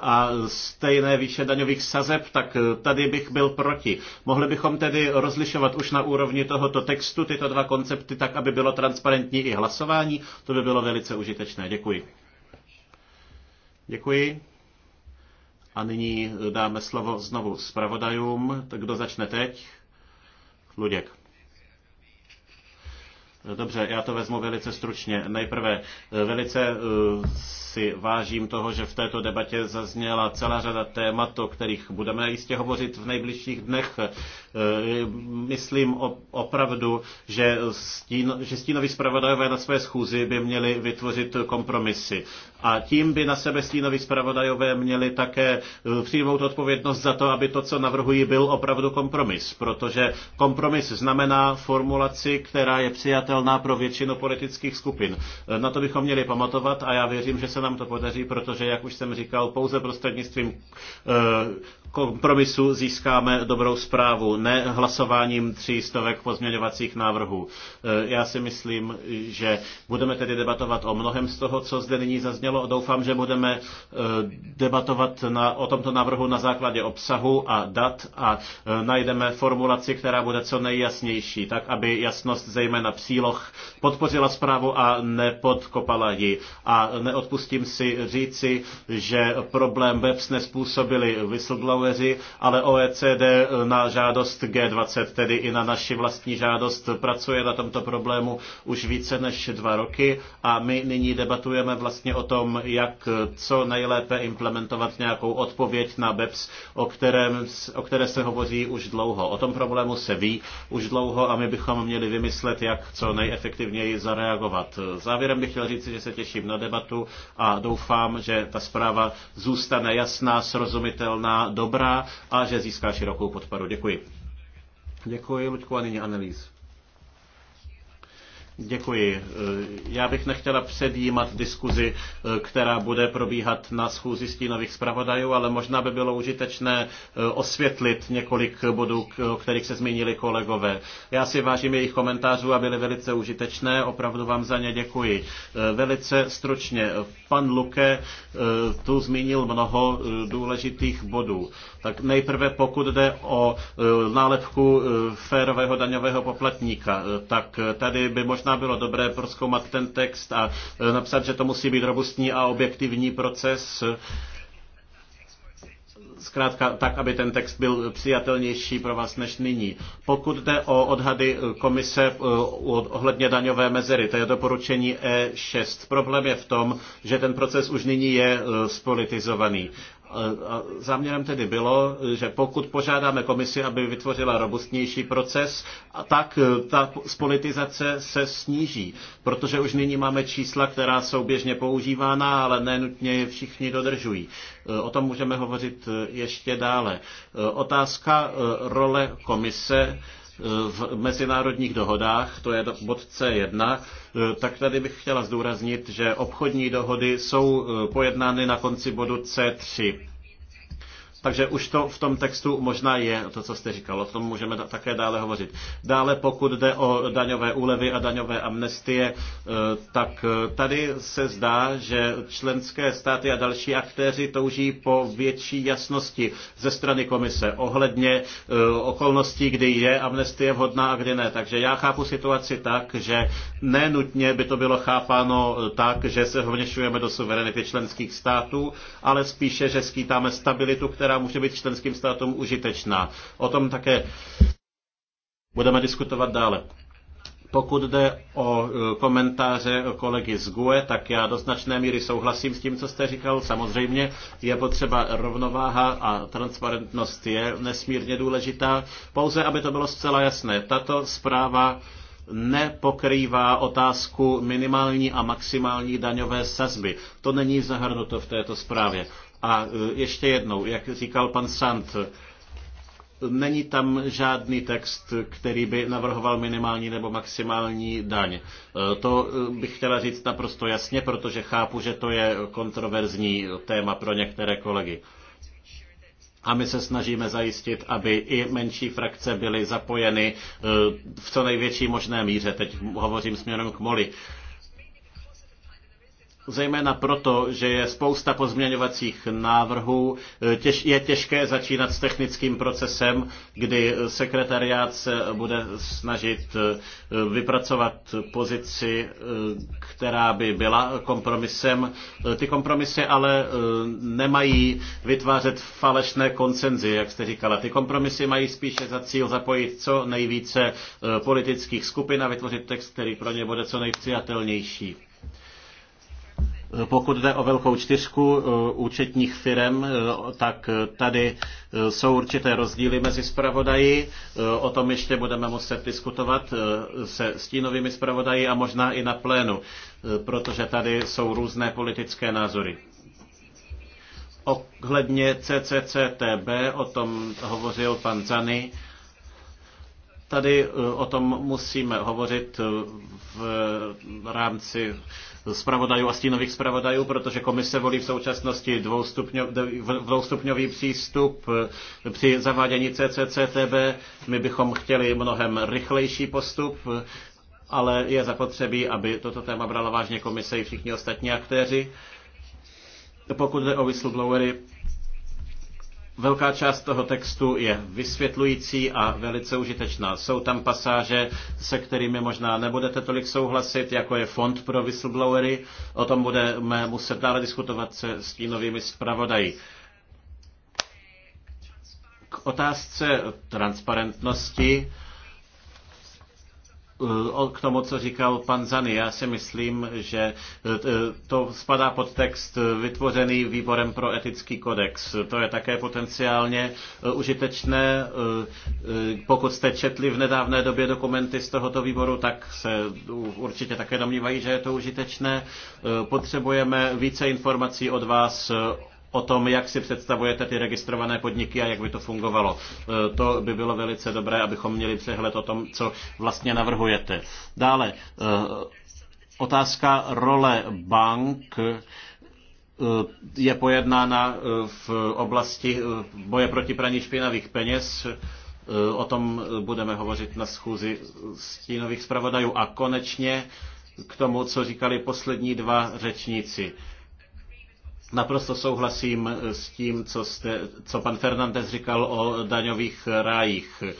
a stejné výše daňových sazeb, tak eh, tady bych byl proti. Mohli bychom tedy rozlišovat už na úrovni tohoto textu tyto dva koncepty tak, aby bylo transparentní i hlasování. To by bylo velice užitečné. Děkuji. Děkuji. A nyní eh, dáme slovo znovu zpravodajům. Tak kdo začne teď? Luděk. Dobře, já to vezmu velice stručně. Nejprve eh, velice eh, si vážím toho, že v této debatě zazněla celá řada témat, o kterých budeme jistě hovořit v nejbližších dnech. Eh, myslím opravdu, že, stín, že stínoví zpravodajové na své schůzi by měli vytvořit kompromisy. A tím by na sebe stínoví zpravodajové měli také e, přijmout odpovědnost za to, aby to, co navrhují, byl opravdu kompromis. Protože kompromis znamená formulaci, která je přijatelná pro většinu politických skupin. E, na to bychom měli pamatovat a já věřím, že se nám to podaří, protože, jak už jsem říkal, pouze prostřednictvím e, kompromisu získáme dobrou zprávu, ne hlasováním tří stovek pozměňovacích návrhů. E, já si myslím, že budeme tedy debatovat o mnohem z toho, co zde nyní zaznělo. Doufám, že budeme e, debatovat na, o tomto návrhu na základě obsahu a dat a e, najdeme formulaci, která bude co nejjasnější, tak aby jasnost zejména příloh podpořila zprávu a nepodkopala ji. A neodpustím si říci, že problém BEPS nespůsobili whistleblower whistlebloweři, ale OECD eh, na žádost G20, tedy i na naši vlastní žádost, pracuje na tomto problému už více než dva roky a my nyní debatujeme vlastně o tom, jak eh, co nejlépe implementovat nějakou odpověď na BEPS, o, kterém, o které se hovoří už dlouho. O tom problému se ví už dlouho a my bychom měli vymyslet, jak co nejefektivněji zareagovat. Závěrem bych chtěl říct, že se těším na debatu a doufám, že ta zpráva zůstane jasná, srozumitelná, do dobrá a že získá širokou podporu. Děkuji. Děkuji, Luďku, a nyní analýz. Děkuji. Eh, já bych nechtěla předjímat diskuzi, eh, která bude probíhat na schůzi stínových zpravodajů, ale možná by bylo užitečné eh, osvětlit několik bodů, o kterých se zmínili kolegové. Já si vážím jejich komentářů a byly velice užitečné, opravdu vám za ně děkuji. Velice stručně, pan Luke tu zmínil mnoho důležitých bodů. Tak nejprve pokud jde o nálepku férového daňového poplatníka, tak tady by možná možná bylo dobré proskoumat ten text a e, napsat, že to musí být robustní a objektivní proces zkrátka tak, aby ten text byl přijatelnější pro vás než nyní. Pokud jde o odhady e, komise e, ohledně daňové mezery, to je doporučení E6. Problém je v tom, že ten proces už nyní je spolitizovaný. A záměrem tedy bylo, že pokud požádáme komisi, aby vytvořila robustnější proces, tak e, ta spolitizace se sníží, protože už nyní máme čísla, která jsou běžně používána, ale nenutně je všichni dodržují. E, o tom můžeme hovořit e, ještě dále. Otázka role komise v mezinárodních dohodách, to je bod C1, eh, tak tady bych chtěla zdůraznit, že obchodní dohody jsou eh, pojednány na konci bodu C3. Takže už to v tom textu možná je, to, co jste říkal, o tom můžeme také dále hovořit. Dále, pokud jde o daňové úlevy a daňové amnestie, eh, tak eh, tady se zdá, že členské státy a další aktéři touží po větší jasnosti ze strany komise ohledně eh, okolností, kdy je amnestie vhodná a kdy ne. Takže já chápu situaci tak, že nenutně by to bylo chápáno tak, že se hovněšujeme do suverenity členských států, ale spíše, že skýtáme stabilitu, která může být členským státům užitečná. O tom také budeme diskutovat dále. Pokud jde o e, komentáře kolegy z GUE, tak já do značné míry souhlasím s tím, co jste říkal. Samozřejmě je potřeba rovnováha a transparentnost je nesmírně důležitá. Pouze, aby to bylo zcela jasné, tato zpráva nepokrývá otázku minimální a maximální daňové sazby. To není zahrnuto v této zprávě. A e, ještě jednou, jak říkal pan Sant, není tam žádný text, který by navrhoval minimální nebo maximální daň. E, to e, bych chtěla říct naprosto jasně, protože chápu, že to je kontroverzní téma pro některé kolegy. A my se snažíme zajistit, aby i menší frakce byly zapojeny v co největší možné míře. Teď hovořím směrem k Moli Zejména proto, že je spousta pozměňovacích návrhů, těž, je těžké začínat s technickým procesem, kdy sekretariát se bude snažit eh, vypracovat pozici, eh, která by byla kompromisem. Eh, ty kompromisy ale nemají vytvářet falešné koncenzy, jak jste říkala. Ty kompromisy mají spíše za cíl zapojit co nejvíce politických skupin a vytvořit text, který pro ně bude co nejpřijatelnější. Pokud jde o velkou čtyřku eh, účetních firm, eh, tak tady eh, jsou určité rozdíly mezi zpravodaji. O tom ještě budeme muset diskutovat se stínovými zpravodaji a možná i na plénu, protože tady jsou různé politické názory. Ohledně CCCTB, o tom hovořil pan Zany, Tady o tom musíme hovořit v rámci zpravodajů a stínových zpravodajů, protože komise volí v současnosti dvoustupňový, dvoustupňový přístup eh, při zavádění CCCTB. My bychom chtěli mnohem rychlejší postup, ale je zapotřebí, aby toto téma brala vážně komise i všichni ostatní aktéři. Pokud jde o whistleblowery, Velká část toho textu je vysvětlující a velice užitečná. Jsou tam pasáže, se kterými možná nebudete tolik souhlasit, jako je fond pro whistleblowery. O tom budeme muset dále diskutovat se stínovými zpravodají. K otázce transparentnosti Eh, k tomu, co říkal pan Zany. Já si myslím, že eh, to spadá pod text eh, vytvořený výborem pro etický kodex. To je také potenciálně užitečné. Pokud jste četli v nedávné době dokumenty z tohoto výboru, tak se určitě také domnívají, že je to užitečné. Potřebujeme více informací od vás o tom, jak si představujete ty registrované podniky a jak by to fungovalo. E, to by bylo velice dobré, abychom měli přehled o tom, co vlastně navrhujete. Dále, e, otázka role bank e, je pojednána v oblasti boje proti praní špinavých peněz. O tom budeme hovořit na schůzi stínových zpravodajů. A konečně k tomu, co říkali poslední dva řečníci. Naprosto souhlasím eh, s tím, co, jste, co pan Fernandez říkal o daňových rájích eh,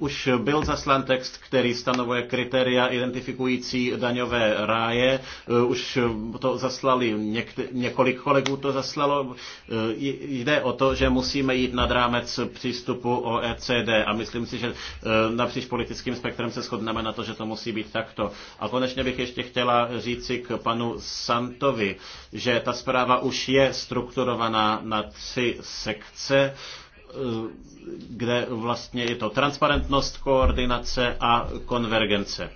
už byl zaslan text, který stanovuje kritéria identifikující daňové ráje. Eh, už to zaslali někde, několik kolegů to zaslalo. Eh, jde o to, že musíme jít nad rámec přístupu OECD a myslím si, že eh, napříč politickým spektrem se shodneme na to, že to musí být takto. A konečně bych ještě chtěla říci k panu Santovi, že ta zpráva už je strukturovaná na tři sekce Eh, kde vlastně je to transparentnost, koordinace a konvergence.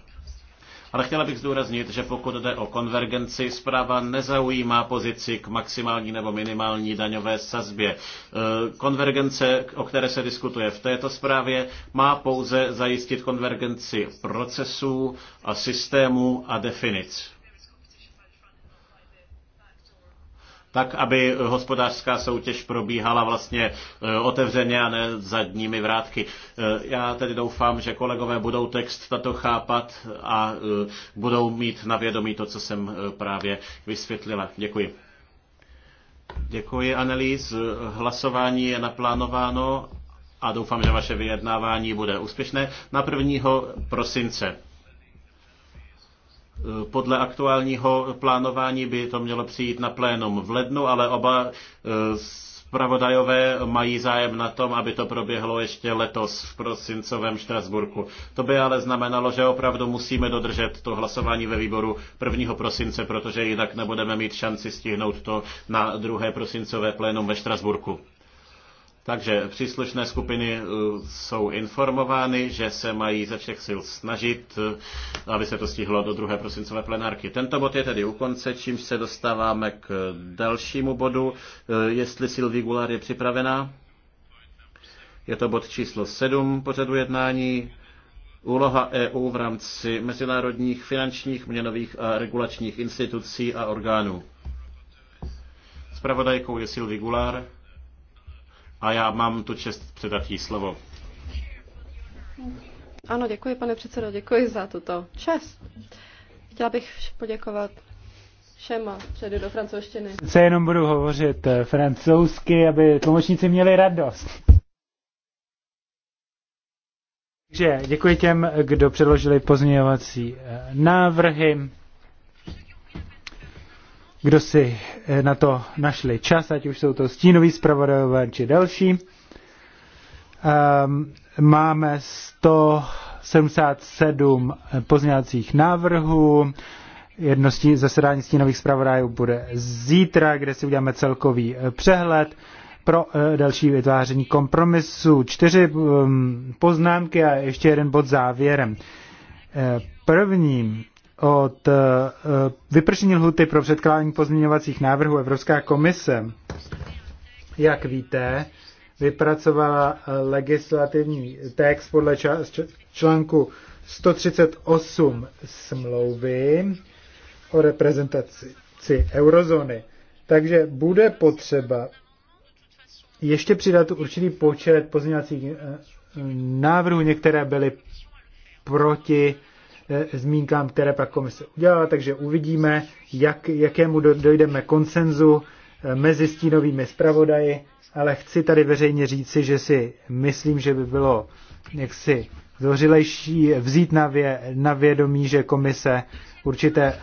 Ale chtěla bych zdůraznit, že pokud jde o konvergenci, zpráva nezaujímá pozici k maximální nebo minimální daňové sazbě. Eh, konvergence, o které se diskutuje v této zprávě, má pouze zajistit konvergenci procesů a systémů a definic. tak aby hospodářská soutěž probíhala vlastně e, otevřeně a ne zadními vrátky. E, já tedy doufám, že kolegové budou text tato chápat a e, budou mít na vědomí to, co jsem právě vysvětlila. Děkuji. Děkuji, Annelies. Hlasování je naplánováno a doufám, že vaše vyjednávání bude úspěšné na 1. prosince. Eh, podle aktuálního plánování by to mělo přijít na plénum v lednu, ale oba eh, zpravodajové mají zájem na tom, aby to proběhlo ještě letos v prosincovém Štrasburku. To by ale znamenalo, že opravdu musíme dodržet to hlasování ve výboru 1. prosince, protože jinak nebudeme mít šanci stihnout to na druhé prosincové plénum ve Štrasburku. Takže příslušné skupiny eh, jsou informovány, že se mají ze všech sil snažit, eh, aby se to stihlo do druhé prosincové plenárky. Tento bod je tedy u konce, čímž se dostáváme k dalšímu bodu. Eh, jestli Silvi Gular je připravená? Je to bod číslo 7 pořadu jednání. Úloha EU v rámci mezinárodních finančních, měnových a regulačních institucí a orgánů. Spravodajkou je Silvi Gular a já mám tu čest předat jí slovo. Ano, děkuji, pane předsedo, děkuji za tuto čest. Chtěla bych poděkovat všem a přejdu do francouzštiny. Se jenom budu hovořit eh, francouzsky, aby tlumočníci měli radost. Takže děkuji těm, eh, kdo předložili pozměňovací eh, návrhy kdo si eh, na to našli čas, ať už jsou to stínoví zpravodajové či další. Ehm, máme 177 eh, pozměňovacích návrhů. Jedno stí, zasedání stínových zpravodajů bude zítra, kde si uděláme celkový eh, přehled pro další vytváření kompromisu. Čtyři ehm, poznámky a ještě jeden bod závěrem. Prvním od eh, vypršení lhuty pro předkládání pozměňovacích návrhů Evropská komise, jak víte, vypracovala eh, legislativní text podle článku 138 smlouvy o reprezentaci eurozóny. Takže bude potřeba ještě přidat určitý počet pozměňovacích eh, návrhů. Některé byly proti Eh, zmínkám, které pak komise udělala, takže uvidíme, jak, jakému dojdeme konsenzu eh, mezi stínovými zpravodaji, ale chci tady veřejně říci, že si myslím, že by bylo jaksi zdvořilejší vzít na, vě, na vědomí, že komise určité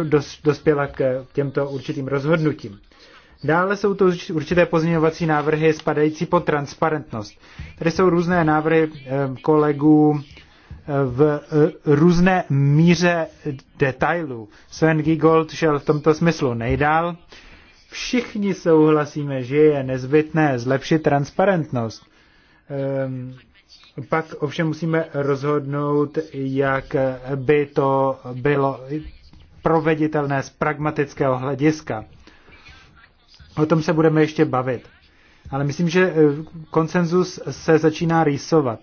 eh, dos, dospěla k těmto určitým rozhodnutím. Dále jsou to určité pozměňovací návrhy spadající pod transparentnost. Tady jsou různé návrhy kolegů v eh, různé míře detailů. Sven Giegold šel v tomto smyslu nejdál. Všichni souhlasíme, že je nezbytné zlepšit transparentnost. Ehm, pak ovšem musíme rozhodnout, jak by to bylo proveditelné z pragmatického hlediska. O tom se budeme ještě bavit. Ale myslím, že eh, konsenzus se začíná rýsovat.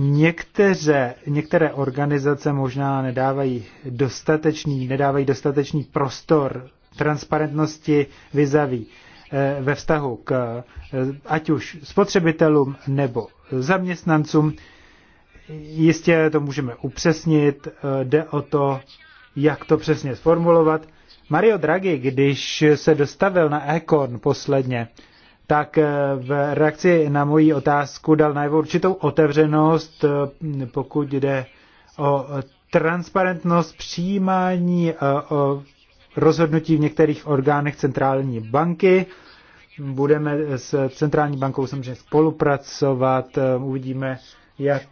Někteře, některé organizace možná nedávají dostatečný, nedávají dostatečný prostor transparentnosti vizaví eh, ve vztahu k eh, ať už spotřebitelům nebo zaměstnancům. Jistě to můžeme upřesnit, eh, jde o to, jak to přesně sformulovat. Mario Draghi, když se dostavil na Econ posledně, tak eh, v reakci na moji otázku dal najevo určitou otevřenost, eh, pokud jde o transparentnost přijímání eh, rozhodnutí v některých orgánech centrální banky. Budeme s centrální bankou samozřejmě spolupracovat, uvidíme, jak,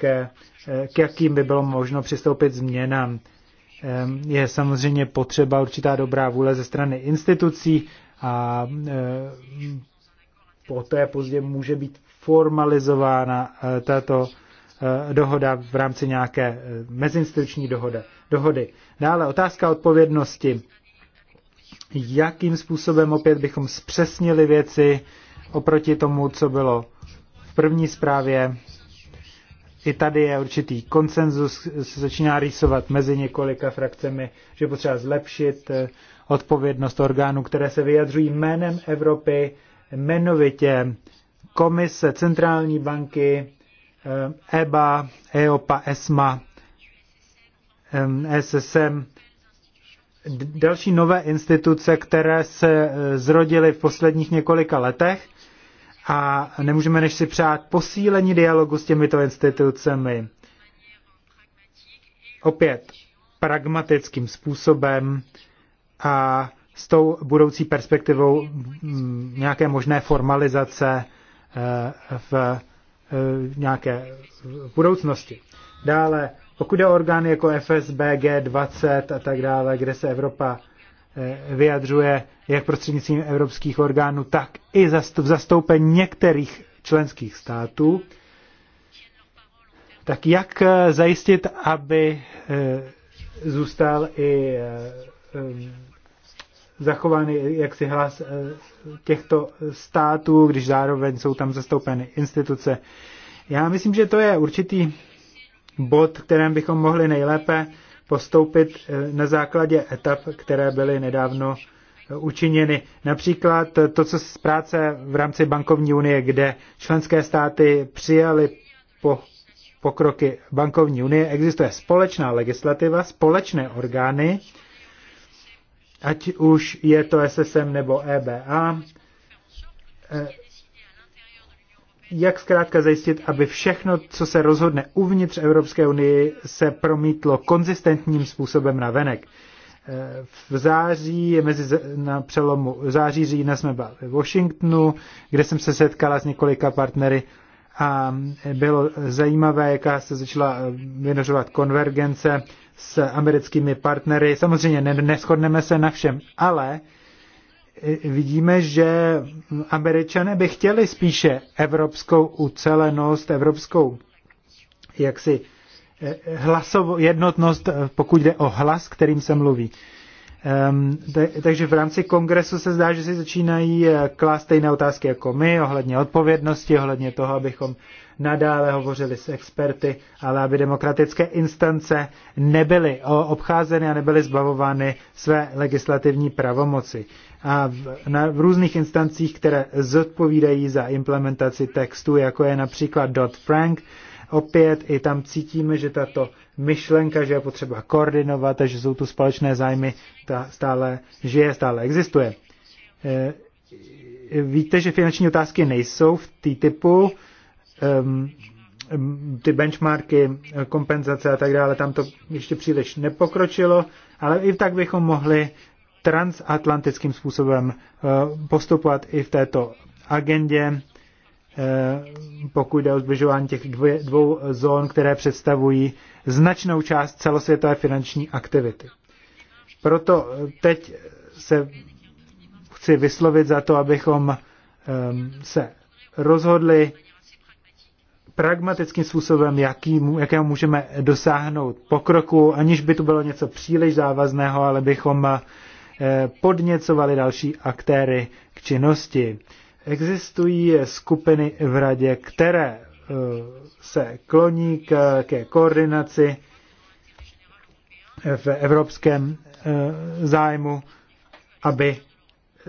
k jakým by bylo možno přistoupit změnám. Je samozřejmě potřeba určitá dobrá vůle ze strany institucí a poté pozdě může být formalizována eh, tato eh, dohoda v rámci nějaké eh, mezinstituční dohody. Dále otázka odpovědnosti. Jakým způsobem opět bychom zpřesnili věci oproti tomu, co bylo v první zprávě? I tady je určitý konsenzus, se začíná rýsovat mezi několika frakcemi, že potřeba zlepšit odpovědnost orgánů, které se vyjadřují jménem Evropy jmenovitě komise centrální banky, EBA, eh, e EOPA, ESMA, eh, SSM, další nové instituce, které se eh, zrodily v posledních několika letech a nemůžeme než si přát posílení dialogu s těmito institucemi. Opět pragmatickým způsobem a s tou budoucí perspektivou nějaké možné formalizace eh, v eh, nějaké budoucnosti. Dále, pokud je orgány jako FSB, G20 a tak dále, kde se Evropa eh, vyjadřuje jak prostřednictvím evropských orgánů, tak i v zastoupení některých členských států, tak jak zajistit, aby zůstal i zachovány jaksi hlas eh, těchto států, když zároveň jsou tam zastoupeny instituce. Já myslím, že to je určitý bod, kterém bychom mohli nejlépe postoupit eh, na základě etap, které byly nedávno eh, učiněny. Například to, co z práce v rámci bankovní unie, kde členské státy přijali po pokroky bankovní unie, existuje společná legislativa, společné orgány, ať už je to SSM nebo EBA, eh, jak zkrátka zajistit, aby všechno, co se rozhodne uvnitř Evropské unii, se promítlo konzistentním způsobem na venek. Eh, v září, mezi, na přelomu září října jsme byli ve Washingtonu, kde jsem se setkala s několika partnery a bylo zajímavé, jaká se začala eh, vynořovat konvergence s americkými partnery. Samozřejmě neschodneme se na všem, ale e, vidíme, že američané by chtěli spíše evropskou ucelenost, evropskou jaksi e, hlasovo, jednotnost, pokud jde o hlas, kterým se mluví. Um, te, takže v rámci kongresu se zdá, že si začínají e, klást stejné otázky jako my, ohledně odpovědnosti, ohledně toho, abychom nadále hovořili s experty, ale aby demokratické instance nebyly obcházeny a nebyly zbavovány své legislativní pravomoci. A v, na, v různých instancích, které zodpovídají za implementaci textu, jako je například Dodd-Frank, opět i tam cítíme, že tato myšlenka, že je potřeba koordinovat a že jsou tu společné zájmy, ta stále žije, stále existuje. E, víte, že finanční otázky nejsou v té typu um, ty benchmarky, eh, kompenzace a tak dále, tam to ještě příliš nepokročilo, ale i tak bychom mohli transatlantickým způsobem eh, postupovat i v této agendě, eh, pokud jde o zbližování těch dvou zón, které představují značnou část celosvětové finanční aktivity. Proto teď se chci vyslovit za to, abychom ehm, se rozhodli pragmatickým způsobem, jaký, jakého můžeme dosáhnout pokroku, aniž by to bylo něco příliš závazného, ale bychom eh, podněcovali další aktéry k činnosti. Existují skupiny v radě, které eh, se kloní k, ke koordinaci eh, v evropském zájmu, aby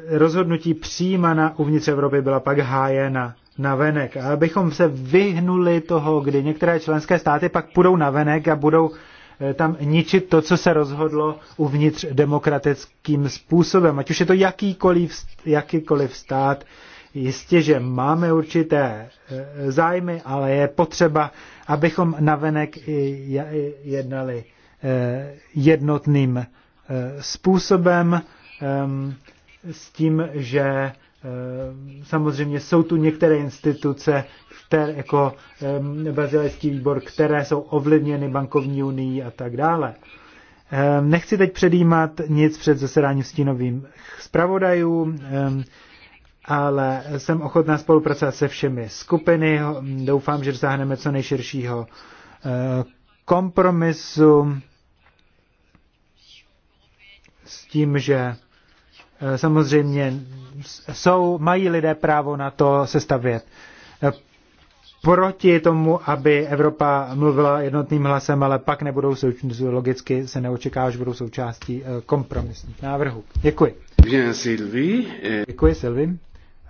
rozhodnutí přijímaná uvnitř Evropy byla pak hájena na venek. A abychom se vyhnuli toho, kdy některé členské státy pak půjdou na venek a budou eh, tam ničit to, co se rozhodlo uvnitř demokratickým způsobem. Ať už je to jakýkoliv, jakýkoliv stát, jistě, že máme určité eh, zájmy, ale je potřeba, abychom navenek jednali eh, jednotným způsobem ehm, s tím, že Eh, samozřejmě jsou tu některé instituce, které, jako eh, bazilejský výbor, které jsou ovlivněny bankovní unii a tak dále. Eh, nechci teď předjímat nic před zasedáním stínovým zpravodajů, ale jsem ochotná spolupracovat se všemi skupiny. Doufám, že dosáhneme co nejširšího kompromisu s tím, že Eh, samozřejmě jsou, mají lidé právo na to se stavět eh, proti tomu, aby Evropa mluvila jednotným hlasem, ale pak nebudou součástí, logicky se neočeká, že budou součástí eh, kompromisních návrhů. Děkuji. Bien, Sylvie. Děkuji, Sylvie.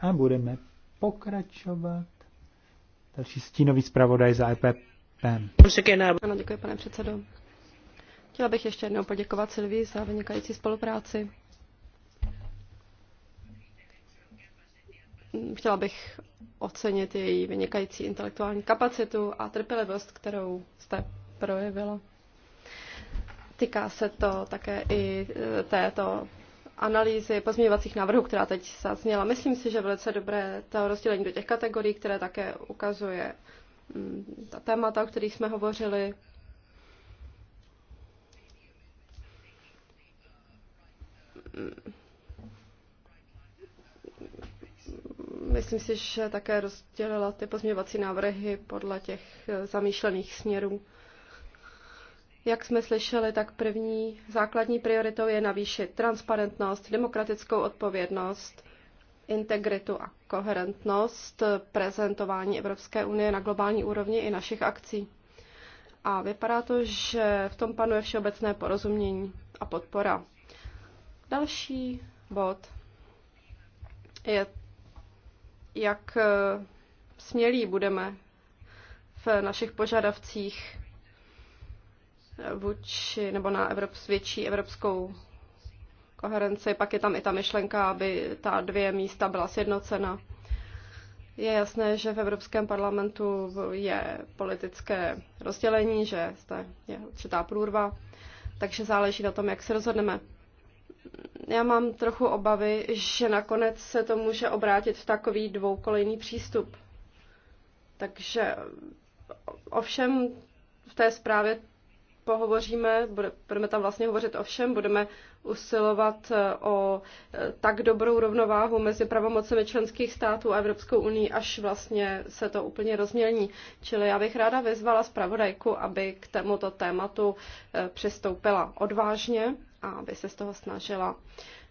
A budeme pokračovat. Další stínový zpravodaj za EPP. Ano, děkuji, pane předsedo. Chtěla bych ještě jednou poděkovat Sylvii za vynikající spolupráci. chtěla bych ocenit její vynikající intelektuální kapacitu a trpělivost, kterou jste projevila. Týká se to také i e, této analýzy pozměňovacích návrhů, která teď zazněla. Myslím si, že velice dobré to rozdělení do těch kategorií, které také ukazuje mm, ta témata, o kterých jsme hovořili. Mm Myslím si, že také rozdělila ty pozměňovací návrhy podle těch eh, zamýšlených směrů. Jak jsme slyšeli, tak první základní prioritou je navýšit transparentnost, demokratickou odpovědnost, integritu a koherentnost eh, prezentování Evropské unie na globální úrovni i našich akcí. A vypadá to, že v tom panuje všeobecné porozumění a podpora. Další bod je jak eh, smělí budeme v našich požadavcích eh, vůči nebo na Evrop, větší evropskou koherenci. Pak je tam i ta myšlenka, aby ta dvě místa byla sjednocena. Je jasné, že v Evropském parlamentu je politické rozdělení, že je určitá průrva, takže záleží na tom, jak se rozhodneme já mám trochu obavy, že nakonec se to může obrátit v takový dvoukolejný přístup. Takže ovšem v té zprávě pohovoříme, budeme tam vlastně hovořit o všem, budeme usilovat eh, o eh, tak dobrou rovnováhu mezi pravomocemi členských států a Evropskou unii, až vlastně se to úplně rozmělní. Čili já bych ráda vyzvala zpravodajku, aby k tomuto tématu eh, přistoupila odvážně a aby se z toho snažila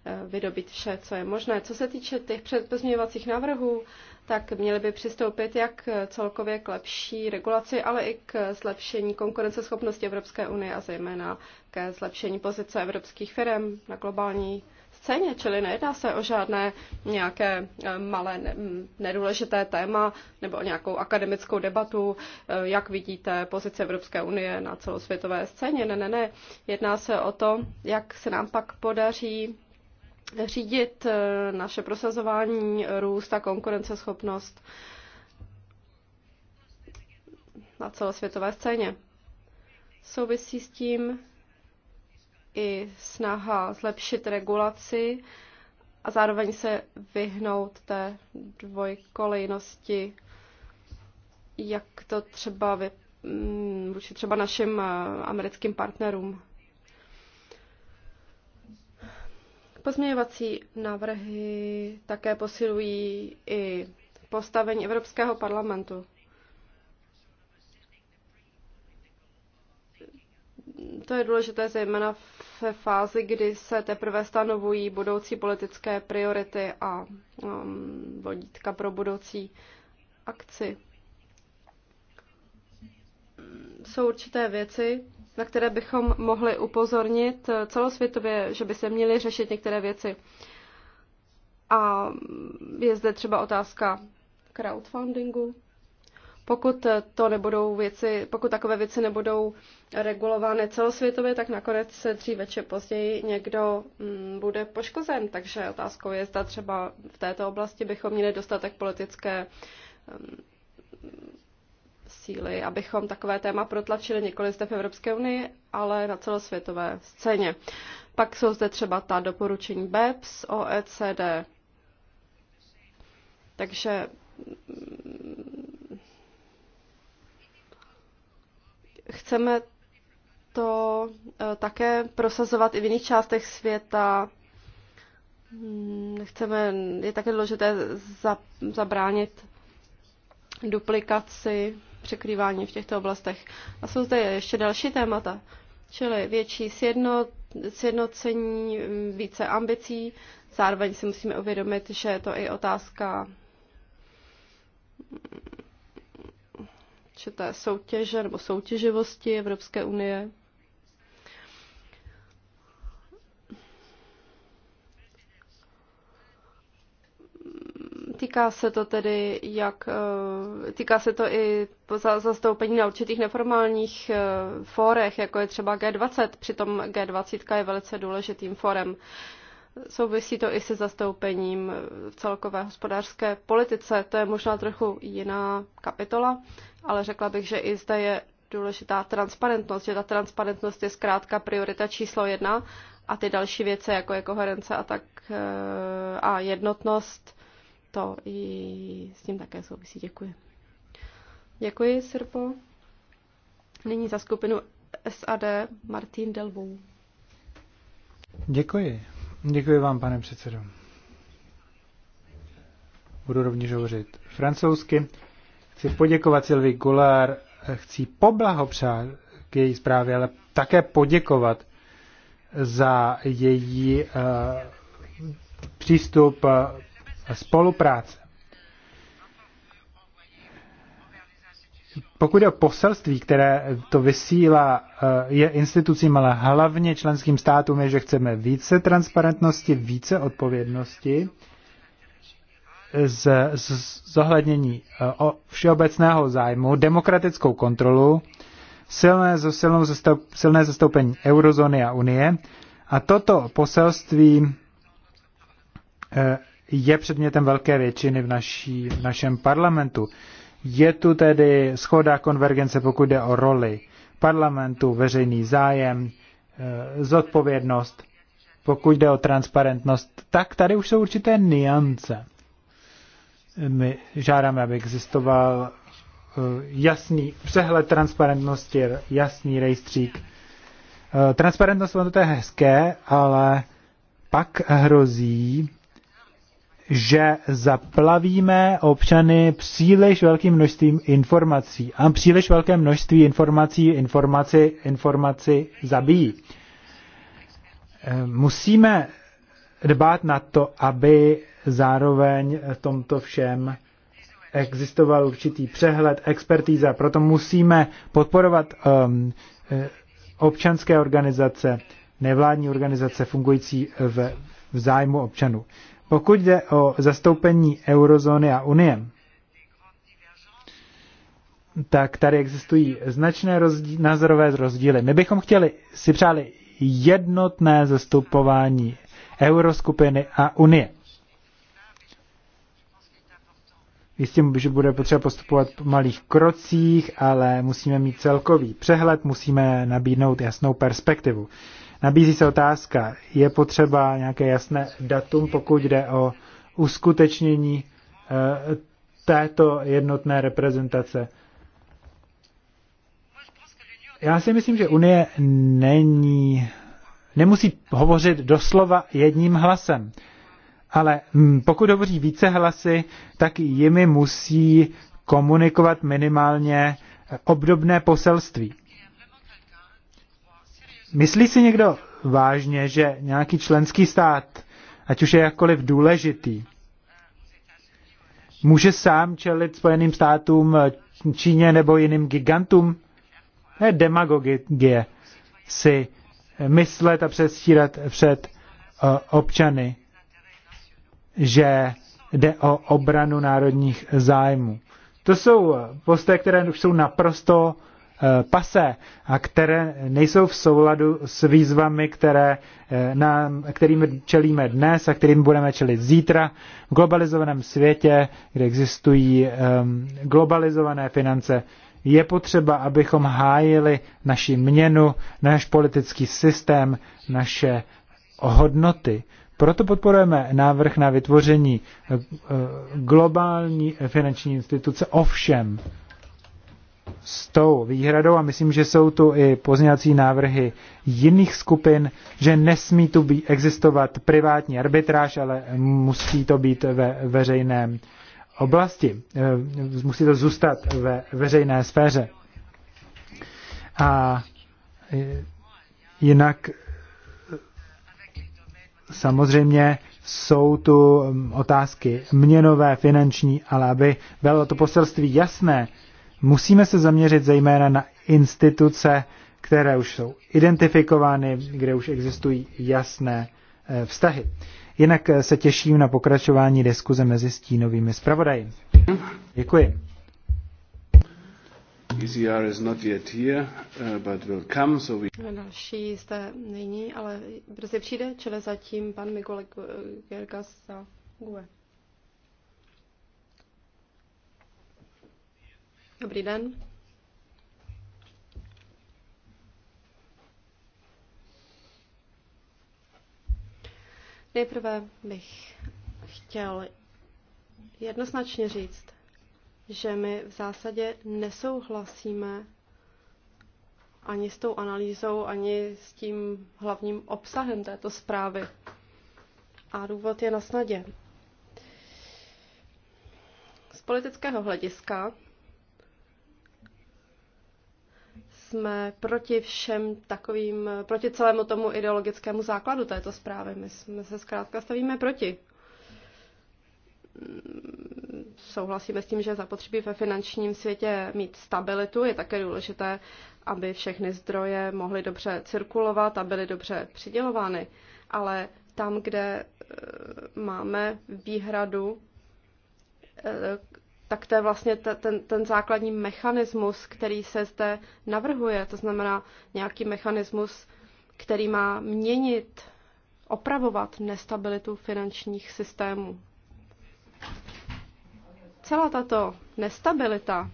eh, vydobit vše, co je možné. Co se týče těch předpozměňovacích návrhů, tak měly by přistoupit jak eh, celkově k lepší regulaci, ale i k zlepšení konkurenceschopnosti Evropské unie a zejména ke zlepšení pozice evropských firm na globální scéně, čili nejedná se o žádné nějaké eh, malé nedůležité téma nebo nějakou akademickou debatu, eh, jak vidíte pozice Evropské unie na celosvětové scéně. Ne, ne, ne. Jedná se o to, jak se nám pak podaří řídit eh, naše prosazování, růst a konkurenceschopnost na celosvětové scéně. Souvisí s tím i snaha zlepšit regulaci a zároveň se vyhnout té dvojkolejnosti, jak to třeba mm, vůči třeba našim eh, americkým partnerům. Pozměňovací návrhy také posilují i postavení Evropského parlamentu. To je důležité zejména v ve fázi, kdy se teprve stanovují budoucí politické priority a um, vodítka pro budoucí akci. Jsou určité věci, na které bychom mohli upozornit celosvětově, že by se měly řešit některé věci. A je zde třeba otázka crowdfundingu. Pokud, to nebudou věci, pokud takové věci nebudou regulovány celosvětově, tak nakonec se dříve či později někdo mm, bude poškozen. Takže otázkou je, zda třeba v této oblasti bychom měli dostatek politické mm, síly, abychom takové téma protlačili nikoli zde v Evropské unii, ale na celosvětové scéně. Pak jsou zde třeba ta doporučení BEPS, OECD. Takže mm, Chceme to eh, také prosazovat i v jiných částech světa. Hmm, chceme, je také důležité za, zabránit duplikaci, překrývání v těchto oblastech. A jsou zde ještě další témata, čili větší sjedno, sjednocení, mm, více ambicí. Zároveň si musíme uvědomit, že je to i otázka určité soutěže nebo soutěživosti Evropské unie. Týká se to tedy jak, eh, týká se to i zastoupení na určitých neformálních eh, fórech, jako je třeba G20, přitom G20 je velice důležitým fórem. Souvisí to i se zastoupením v celkové hospodářské politice. To je možná trochu jiná kapitola, ale řekla bych, že i zde je důležitá transparentnost, že ta transparentnost je zkrátka priorita číslo jedna a ty další věci, jako je koherence a tak eh, a jednotnost, to i s tím také souvisí. Děkuji. Děkuji, Sirpo. Nyní za skupinu SAD Martin Delvou. Děkuji. Děkuji vám, pane předsedo. Budu rovněž hovořit francouzsky. Chci poděkovat Silvi Goulart, chci poblahopřát k její zprávě, ale také poděkovat za její uh, přístup uh, spolupráce. pokud je o poselství, které to vysílá, eh, je institucím, ale hlavně členským státům, je, že chceme více transparentnosti, více odpovědnosti, z, z zohlednění eh, o všeobecného zájmu, demokratickou kontrolu, silné, silnou silné zastoupení eurozóny a unie. A toto poselství eh, je předmětem velké většiny v, naší, v našem parlamentu. Je tu tedy schoda konvergence, pokud jde o roli parlamentu, veřejný zájem, eh, zodpovědnost, pokud jde o transparentnost, tak tady už jsou určité niance. My žádáme, aby existoval eh, jasný přehled transparentnosti, jasný rejstřík. Eh, transparentnost, to je hezké, ale pak hrozí, že zaplavíme občany příliš velkým množstvím informací a příliš velké množství informací informaci, informaci zabijí. Eh, musíme dbát na to, aby zároveň v tomto všem existoval určitý přehled, expertíza. Proto musíme podporovat um, občanské organizace, nevládní organizace fungující v, v zájmu občanů. Pokud jde o zastoupení eurozóny a Unie, tak tady existují značné rozdíl, názorové rozdíly. My bychom chtěli, si přáli jednotné zastupování euroskupiny a Unie. Jistě, že bude potřeba postupovat po malých krocích, ale musíme mít celkový přehled, musíme nabídnout jasnou perspektivu. Nabízí se otázka, je potřeba nějaké jasné datum, pokud jde o uskutečnění eh, této jednotné reprezentace. Já si myslím, že Unie není, nemusí hovořit doslova jedním hlasem. Ale hm, pokud hovoří více hlasy, tak jimi musí komunikovat minimálně obdobné poselství. Myslí si někdo vážně, že nějaký členský stát, ať už je jakkoliv důležitý, může sám čelit Spojeným státům, Číně nebo jiným gigantům? To je demagogie si myslet a předstírat před eh, občany, že jde o obranu národních zájmů. To jsou eh, posté, které už jsou naprosto Eh, pase a které nejsou v souladu s výzvami, které eh, nám, kterým čelíme dnes a kterým budeme čelit zítra v globalizovaném světě, kde existují ehm, globalizované finance. Je potřeba, abychom hájili naši měnu, náš politický systém, naše hodnoty. Proto podporujeme návrh na vytvoření eh, globální finanční instituce ovšem s tou výhradou, a myslím, že jsou tu i pozněcí návrhy jiných skupin, že nesmí tu být, existovat privátní arbitráž, ale musí to být ve veřejném oblasti. Eh, musí to zůstat ve veřejné sféře. A eh, jinak eh, samozřejmě jsou tu hm, otázky měnové, finanční, ale aby bylo to poselství jasné, Musíme se zaměřit zejména na instituce, které už jsou identifikovány, kde už existují jasné eh, vztahy. Jinak eh, se těším na pokračování diskuze mezi stínovými zpravodaji. Děkuji. ECR is not yet here, eh, but will come, so we... No, další jste není, ale brzy přijde, čele zatím pan Mikulik Gergas za GUE. Dobrý den. Nejprve bych chtěl jednoznačně říct, že my v zásadě nesouhlasíme ani s tou analýzou, ani s tím hlavním obsahem této zprávy. A důvod je na snadě. Z politického hlediska jsme proti všem takovým, proti celému tomu ideologickému základu této zprávy. My jsme se zkrátka stavíme proti. Souhlasíme s tím, že zapotřebí ve finančním světě mít stabilitu. Je také důležité, aby všechny zdroje mohly dobře cirkulovat a byly dobře přidělovány. Ale tam, kde eh, máme výhradu eh, tak to je vlastně ten, ten základní mechanismus, který se zde navrhuje, to znamená nějaký mechanismus, který má měnit, opravovat nestabilitu finančních systémů. Celá tato nestabilita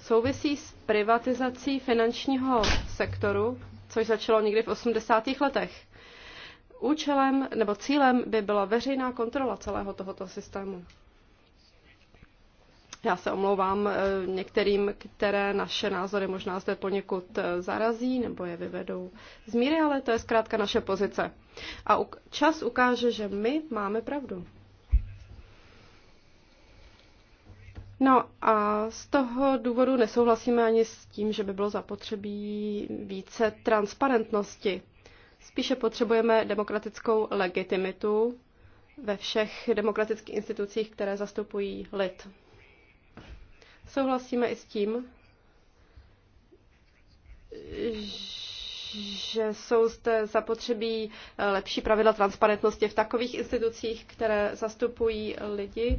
souvisí s privatizací finančního sektoru, což začalo někdy v 80. letech. Účelem nebo cílem by byla veřejná kontrola celého tohoto systému. Já se omlouvám eh, některým, které naše názory možná zde poněkud eh, zarazí nebo je vyvedou z míry, ale to je zkrátka naše pozice. A čas ukáže, že my máme pravdu. No a z toho důvodu nesouhlasíme ani s tím, že by bylo zapotřebí více transparentnosti. Spíše potřebujeme demokratickou legitimitu ve všech demokratických institucích, které zastupují lid. Souhlasíme i s tím, že jsou zde zapotřebí eh, lepší pravidla transparentnosti v takových institucích, které zastupují lidi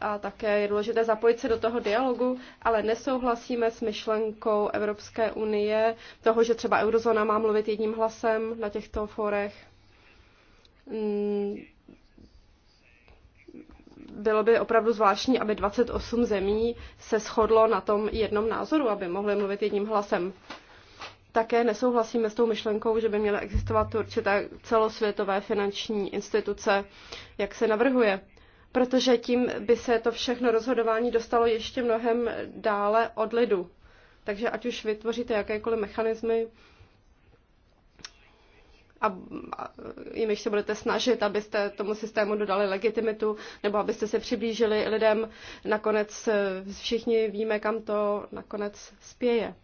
a také je důležité zapojit se do toho dialogu, ale nesouhlasíme s myšlenkou Evropské unie, toho, že třeba eurozóna má mluvit jedním hlasem na těchto forech. Mm, bylo by opravdu zvláštní, aby 28 zemí se shodlo na tom jednom názoru, aby mohly mluvit jedním hlasem. Také nesouhlasíme s tou myšlenkou, že by měly existovat určité celosvětové finanční instituce, jak se navrhuje, protože tím by se to všechno rozhodování dostalo ještě mnohem dále od lidu. Takže ať už vytvoříte jakékoliv mechanismy, a jimiž se budete snažit, abyste tomu systému dodali legitimitu nebo abyste se přiblížili lidem. Nakonec eh, všichni víme, kam to nakonec spěje.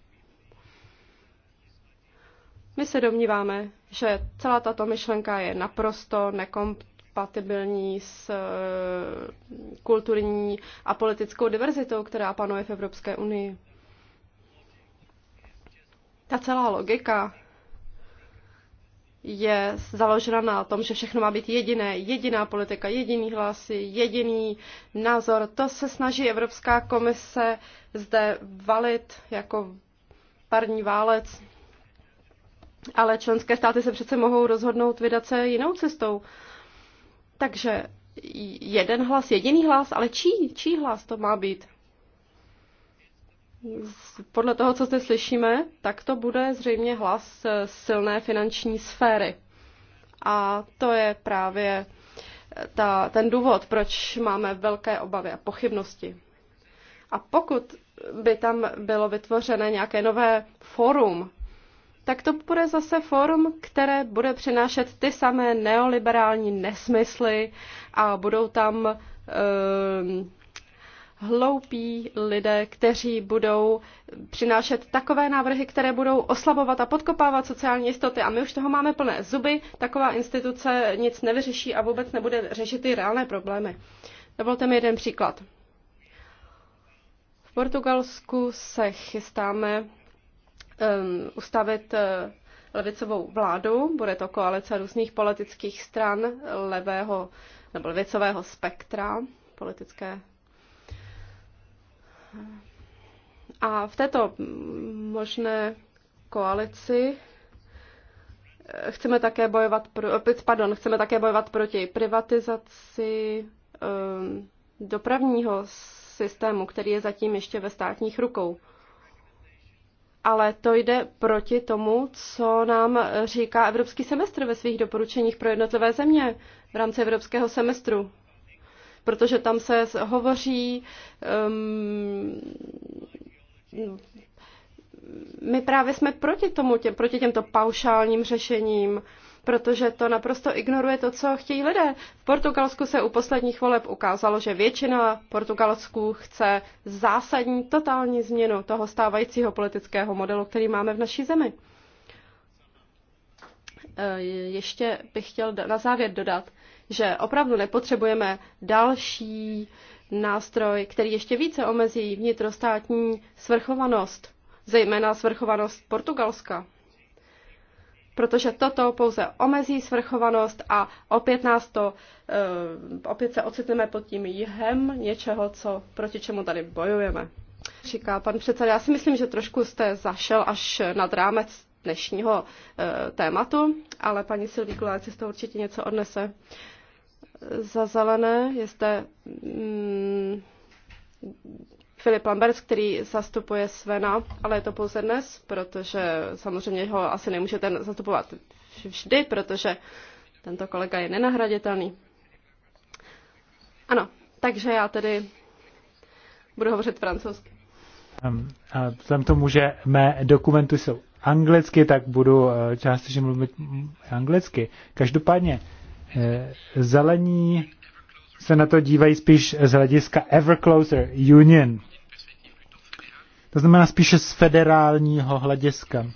My se domníváme, že celá tato myšlenka je naprosto nekompatibilní s eh, kulturní a politickou diverzitou, která panuje v Evropské unii. Ta celá logika je založena na tom, že všechno má být jediné, jediná politika, jediný hlas, jediný názor. To se snaží Evropská komise zde valit jako parní válec. Ale členské státy se přece mohou rozhodnout vydat se jinou cestou. Takže jeden hlas, jediný hlas, ale čí, čí hlas to má být? podle toho, co zde slyšíme, tak to bude zřejmě hlas eh, silné finanční sféry. A to je právě eh, ta, ten důvod, proč máme velké obavy a pochybnosti. A pokud by tam bylo vytvořené nějaké nové fórum, tak to bude zase fórum, které bude přinášet ty samé neoliberální nesmysly a budou tam. Eh, hloupí lidé, kteří budou přinášet takové návrhy, které budou oslabovat a podkopávat sociální jistoty. A my už toho máme plné zuby. Taková instituce nic nevyřeší a vůbec nebude řešit ty reálné problémy. Dovolte mi jeden příklad. V Portugalsku se chystáme um, ustavit uh, levicovou vládu. Bude to koalice různých politických stran levého nebo levicového spektra politické a v této možné koalici eh, chceme také bojovat, pro, eh, pardon, chceme také bojovat proti privatizaci eh, dopravního systému, který je zatím ještě ve státních rukou. Ale to jde proti tomu, co nám říká Evropský semestr ve svých doporučeních pro jednotlivé země v rámci Evropského semestru protože tam se hovoří um, my právě jsme proti, tomu, tě, proti těmto paušálním řešením, protože to naprosto ignoruje to, co chtějí lidé. V Portugalsku se u posledních voleb ukázalo, že většina Portugalsků chce zásadní, totální změnu toho stávajícího politického modelu, který máme v naší zemi. E, ještě bych chtěl na závěr dodat, že opravdu nepotřebujeme další nástroj, který ještě více omezí vnitrostátní svrchovanost, zejména svrchovanost Portugalska. Protože toto pouze omezí svrchovanost a opět nás to, eh, opět se ocitneme pod tím jihem něčeho, co, proti čemu tady bojujeme. Říká pan předseda, já si myslím, že trošku jste zašel až nad rámec dnešního eh, tématu, ale paní Silvíkulá si z toho určitě něco odnese za zelené je zde mm, Filip Lambert, který zastupuje Svena, ale je to pouze dnes, protože samozřejmě ho asi nemůžete zastupovat vždy, protože tento kolega je nenahraditelný. Ano, takže já tedy budu hovořit francouzsky. A vzhledem tomu, že mé dokumenty jsou anglicky, tak budu eh, částečně mluvit anglicky. Každopádně, Eh, zelení se na to dívají spíš z hlediska ever closer union. To znamená spíše z federálního hlediska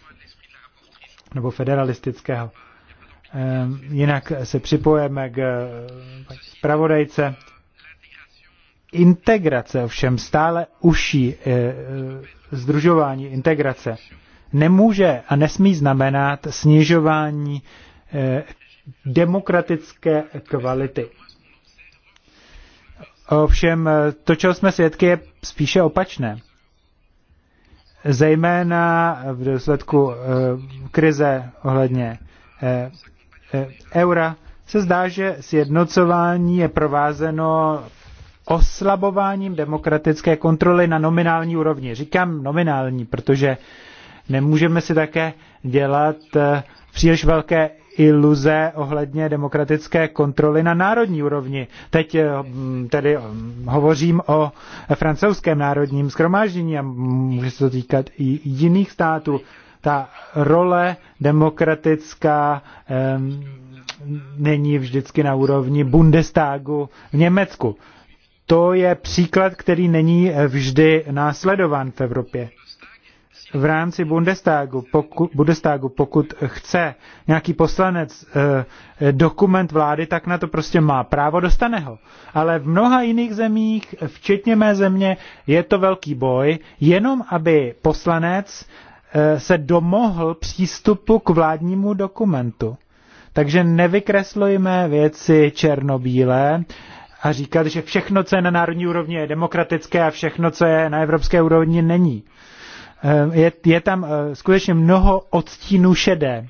nebo federalistického. Eh, jinak se připojeme k eh, zpravodajce. Integrace ovšem stále uší združování integrace nemůže a nesmí znamenat snižování demokratické kvality. Ovšem to, čeho jsme svědky, je spíše opačné. Zejména v důsledku e, krize ohledně e, e, eura se zdá, že sjednocování je provázeno oslabováním demokratické kontroly na nominální úrovni. Říkám nominální, protože e, Nemůžeme si také dělat eh, příliš velké iluze ohledně demokratické kontroly na národní úrovni. Teď eh, hm, tedy hm, hovořím o francouzském národním schromáždění a může se to týkat i jiných států. Ta role demokratická ehm, není vždycky na úrovni Bundestagu v Německu. To je příklad, který není eh, vždy následován v Evropě v rámci Bundestagu, poku, Bundestagu, pokud chce nějaký poslanec eh, dokument vlády, tak na to prostě má právo, dostane ho. Ale v mnoha jiných zemích, včetně mé země, je to velký boj, jenom aby poslanec eh, se domohl přístupu k vládnímu dokumentu. Takže nevykreslujme věci černobílé a říkat, že všechno, co je na národní úrovni, je demokratické a všechno, co je na evropské úrovni, není. Eh, je, je tam eh, skutečně mnoho odstínů šedé.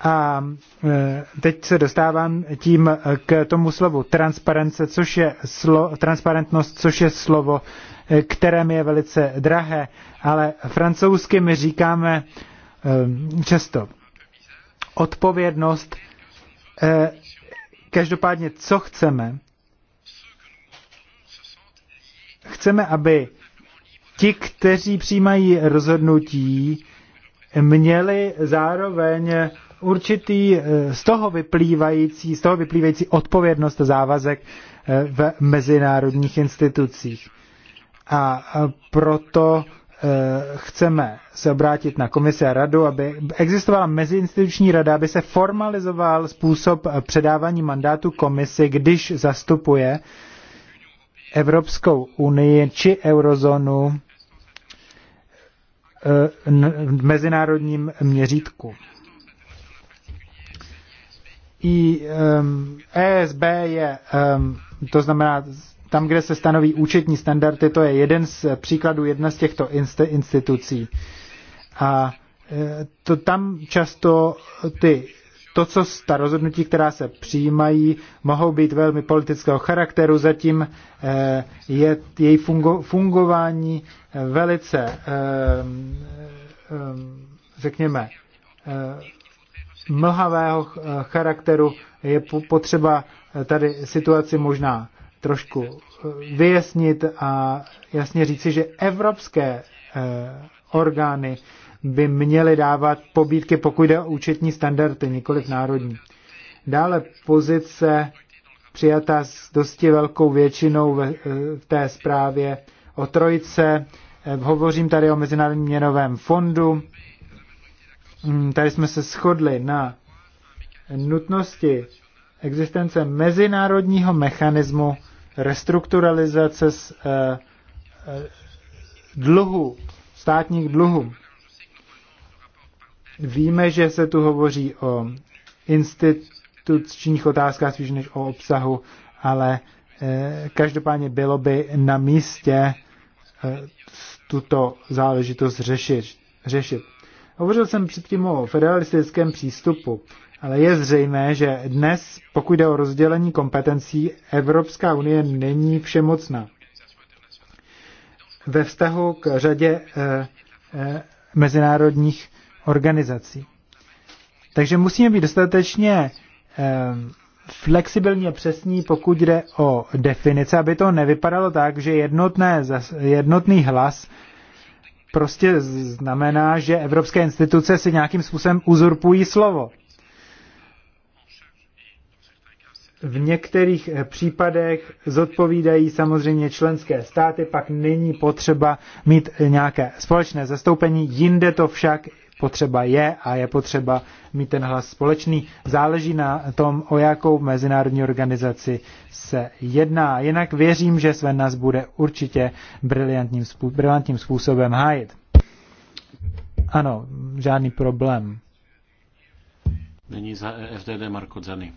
A eh, teď se dostávám tím k tomu slovu transparence, což je slo, transparentnost, což je slovo, které mi je velice drahé, ale francouzsky my říkáme často odpovědnost. Každopádně, co chceme? Chceme, aby ti, kteří přijímají rozhodnutí, měli zároveň určitý eh, z toho vyplývající, z toho vyplývající odpovědnost a závazek eh, v mezinárodních institucích. A proto eh, chceme se obrátit na Komise a radu, aby existovala meziinstituční rada, aby se formalizoval způsob předávání mandátu komisi, když zastupuje Evropskou unii či eurozónu v eh, mezinárodním měřítku. I um, ehm, ESB je, um, to znamená tam, kde se stanoví účetní standardy, to je jeden z příkladů jedna z těchto institucí. A eh, to tam často ty to, co ta rozhodnutí, která se přijímají, mohou být velmi politického charakteru, zatím eh, je její fungo, fungování eh, velice, eh, řekněme, mlhavého charakteru. Je potřeba tady situaci možná trošku vyjasnit a jasně říci, že evropské orgány by měly dávat pobídky, pokud jde o účetní standardy, nikoliv národní. Dále pozice přijata s dosti velkou většinou v, eh, v té zprávě o trojce. Eh, hovořím tady o Mezinárodním měnovém fondu. Mm, tady jsme se shodli na nutnosti existence mezinárodního mechanismu restrukturalizace z, eh, eh, dluhu, státních dluhů. Víme, že se tu hovoří o institučních otázkách spíš než o obsahu, ale eh, každopádně bylo by na místě eh, tuto záležitost řešit. řešit. Hovořil jsem předtím o federalistickém přístupu, ale je zřejmé, že dnes, pokud jde o rozdělení kompetencí, Evropská unie není všemocná. Ve vztahu k řadě eh, mezinárodních organizací. Takže musíme být dostatečně ehm, flexibilní a přesní, pokud jde o definice, aby to nevypadalo tak, že jednotné, jednotný hlas prostě znamená, že evropské instituce si nějakým způsobem uzurpují slovo. V některých eh, případech zodpovídají samozřejmě členské státy, pak není potřeba mít eh, nějaké společné zastoupení, jinde to však potřeba je a je potřeba mít ten hlas společný. Záleží na tom, o jakou mezinárodní organizaci se jedná. Jinak věřím, že Sven nás bude určitě brilantním, brilantním způsobem hájit. Ano, žádný problém. Není za e FDD Marko Zany.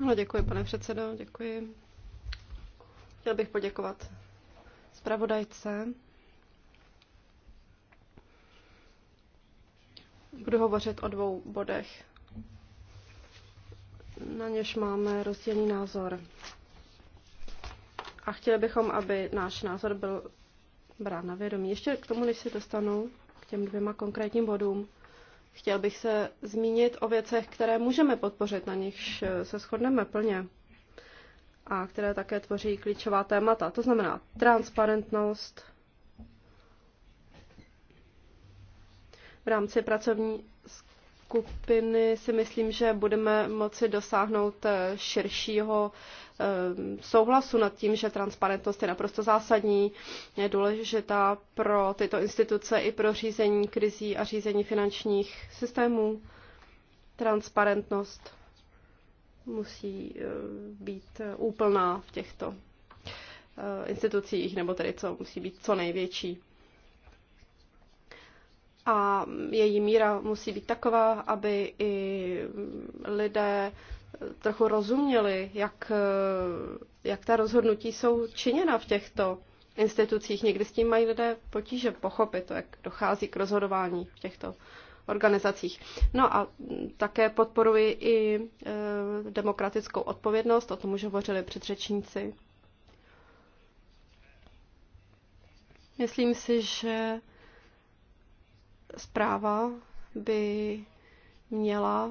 No, děkuji, pane předsedo, děkuji. Chtěl bych poděkovat zpravodajce Budu hovořit o dvou bodech. Na něž máme rozdílný názor. A chtěli bychom, aby náš názor byl brán na vědomí. Ještě k tomu, než se dostanu k těm dvěma konkrétním bodům, chtěl bych se zmínit o věcech, které můžeme podpořit, na nichž se shodneme plně a které také tvoří klíčová témata. To znamená transparentnost, V rámci pracovní skupiny si myslím, že budeme moci dosáhnout eh, širšího eh, souhlasu nad tím, že transparentnost je naprosto zásadní, je důležitá pro tyto instituce i pro řízení krizí a řízení finančních systémů. Transparentnost musí eh, být úplná v těchto institucích, nebo tedy co musí být co největší a její míra musí být taková, aby i lidé trochu rozuměli, jak, jak ta rozhodnutí jsou činěna v těchto institucích. Někdy s tím mají lidé potíže pochopit, jak dochází k rozhodování v těchto organizacích. No a také podporuji i e, demokratickou odpovědnost, o tom už hovořili předřečníci. Myslím si, že Zpráva by měla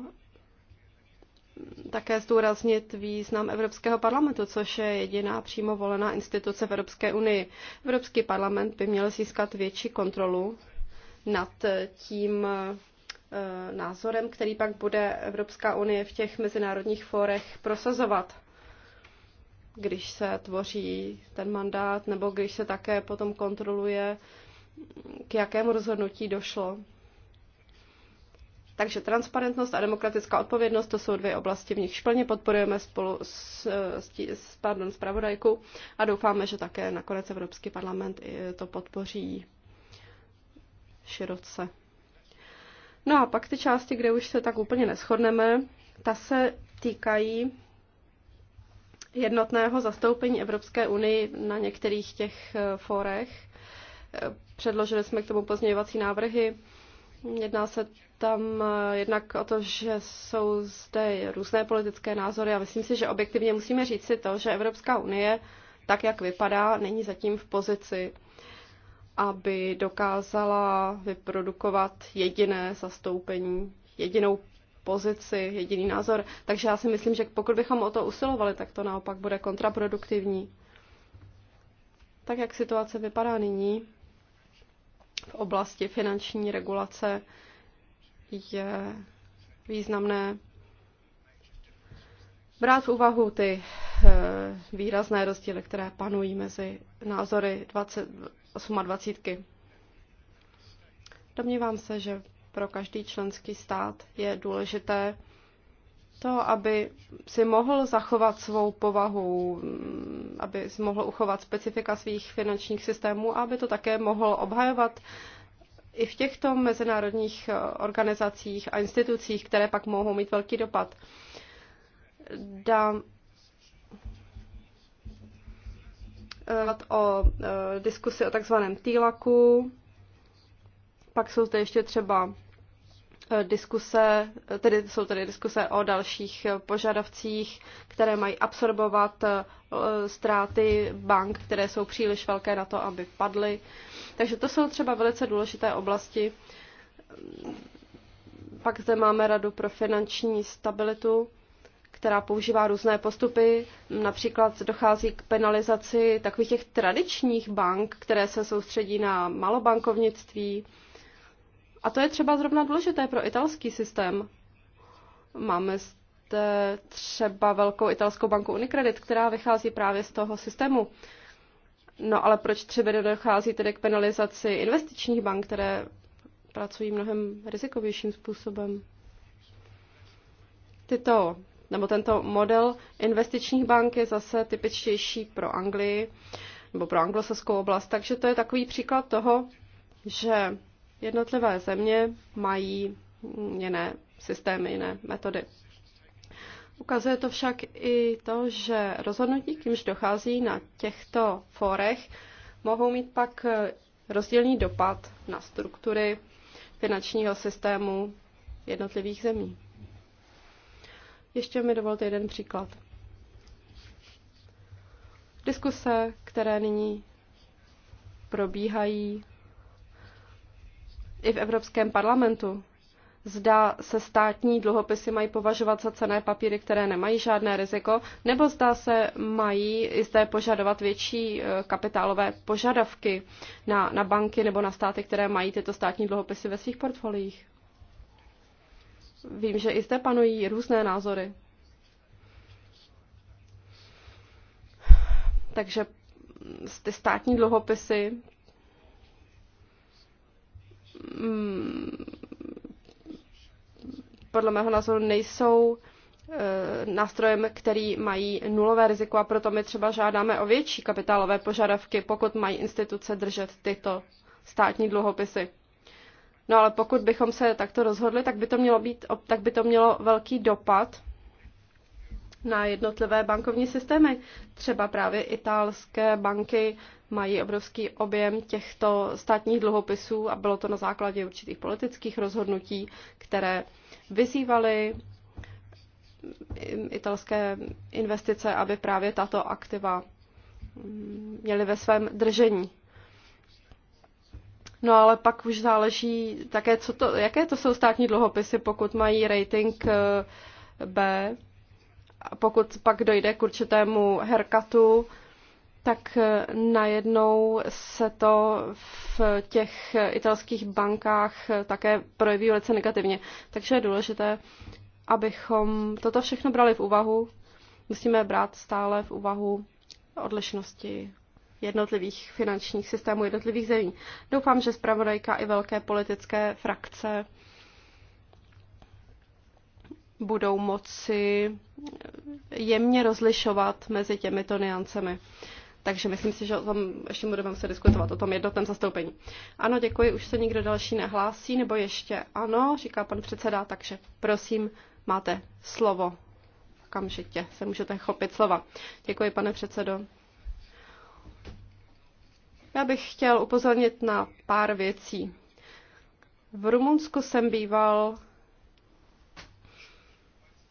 také zdůraznit význam Evropského parlamentu, což je jediná přímo volená instituce v Evropské unii. Evropský parlament by měl získat větší kontrolu nad tím eh, názorem, který pak bude Evropská unie v těch mezinárodních fórech prosazovat, když se tvoří ten mandát nebo když se také potom kontroluje k jakému rozhodnutí došlo. Takže transparentnost a demokratická odpovědnost, to jsou dvě oblasti, v nichž plně podporujeme spolu s, s pardon, zpravodajku a doufáme, že také nakonec Evropský parlament to podpoří široce. No a pak ty části, kde už se tak úplně neschodneme, ta se týkají jednotného zastoupení Evropské unii na některých těch eh, fórech Předložili jsme k tomu pozměňovací návrhy. Jedná se tam eh, jednak o to, že jsou zde různé politické názory a myslím si, že objektivně musíme říct si to, že Evropská unie, tak jak vypadá, není zatím v pozici, aby dokázala vyprodukovat jediné zastoupení, jedinou pozici, jediný názor. Takže já si myslím, že pokud bychom o to usilovali, tak to naopak bude kontraproduktivní. Tak jak situace vypadá nyní, v oblasti finanční regulace je významné brát v úvahu ty eh, výrazné rozdíly, které panují mezi názory 20, 28. Domnívám se, že pro každý členský stát je důležité to, aby si mohl zachovat svou povahu, aby si mohl uchovat specifika svých finančních systémů a aby to také mohl obhajovat i v těchto mezinárodních eh, organizacích a institucích, které pak mohou mít velký dopad. Dám eh, o eh, diskusi o takzvaném týlaku, pak jsou zde ještě třeba diskuse, tedy jsou tady diskuse o dalších požadavcích, které mají absorbovat eh, ztráty bank, které jsou příliš velké na to, aby padly. Takže to jsou třeba velice důležité oblasti. Pak zde máme Radu pro finanční stabilitu, která používá různé postupy. Například dochází k penalizaci takových těch tradičních bank, které se soustředí na malobankovnictví. A to je třeba zrovna důležité pro italský systém. Máme zde třeba velkou italskou banku Unicredit, která vychází právě z toho systému. No ale proč třeba nedochází tedy k penalizaci investičních bank, které pracují mnohem rizikovějším způsobem? Tyto, nebo tento model investičních bank je zase typičtější pro Anglii nebo pro anglosaskou oblast. Takže to je takový příklad toho, že Jednotlivé země mají jiné systémy, jiné metody. Ukazuje to však i to, že rozhodnutí, k nímž dochází na těchto fórech, mohou mít pak rozdílný dopad na struktury finančního systému jednotlivých zemí. Ještě mi dovolte jeden příklad. Diskuse, které nyní probíhají i v Evropském parlamentu. Zda se státní dluhopisy mají považovat za cené papíry, které nemají žádné riziko, nebo zda se mají i zde požadovat větší eh, kapitálové požadavky na, na banky nebo na státy, které mají tyto státní dluhopisy ve svých portfoliích. Vím, že i zde panují různé názory. Takže ty státní dluhopisy Mm, podle mého názoru nejsou eh, nástrojem, který mají nulové riziko a proto my třeba žádáme o větší kapitálové požadavky, pokud mají instituce držet tyto státní dluhopisy. No ale pokud bychom se takto rozhodli, tak by to mělo, být, tak by to mělo velký dopad na jednotlivé bankovní systémy. Třeba právě italské banky mají obrovský objem těchto státních dluhopisů a bylo to na základě určitých politických rozhodnutí, které vyzývaly italské investice, aby právě tato aktiva mm, měly ve svém držení. No ale pak už záleží také, co to, jaké to jsou státní dluhopisy, pokud mají rating eh, B, pokud pak dojde k určitému herkatu, tak eh, najednou se to v těch italských bankách eh, také projeví velice negativně. Takže je důležité, abychom toto všechno brali v úvahu. Musíme brát stále v úvahu odlišnosti jednotlivých finančních systémů jednotlivých zemí. Doufám, že zpravodajka i velké politické frakce budou moci jemně rozlišovat mezi těmito niancemi. Takže myslím si, že o tom ještě budeme se diskutovat, o tom jednotném zastoupení. Ano, děkuji, už se nikdo další nehlásí, nebo ještě ano, říká pan předseda, takže prosím, máte slovo. Okamžitě se můžete chopit slova. Děkuji, pane předsedo. Já bych chtěl upozornit na pár věcí. V Rumunsku jsem býval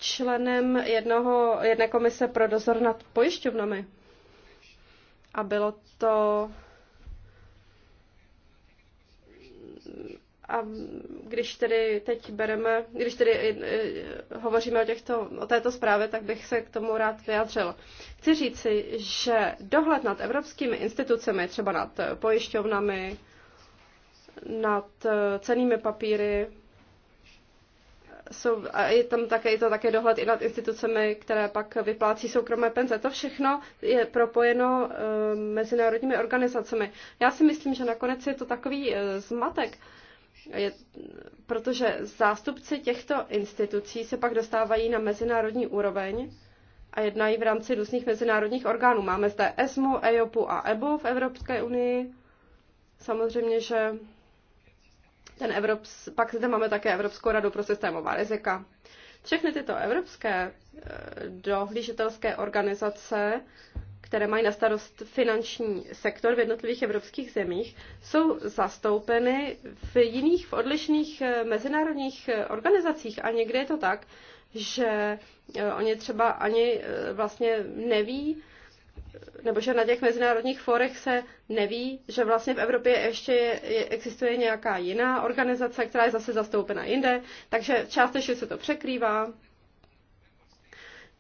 členem jednoho, jedné komise pro dozor nad pojišťovnami. A bylo to a když tedy teď bereme, když tedy eh, eh, hovoříme o, těchto, o této zprávě, tak bych se k tomu rád vyjadřil. Chci říci, že dohled nad evropskými institucemi, třeba nad pojišťovnami, nad eh, cenými papíry, jsou, a je tam také, je to také dohled i nad institucemi, které pak vyplácí soukromé penze. To všechno je propojeno e, mezinárodními organizacemi. Já si myslím, že nakonec je to takový e, zmatek, je, protože zástupci těchto institucí se pak dostávají na mezinárodní úroveň a jednají v rámci různých mezinárodních orgánů. Máme zde ESMU, EOPU a EBU v Evropské unii. Samozřejmě, že ten Evrops, pak zde máme také Evropskou radu pro systémová rizika. Všechny tyto evropské eh, dohlížitelské organizace, které mají na starost finanční sektor v jednotlivých evropských zemích, jsou zastoupeny v jiných, v odlišných eh, mezinárodních eh, organizacích. A někdy je to tak, že oni třeba ani vlastně neví, nebo že na těch mezinárodních fórech se neví, že vlastně v Evropě ještě je, je, existuje nějaká jiná organizace, která je zase zastoupena jinde, takže částečně se to překrývá.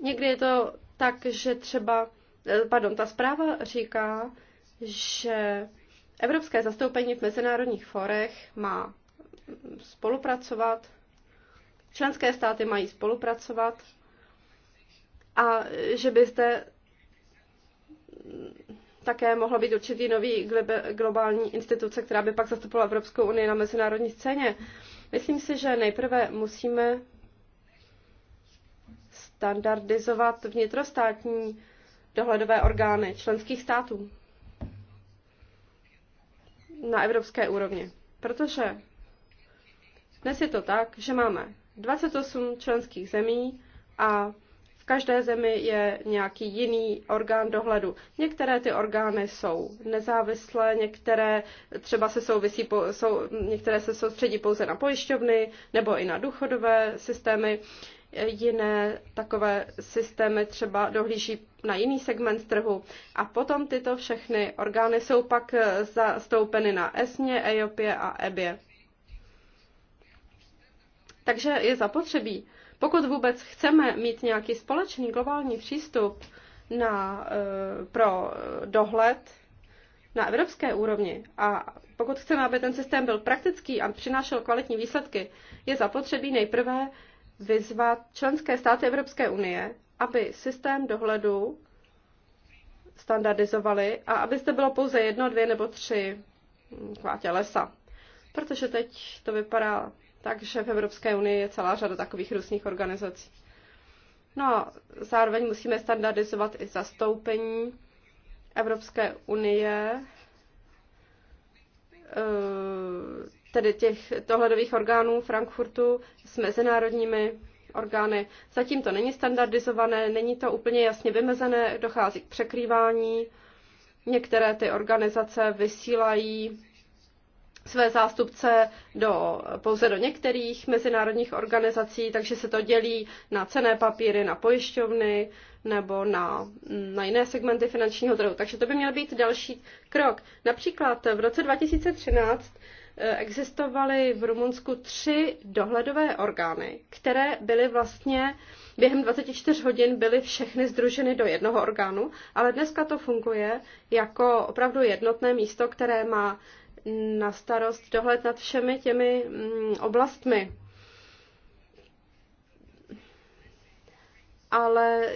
Někdy je to tak, že třeba, eh, pardon, ta zpráva říká, že evropské zastoupení v mezinárodních forech má spolupracovat, členské státy mají spolupracovat a že byste také mohla být určitý nový globální instituce, která by pak zastupovala Evropskou unii na mezinárodní scéně. Myslím si, že nejprve musíme standardizovat vnitrostátní dohledové orgány členských států na evropské úrovni. Protože dnes je to tak, že máme 28 členských zemí a každé zemi je nějaký jiný orgán dohledu. Některé ty orgány jsou nezávislé, některé třeba se souvisí, jsou, některé se soustředí pouze na pojišťovny nebo i na důchodové systémy. Jiné takové systémy třeba dohlíží na jiný segment trhu. A potom tyto všechny orgány jsou pak zastoupeny na ESNě, EIOPě a EBě. Takže je zapotřebí pokud vůbec chceme mít nějaký společný globální přístup na, e, pro dohled na evropské úrovni a pokud chceme, aby ten systém byl praktický a přinášel kvalitní výsledky, je zapotřebí nejprve vyzvat členské státy Evropské unie, aby systém dohledu standardizovali a aby zde bylo pouze jedno, dvě nebo tři mm, kvátě lesa. Protože teď to vypadá takže v Evropské unii je celá řada takových různých organizací. No a zároveň musíme standardizovat i zastoupení Evropské unie, eh, tedy těch dohledových orgánů Frankfurtu s mezinárodními orgány. Zatím to není standardizované, není to úplně jasně vymezené, dochází k překrývání. Některé ty organizace vysílají své zástupce do, pouze do některých mezinárodních organizací, takže se to dělí na cené papíry, na pojišťovny nebo na, na jiné segmenty finančního trhu. Takže to by měl být další krok. Například v roce 2013 eh, existovaly v Rumunsku tři dohledové orgány, které byly vlastně během 24 hodin byly všechny združeny do jednoho orgánu, ale dneska to funguje jako opravdu jednotné místo, které má na starost dohled nad všemi těmi mm, oblastmi. Ale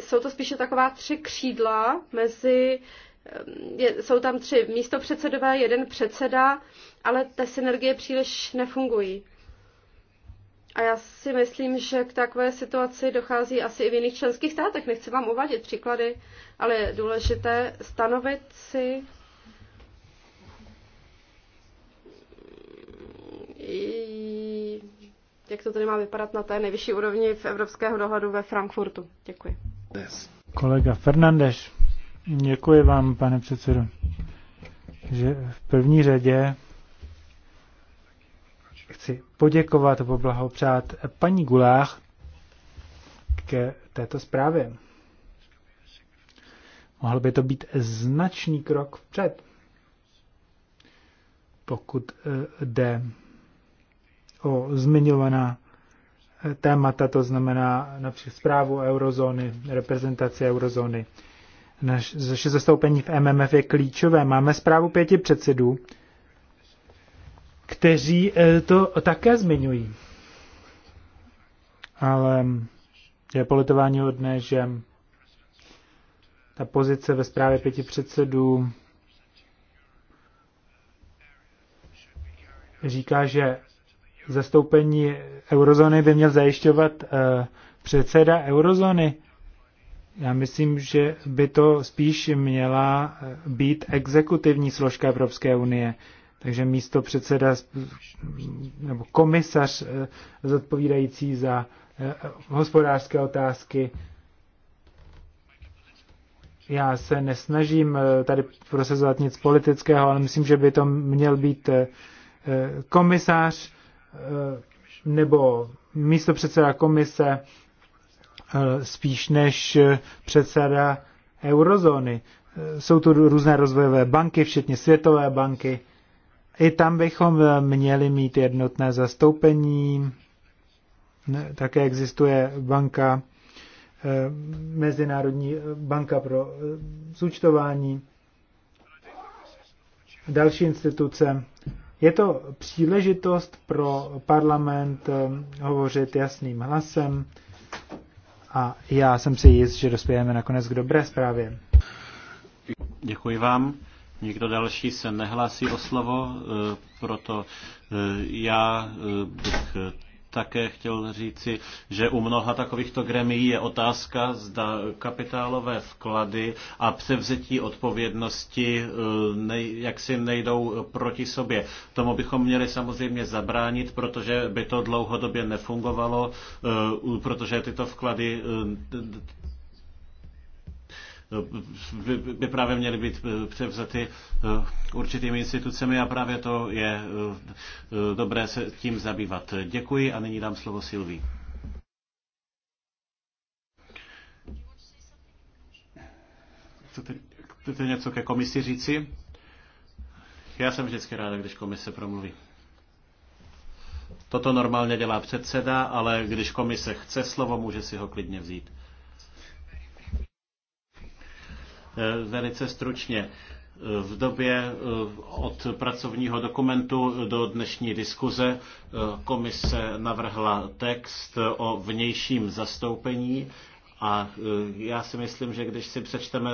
jsou to spíše taková tři křídla mezi mm, je, jsou tam tři místo předsedové, jeden předseda, ale ty synergie příliš nefungují. A já si myslím, že k takové situaci dochází asi i v jiných členských státech. Nechci vám uvadit příklady, ale je důležité stanovit si jak to tedy má vypadat na té nejvyšší úrovni v evropského dohledu ve Frankfurtu. Děkuji. Yes. Kolega Fernandeš, děkuji vám, pane předsedo, že v první řadě chci poděkovat a poblahopřát paní Gulách ke této zprávě. Mohl by to být značný krok vpřed, pokud eh, jde o zmiňovaná eh, témata, to znamená například zprávu eurozóny, reprezentaci eurozóny. Naše zastoupení v MMF je klíčové. Máme zprávu pěti předsedů, kteří eh, to také zmiňují. Ale je politování hodné, že ta pozice ve zprávě pěti předsedů říká, že zastoupení eurozóny by měl zajišťovat eh, předseda eurozóny. Já myslím, že by to spíš měla eh, být exekutivní složka Evropské unie. Takže místo předseda nebo komisař eh, zodpovídající za hospodářské otázky. Já se nesnažím tady prosazovat nic politického, ale myslím, že by to měl být komisář, Eh, nebo místo předseda komise eh, spíš než předseda eurozóny. Eh, jsou tu různé rozvojové banky, včetně světové banky. I tam bychom měli mít jednotné zastoupení. Také existuje banka, Mezinárodní banka pro zúčtování, další instituce. Je to příležitost pro parlament eh, hovořit jasným hlasem a já jsem si jist, že dospějeme nakonec k dobré zprávě. Děkuji vám. Nikdo další se nehlásí o slovo, eh, proto eh, já bych také chtěl říci, že u mnoha takovýchto gremií je otázka, zda kapitálové vklady a převzetí odpovědnosti eh, nej, jak si nejdou proti sobě. Tomu bychom měli samozřejmě zabránit, protože by to dlouhodobě nefungovalo, eh, protože tyto vklady eh, by, by právě měly být převzaty eh, určitými institucemi a právě to je eh, dobré se tím zabývat. Děkuji a nyní dám slovo Silví. Chcete, chcete něco ke komisi říci? Já jsem vždycky ráda, když komise promluví. Toto normálně dělá předseda, ale když komise chce slovo, může si ho klidně vzít. Eh, velice stručně eh, v době eh, od pracovního dokumentu do dnešní diskuze komise navrhla text o vnějším zastoupení a já si myslím, že když si přečteme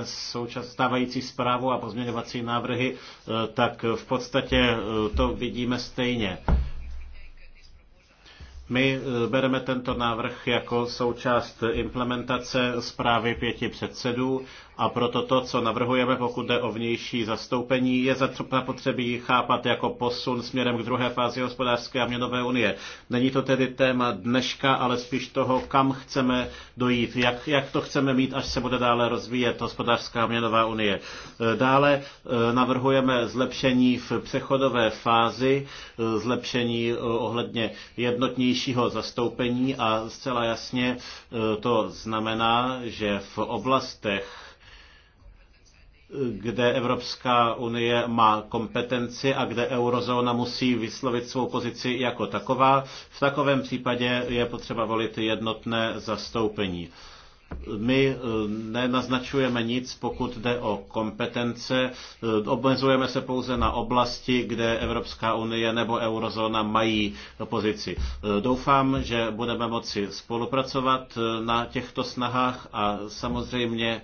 stávající zprávu a pozměňovací návrhy, tak v podstatě to vidíme stejně. My bereme tento návrh jako součást implementace zprávy pěti předsedů a proto to, co navrhujeme, pokud jde o vnější zastoupení, je zapotřebí chápat jako posun směrem k druhé fázi hospodářské a měnové unie. Není to tedy téma dneška, ale spíš toho, kam chceme dojít, jak, jak to chceme mít, až se bude dále rozvíjet hospodářská a měnová unie. E, dále e, navrhujeme zlepšení v přechodové fázi, e, zlepšení ohledně jednotnějšího zastoupení a zcela jasně to znamená, že v oblastech kde Evropská unie má kompetenci a kde eurozóna musí vyslovit svou pozici jako taková. V takovém případě je potřeba volit jednotné zastoupení. My eh, nenaznačujeme nic, pokud jde o kompetence. Eh, obmezujeme se pouze na oblasti, kde Evropská unie nebo eurozóna mají pozici. Eh, doufám, že budeme moci spolupracovat na těchto snahách a samozřejmě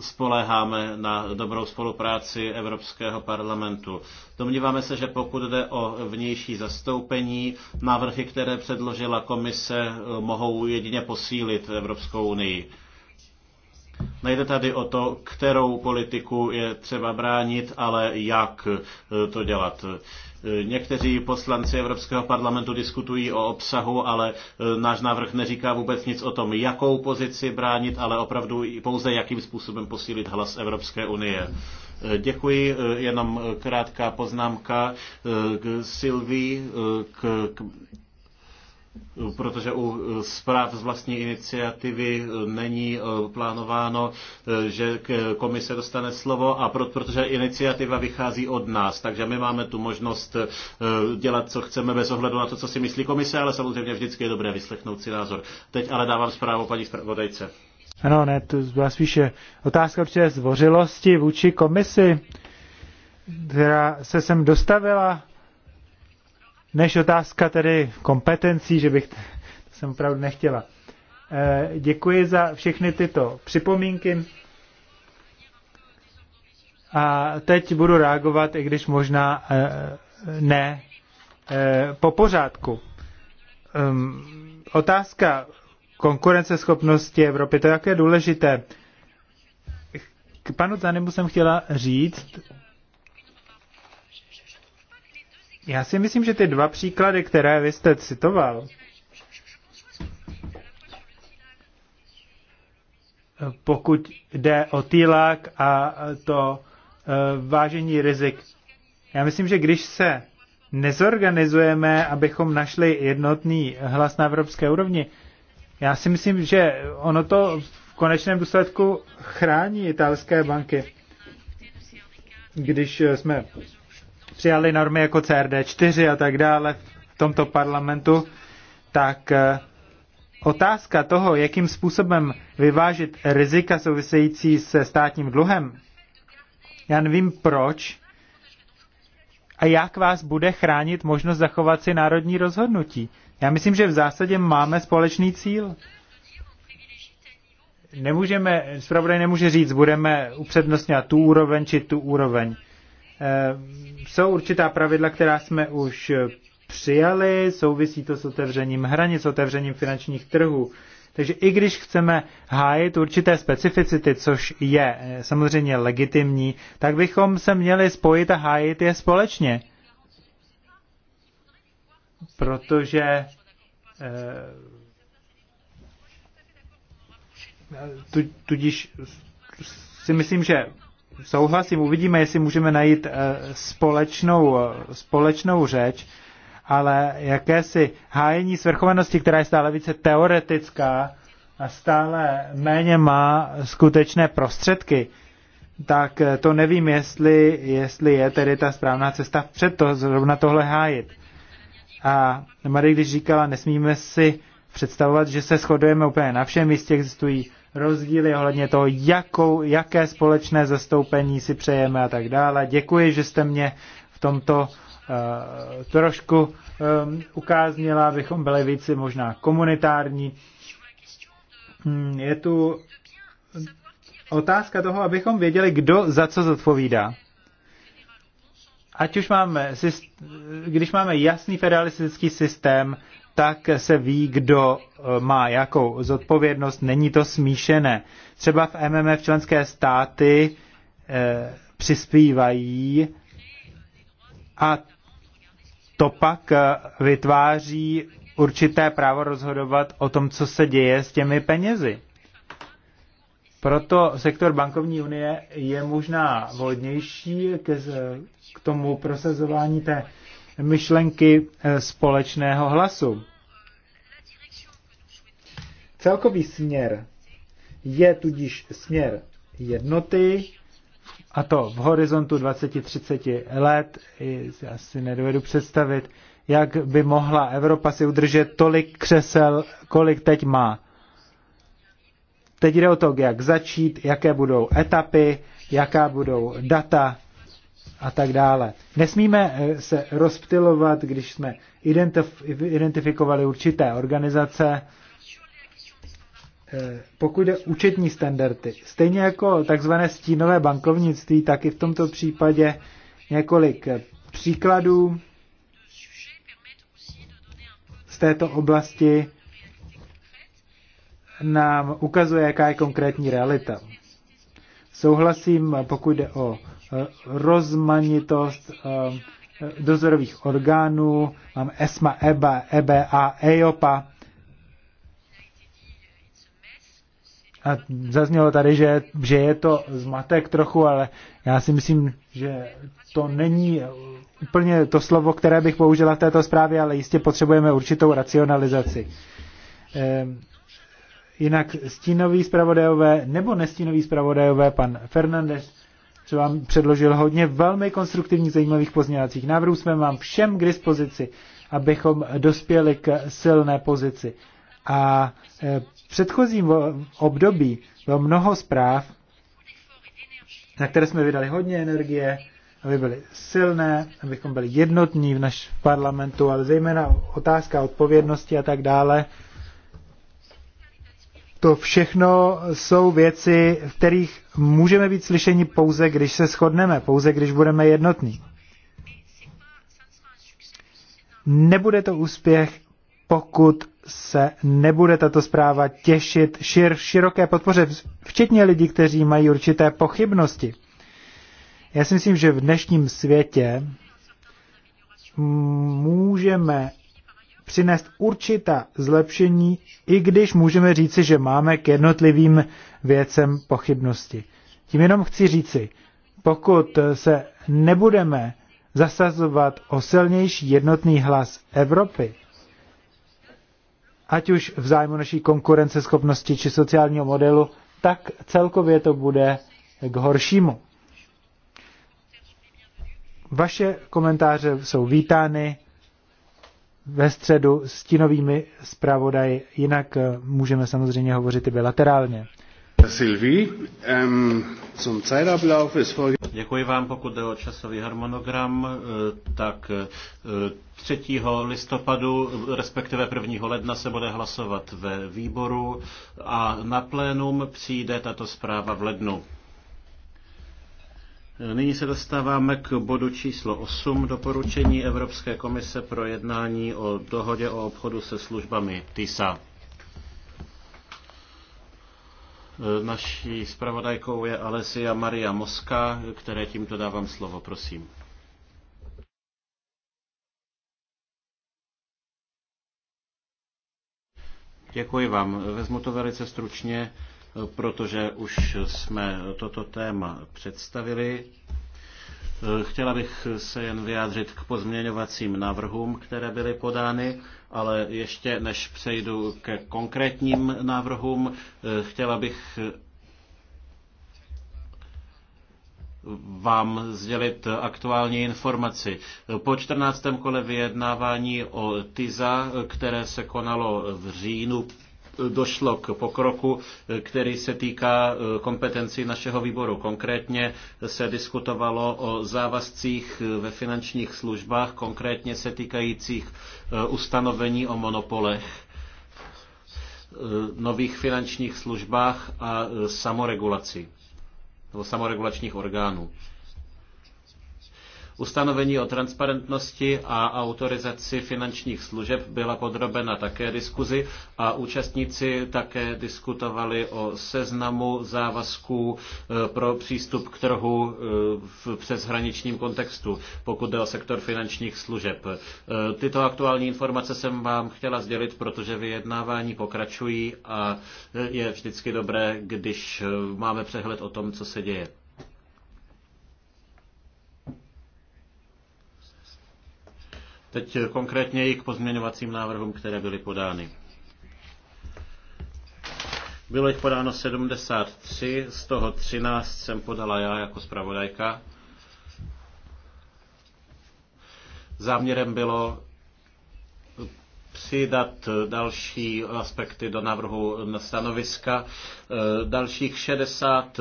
spoléháme na dobrou spolupráci Evropského parlamentu. Domníváme se, že pokud jde o vnější zastoupení, návrhy, které předložila komise, mohou jedině posílit Evropskou unii. Nejde tady o to, kterou politiku je třeba bránit, ale jak to dělat. Eh, někteří poslanci Evropského parlamentu diskutují o obsahu, ale eh, náš návrh neříká vůbec nic o tom, jakou pozici bránit, ale opravdu pouze jakým způsobem posílit hlas Evropské unie. Eh, děkuji, jenom krátká poznámka k Sylvii, k, k protože u eh, zpráv z vlastní iniciativy eh, není eh, plánováno, že komise dostane slovo a protože iniciativa vychází od nás, takže my máme tu možnost dělat, co chceme bez ohledu na to, co si myslí komise, ale samozřejmě vždycky je dobré vyslechnout si názor. Teď ale dávám zprávu paní zpravodajce. Ano, ne, to byla spíše otázka určitě zvořilosti vůči komisi, která se sem dostavila než otázka tedy kompetencí, že bych to jsem opravdu nechtěla. Eh, děkuji za všechny tyto připomínky. A teď budu reagovat, i když možná eh, ne eh, po pořádku. Ehm, otázka konkurenceschopnosti Evropy, to jak je důležité. K panu Zanimu jsem chtěla říct, Já si myslím, že ty dva příklady, které vy jste citoval, pokud jde o týlak a to eh, vážení rizik. Já myslím, že když se nezorganizujeme, abychom našli jednotný hlas na evropské úrovni, já si myslím, že ono to v konečném důsledku chrání italské banky. Když eh, jsme přijali normy jako CRD4 a tak dále v tomto parlamentu, tak eh, otázka toho, jakým způsobem vyvážit rizika související se státním dluhem, já nevím proč a jak vás bude chránit možnost zachovat si národní rozhodnutí. Já myslím, že v zásadě máme společný cíl nemůžeme, zpravodaj nemůže říct, budeme upřednostňovat tu úroveň či tu úroveň. Eh, jsou určitá pravidla, která jsme už přijali, souvisí to s otevřením hranic, s otevřením finančních trhů. Takže i když chceme hájit určité specificity, což je eh, samozřejmě legitimní, tak bychom se měli spojit a hájit je společně. Protože eh, tudíž si myslím, že souhlasím, uvidíme, jestli můžeme najít eh, společnou, eh, společnou řeč, ale jakési hájení svrchovanosti, která je stále více teoretická a stále méně má skutečné prostředky, tak eh, to nevím, jestli, jestli je tedy ta správná cesta před to, zrovna tohle hájit. A Marie, když říkala, nesmíme si představovat, že se shodujeme úplně na všem, místě, existují rozdíly ohledně toho, jakou, jaké společné zastoupení si přejeme a tak dále. Děkuji, že jste mě v tomto uh, trošku um, ehm, ukáznila, abychom byli více možná komunitární. Hmm, je tu otázka toho, abychom věděli, kdo za co zodpovídá. Ať už máme, když máme jasný federalistický systém, tak se ví, kdo eh, má jakou zodpovědnost, není to smíšené. Třeba v MMF členské státy eh, přispívají a to pak eh, vytváří určité právo rozhodovat o tom, co se děje s těmi penězi. Proto sektor bankovní unie je možná vhodnější k, k tomu prosazování té myšlenky eh, společného hlasu. Celkový směr je tudíž směr jednoty, a to v horizontu 20-30 let, si asi nedovedu představit, jak by mohla Evropa si udržet tolik křesel, kolik teď má. Teď jde o to, jak začít, jaké budou etapy, jaká budou data a tak dále. Nesmíme eh, se rozptilovat, když jsme identifikovali určité organizace, pokud jde účetní standardy, stejně jako takzvané stínové bankovnictví, tak i v tomto případě několik příkladů z této oblasti nám ukazuje, jaká je konkrétní realita. Souhlasím, pokud jde o eh, rozmanitost eh, dozorových orgánů, mám ESMA, EBA, EBA, EIOPA, A zaznělo tady, že, že je to zmatek trochu, ale já si myslím, že to není úplně to slovo, které bych použila v této zprávě, ale jistě potřebujeme určitou racionalizaci. Ehm, jinak stínový zpravodajové nebo nestínový zpravodajové, pan Fernandez vám předložil hodně velmi konstruktivních zajímavých pozměňovacích návrhů, jsme vám všem k dispozici, abychom dospěli k silné pozici. A eh, předchozím období bylo mnoho zpráv, na které jsme vydali hodně energie, aby byly silné, abychom byli jednotní v našem parlamentu, ale zejména otázka odpovědnosti a tak dále. To všechno jsou věci, v kterých můžeme být slyšeni pouze, když se shodneme, pouze, když budeme jednotní. Nebude to úspěch, pokud se nebude tato zpráva těšit šir, široké podpoře, včetně lidí, kteří mají určité pochybnosti. Já si myslím, že v dnešním světě můžeme přinést určitá zlepšení, i když můžeme říci, že máme k jednotlivým věcem pochybnosti. Tím jenom chci říci, pokud se nebudeme zasazovat o silnější jednotný hlas Evropy, ať už v zájmu naší konkurenceschopnosti či sociálního modelu, tak celkově to bude k horšímu. Vaše komentáře jsou vítány ve středu s tinovými zpravodaji, jinak eh, můžeme samozřejmě hovořit i bilaterálně. Děkuji vám, pokud jde o časový harmonogram, eh, tak 3. Eh, listopadu, respektive 1. ledna se bude hlasovat ve výboru a na plénum přijde tato zpráva v lednu. Eh, nyní se dostáváme k bodu číslo 8, doporučení Evropské komise pro jednání o dohodě o obchodu se službami TISA. E, naší zpravodajkou je Alessia Maria Moska, které tímto dávám slovo, prosím. Děkuji vám. Vezmu to velice stručně, e, protože už jsme toto téma představili. Eh, chtěla bych se jen vyjádřit k pozměňovacím návrhům, které byly podány, ale ještě než přejdu ke konkrétním návrhům, eh, chtěla bych eh, vám sdělit aktuální informaci. Po 14. kole vyjednávání o TISA, které se konalo v říjnu došlo k pokroku, který se týká eh, kompetencí našeho výboru. Konkrétně se diskutovalo o závazcích eh, ve finančních službách, konkrétně se týkajících eh, ustanovení o monopolech nových finančních službách a samoregulací nebo samoregulačních orgánů. Ustanovení o transparentnosti a autorizaci finančních služeb byla podrobena také diskuzi a účastníci také diskutovali o seznamu závazků e, pro přístup k trhu e, v přeshraničním kontextu, pokud jde o sektor finančních služeb. E, tyto aktuální informace jsem vám chtěla sdělit, protože vyjednávání pokračují a je vždycky dobré, když máme přehled o tom, co se děje. Teď konkrétně i k pozměňovacím návrhům, které byly podány. Bylo jich podáno 73, z toho 13 jsem podala já jako zpravodajka. Záměrem bylo přidat další aspekty do návrhu na stanoviska. Dalších 60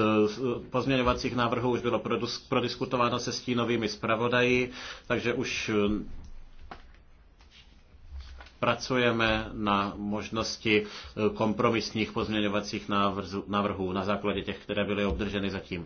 pozměňovacích návrhů už bylo prodiskutováno se stínovými zpravodaji, takže už pracujeme na možnosti eh, kompromisních pozměňovacích návrhů na základě těch, které byly obdrženy zatím.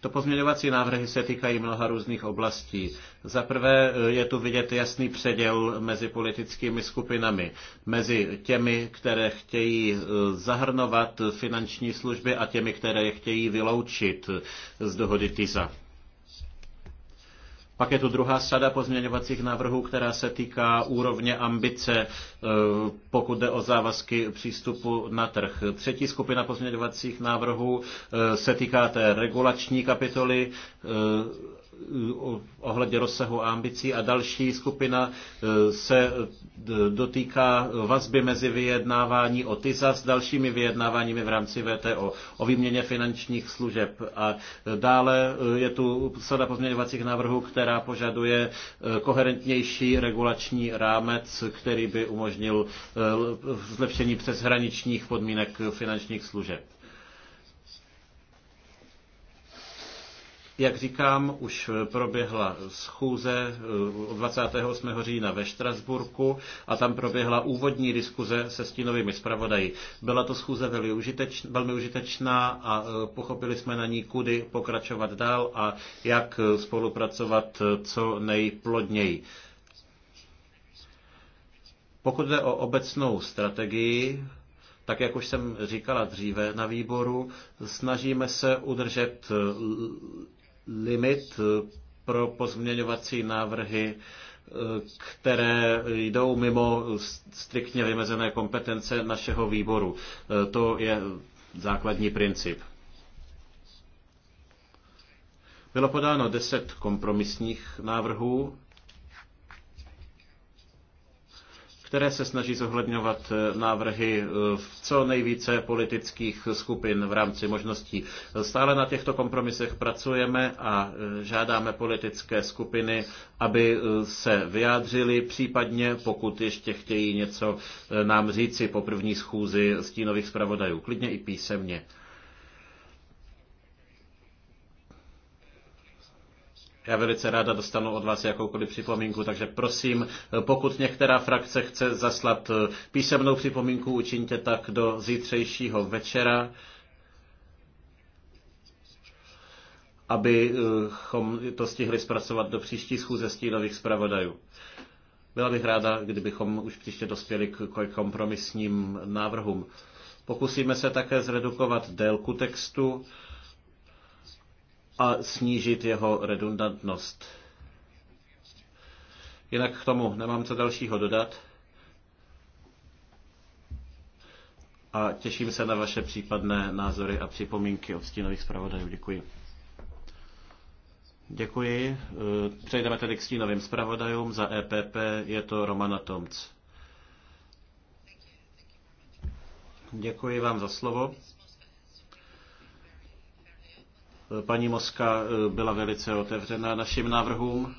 To pozměňovací návrhy se týkají mnoha různých oblastí. Za prvé eh, je tu vidět jasný předěl mezi politickými skupinami, mezi těmi, které chtějí eh, zahrnovat finanční služby a těmi, které chtějí vyloučit z dohody TISA. Pak je tu druhá sada pozměňovacích návrhů, která se týká úrovně ambice, eh, pokud jde o závazky přístupu na trh. Třetí skupina pozměňovacích návrhů eh, se týká té regulační kapitoly eh, Eh, ohledně rozsahu a ambicí a další skupina eh, se eh, dotýká vazby mezi vyjednávání o TISA s dalšími vyjednáváními v rámci VTO o výměně finančních služeb. A dále je tu sada pozměňovacích návrhů, která požaduje koherentnější regulační rámec, který by umožnil zlepšení přeshraničních podmínek finančních služeb. Jak říkám, už proběhla schůze 28. Eh, října ve Štrasburku a tam proběhla úvodní diskuze se stínovými zpravodaji. Byla to schůze velmi, užitečná, velmi užitečná a eh, pochopili jsme na ní, kudy pokračovat dál a jak eh, spolupracovat co nejplodněji. Pokud jde o obecnou strategii, tak jak už jsem říkala dříve na výboru, snažíme se udržet limit eh, pro pozměňovací návrhy, eh, které jdou mimo striktně vymezené kompetence našeho výboru. Eh, to je základní princip. Bylo podáno deset kompromisních návrhů které se snaží zohledňovat eh, návrhy eh, v co nejvíce politických skupin v rámci možností. Stále na těchto kompromisech pracujeme a eh, žádáme politické skupiny, aby se vyjádřili, případně pokud ještě chtějí něco nám říci po první schůzi stínových zpravodajů, klidně i písemně. Já velice ráda dostanu od vás jakoukoliv připomínku, takže prosím, pokud některá frakce chce zaslat eh, písemnou připomínku, učiňte tak do zítřejšího večera. abychom to stihli zpracovat do příští schůze stínových zpravodajů. Byla bych ráda, kdybychom už příště dospěli k kompromisním návrhům. Pokusíme se také zredukovat délku textu a snížit jeho redundantnost. Jinak k tomu nemám co dalšího dodat. A těším se na vaše případné názory a připomínky od stínových zpravodajů. Děkuji. Děkuji. Eh, přejdeme tedy k stínovým zpravodajům. Za EPP je to Romana Tomc. Děkuji vám za slovo. Paní Moska eh, byla velice otevřená našim návrhům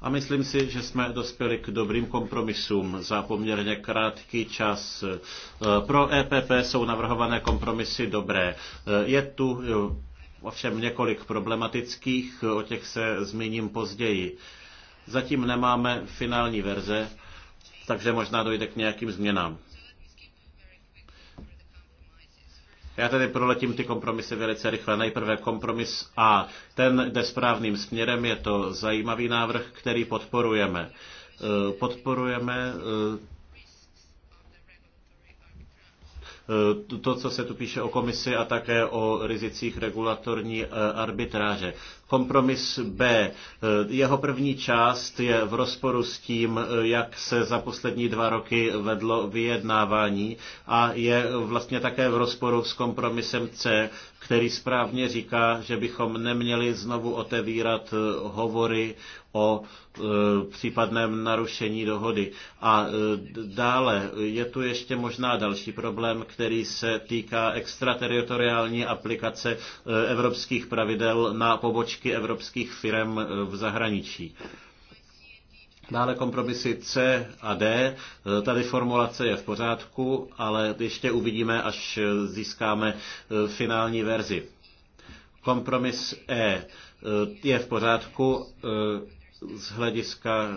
a myslím si, že jsme dospěli k dobrým kompromisům za poměrně krátký čas. Eh, pro EPP jsou navrhované kompromisy dobré. Eh, je tu ovšem několik problematických, o těch se zmíním později. Zatím nemáme finální verze, takže možná dojde k nějakým změnám. Já tady proletím ty kompromisy velice rychle. Nejprve kompromis A. Ten jde správným směrem, je to zajímavý návrh, který podporujeme. Eh, podporujeme eh, to, co se tu píše o komisi a také o rizicích regulatorní eh, arbitráže. Kompromis B. Jeho první část je v rozporu s tím, jak se za poslední dva roky vedlo vyjednávání a je vlastně také v rozporu s kompromisem C, který správně říká, že bychom neměli znovu otevírat hovory o e, případném narušení dohody. A e, dále je tu ještě možná další problém, který se týká extrateritoriální aplikace e, evropských pravidel na pobočky pobočky evropských firm eh, v zahraničí. Dále kompromisy C a D. Eh, tady formulace je v pořádku, ale ještě uvidíme, až eh, získáme finální verzi. Kompromis E je v pořádku z hlediska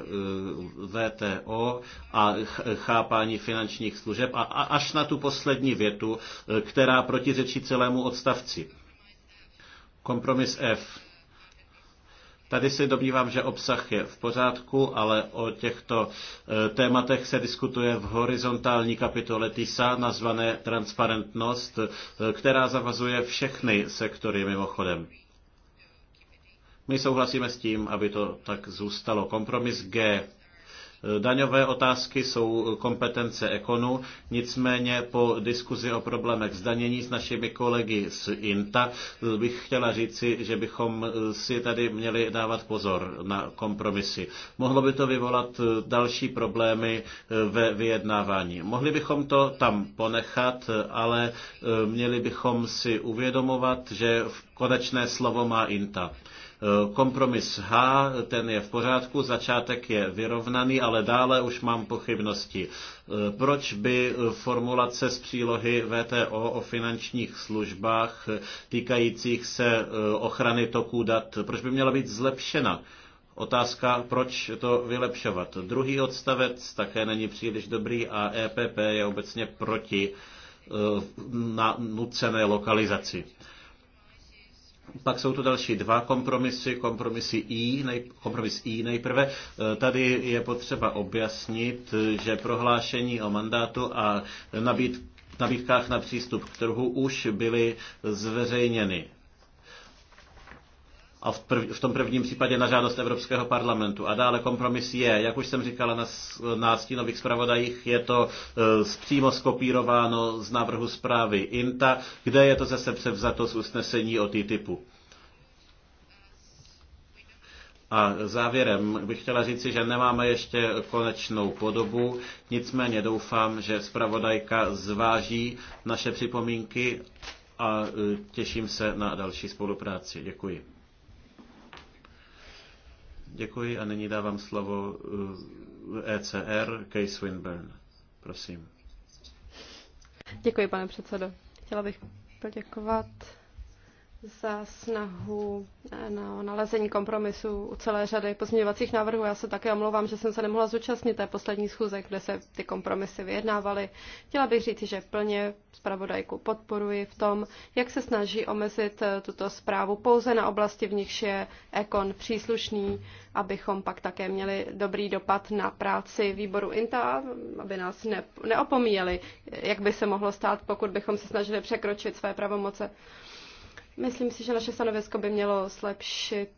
VTO a chápání finančních služeb a až na tu poslední větu, která protiřečí celému odstavci. Kompromis F Tady si domnívám, že obsah je v pořádku, ale o těchto e, tématech se diskutuje v horizontální kapitole TISA, nazvané Transparentnost, e, která zavazuje všechny sektory mimochodem. My souhlasíme s tím, aby to tak zůstalo. Kompromis G Daňové otázky jsou kompetence ekonu, nicméně po diskuzi o problémech zdanění s našimi kolegy z INTA bych chtěla říci, že bychom si tady měli dávat pozor na kompromisy. Mohlo by to vyvolat další problémy ve vyjednávání. Mohli bychom to tam ponechat, ale eh, měli bychom si uvědomovat, že konečné slovo má INTA. Eh, kompromis H, ten je v pořádku, začátek je vyrovnaný, ale dále už mám pochybnosti. Eh, proč by formulace z přílohy VTO o finančních službách eh, týkajících se ochrany toků dat, proč by měla být zlepšena? Otázka, proč to vylepšovat. Druhý odstavec také není příliš dobrý a EPP je obecně proti na nucené lokalizaci. Pak jsou tu další dva kompromisy, kompromisy I, nej, kompromis I nejprve. E, tady je potřeba objasnit, že prohlášení o mandátu a nabídkách na přístup k trhu už byly zveřejněny a v, prv, v tom prvním případě na žádost Evropského parlamentu. A dále kompromis je, jak už jsem říkala na, na stínových zpravodajích, je to e, přímo skopírováno z návrhu zprávy INTA, kde je to zase převzato z usnesení o TTIPu. A závěrem bych chtěla říci, že nemáme ještě konečnou podobu, nicméně doufám, že zpravodajka zváží naše připomínky a e, těším se na další spolupráci. Děkuji. Děkuji a nyní dávám slovo ECR eh, e Kay Swinburne. Prosím. Děkuji, pane předsedo. Chtěla bych poděkovat za snahu eh, na nalezení kompromisu u celé řady pozměňovacích návrhů. Já se také omlouvám, že jsem se nemohla zúčastnit té poslední schůze, kde se ty kompromisy vyjednávaly. Chtěla bych říct, že plně zpravodajku podporuji v tom, jak se snaží omezit eh, tuto zprávu pouze na oblasti, v nichž je ekon příslušný, abychom pak také měli dobrý dopad na práci výboru INTA, aby nás neopomíjeli, jak by se mohlo stát, pokud bychom se snažili překročit své pravomoce. Myslím si, že naše stanovisko by mělo zlepšit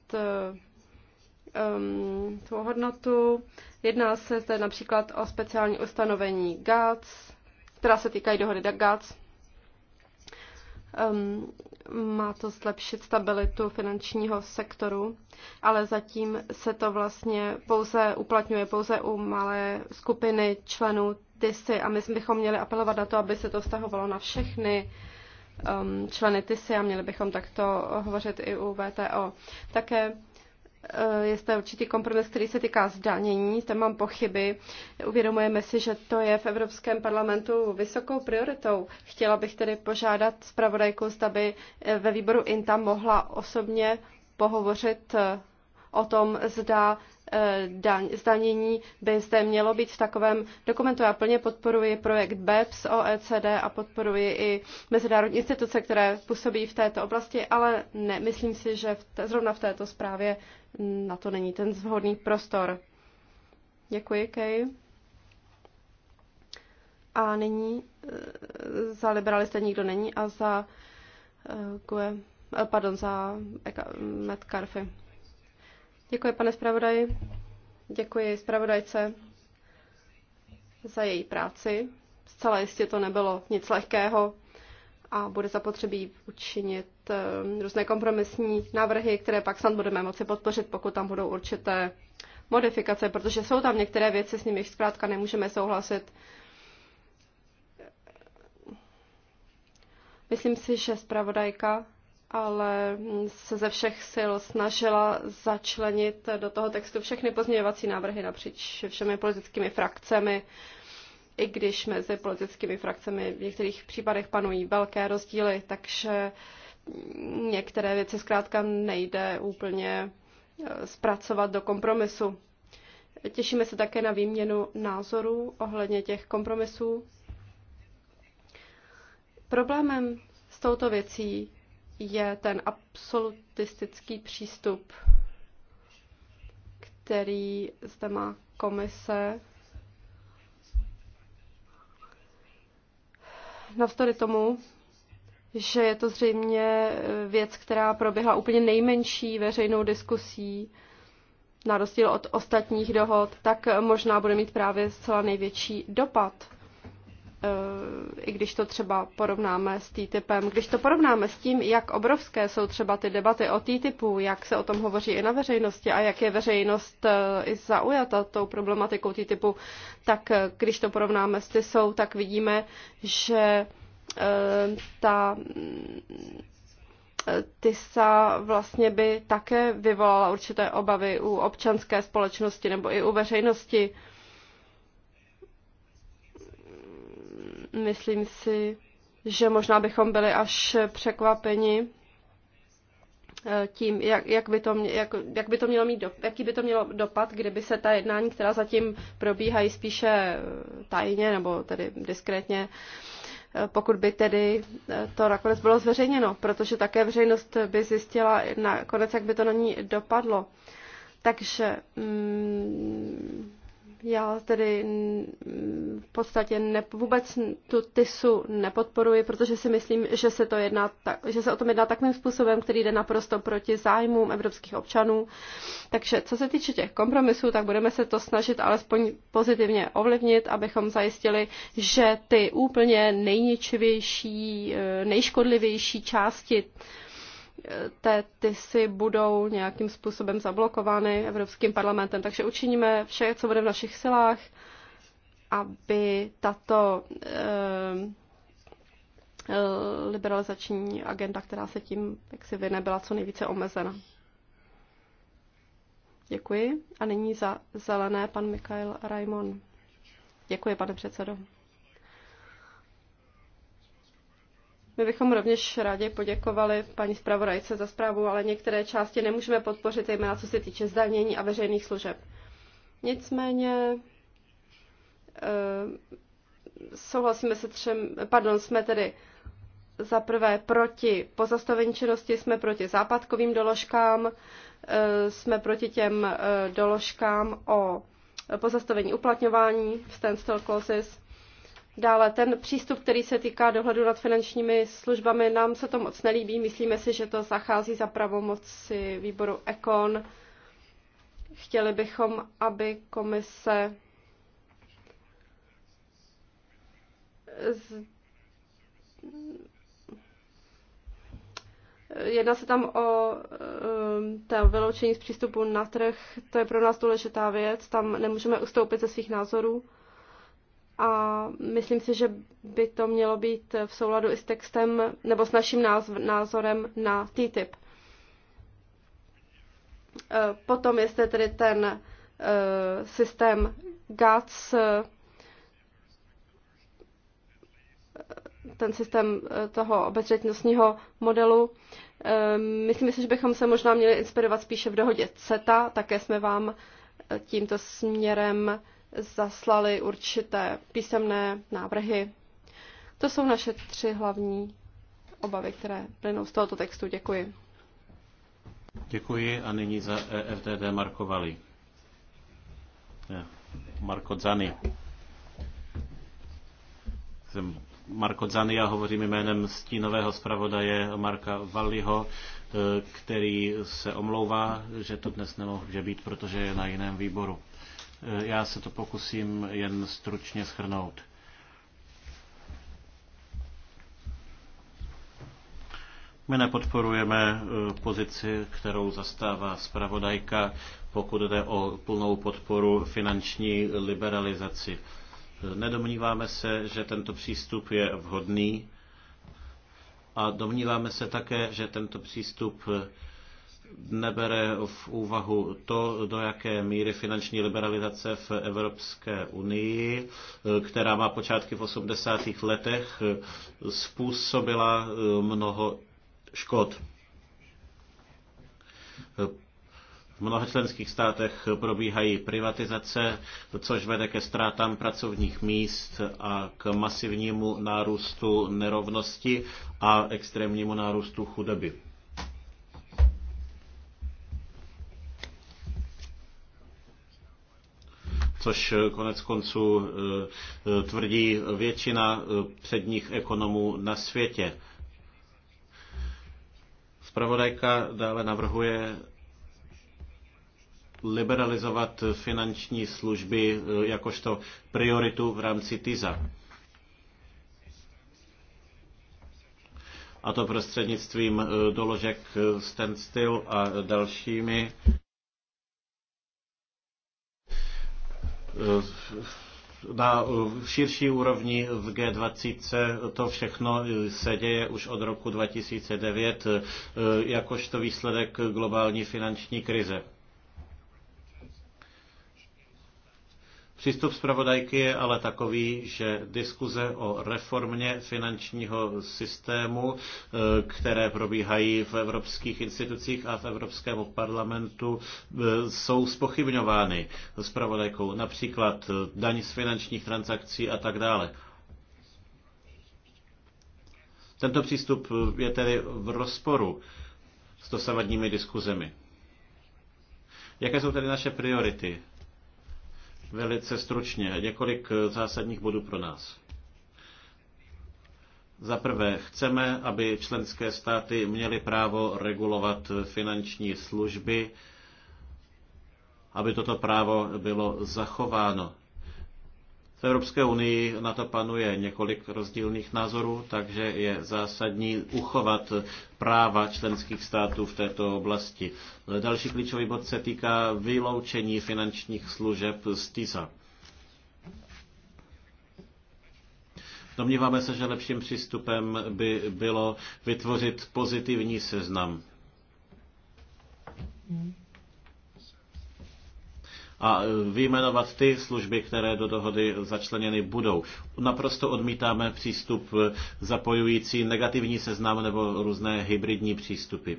um, tu hodnotu. Jedná se zde například o speciální ustanovení GATS, která se týkají dohody GATS. Um, ehm, má to zlepšit stabilitu finančního sektoru, ale zatím se to vlastně pouze uplatňuje pouze u malé skupiny členů TISy a my bychom měli apelovat na to, aby se to vztahovalo na všechny uh, Um, členy TISY a měli bychom takto hovořit i u VTO. Také eh, je zde určitý kompromis, který se týká zdanění, tam mám pochyby. Uvědomujeme si, že to je v Evropském parlamentu vysokou prioritou. Chtěla bych tedy požádat zpravodajku, zda by eh, ve výboru INTA mohla osobně pohovořit eh, o tom, zda Eh, daň, zdanění by zde mělo být v takovém dokumentu. Já plně podporuji projekt BEPS OECD a podporuji i mezinárodní instituce, které působí v této oblasti, ale ne, myslím si, že v te, zrovna v této zprávě na to není ten zvhodný prostor. Děkuji, Kej. A nyní eh, za liberalisté nikdo není a za, uh, pardon, za Matt Děkuji, pane zpravodaji. Děkuji zpravodajce za její práci. Zcela jistě to nebylo nic lehkého a bude zapotřebí učinit eh, různé kompromisní návrhy, které pak snad budeme moci podpořit, pokud tam budou určité modifikace, protože jsou tam některé věci, s nimiž zkrátka nemůžeme souhlasit. Myslím si, že zpravodajka ale se ze všech sil snažila začlenit do toho textu všechny pozměňovací návrhy napříč všemi politickými frakcemi, i když mezi politickými frakcemi v některých případech panují velké rozdíly, takže některé věci zkrátka nejde úplně eh, zpracovat do kompromisu. Těšíme se také na výměnu názorů ohledně těch kompromisů. Problémem s touto věcí je ten absolutistický přístup, který zde má komise. Navzdory tomu, že je to zřejmě věc, která proběhla úplně nejmenší veřejnou diskusí, na rozdíl od ostatních dohod, tak možná bude mít právě zcela největší dopad. Eh, i když to třeba porovnáme s TTIPem, když to porovnáme s tím, jak obrovské jsou třeba ty debaty o TTIPu, jak se o tom hovoří i na veřejnosti a jak je veřejnost eh, i zaujata tou problematikou TTIPu, tak eh, když to porovnáme s TISou, tak vidíme, že ta TISA vlastně by také vyvolala určité obavy u občanské společnosti nebo i u veřejnosti. Myslím si, že možná bychom byli až překvapeni eh, tím, jak, jak, by to, jak, jak by to mělo mít, jaký by to mělo dopad, kdyby se ta jednání, která zatím probíhají spíše eh, tajně nebo tedy diskrétně, eh, pokud by tedy to nakonec bylo zveřejněno, protože také veřejnost by zjistila nakonec, jak by to na ní dopadlo. Takže mm, já tedy v podstatě ne, vůbec tu TISu nepodporuji, protože si myslím, že se, to jedná tak, že se o tom jedná takovým způsobem, který jde naprosto proti zájmům evropských občanů. Takže co se týče těch kompromisů, tak budeme se to snažit alespoň pozitivně ovlivnit, abychom zajistili, že ty úplně nejničivější, e, nejškodlivější části té TISy budou nějakým způsobem zablokovány Evropským parlamentem. Takže učiníme vše, co bude v našich silách, aby tato e, liberalizační agenda, která se tím si vyne, byla co nejvíce omezena. Děkuji. A nyní za zelené pan Mikhail Raimon. Děkuji, pane předsedo. My bychom rovněž rádi poděkovali paní zpravodajce za zprávu, ale některé části nemůžeme podpořit, zejména co se týče zdanění a veřejných služeb. Nicméně eh, souhlasíme se třem, pardon, jsme tedy za prvé proti pozastavení činnosti, jsme proti západkovým doložkám, eh, jsme proti těm eh, doložkám o pozastavení uplatňování, standstill clauses, Dále ten přístup, který se týká dohledu nad finančními službami, nám se to moc nelíbí. Myslíme si, že to zachází za pravomoci výboru ECON. Chtěli bychom, aby komise z... Jedná se tam o um, vyloučení z přístupu na trh. To je pro nás důležitá věc. Tam nemůžeme ustoupit ze svých názorů a myslím si, že by to mělo být v souladu i s textem nebo s naším názorem na TTIP. E, potom je tedy ten e, systém GATS, e, ten systém toho obezřetnostního modelu. Myslím si, že bychom se možná měli inspirovat spíše v dohodě CETA, také jsme vám tímto směrem zaslali určité písemné návrhy. To jsou naše tři hlavní obavy, které plynou z tohoto textu. Děkuji. Děkuji a nyní za EFDD Marko Vali. Eh, Marko Zany. Jsem Marko Zany, já hovořím jménem stínového zpravodaje Marka Valliho, eh, který se omlouvá, že to dnes nemohl být, protože je na jiném výboru. Eh, já se to pokusím jen stručně schrnout. My nepodporujeme eh, pozici, kterou zastává zpravodajka, pokud jde o plnou podporu finanční liberalizaci. Eh, nedomníváme se, že tento přístup je vhodný a domníváme se také, že tento přístup nebere v úvahu to, do jaké míry finanční liberalizace v Evropské unii, která má počátky v 80. letech, způsobila eh, mnoho škod. V mnoha členských státech probíhají privatizace, což vede ke ztrátám pracovních míst a k masivnímu nárůstu nerovnosti a extrémnímu nárůstu chudoby. což eh, konec konců eh, eh, tvrdí většina předních ekonomů na světě. Spravodajka dále navrhuje liberalizovat finanční služby jakožto prioritu v rámci TISA. A to prostřednictvím doložek standstill a dalšími Eh, na širší úrovni v G20 to všechno se děje už od roku 2009 eh, jakožto výsledek globální finanční krize. Přístup zpravodajky je ale takový, že diskuze o reformě finančního systému, e, které probíhají v evropských institucích a v Evropském parlamentu, e, jsou spochybňovány zpravodajkou, například e, daň z finančních transakcí a tak dále. Tento přístup je tedy v rozporu s dosavadními diskuzemi. Jaké jsou tedy naše priority Velice stručně několik eh, zásadních bodů pro nás. Za prvé, chceme, aby členské státy měly právo regulovat finanční služby, aby toto právo bylo zachováno. V Evropské unii na to panuje několik rozdílných názorů, takže je zásadní uchovat práva členských států v této oblasti. Další klíčový bod se týká vyloučení finančních služeb z TISA. Domníváme se, že lepším přístupem by bylo vytvořit pozitivní seznam. Mm a vyjmenovat ty služby, které do dohody začleněny budou. Naprosto odmítáme přístup zapojující negativní seznam nebo různé hybridní přístupy.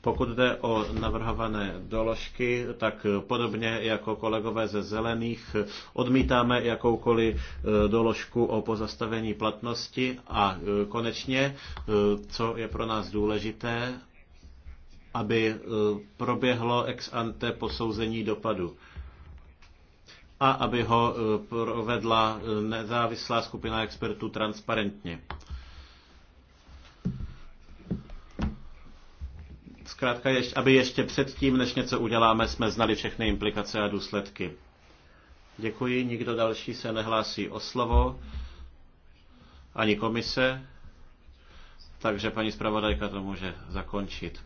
Pokud jde o navrhované doložky, tak podobně jako kolegové ze zelených odmítáme jakoukoliv e, doložku o pozastavení platnosti a e, konečně, e, co je pro nás důležité, aby eh, proběhlo ex ante posouzení dopadu a aby ho eh, provedla eh, nezávislá skupina expertů transparentně. Zkrátka, aby ještě předtím, než něco uděláme, jsme znali všechny implikace a důsledky. Děkuji, nikdo další se nehlásí o slovo, ani komise, takže paní zpravodajka to může zakončit.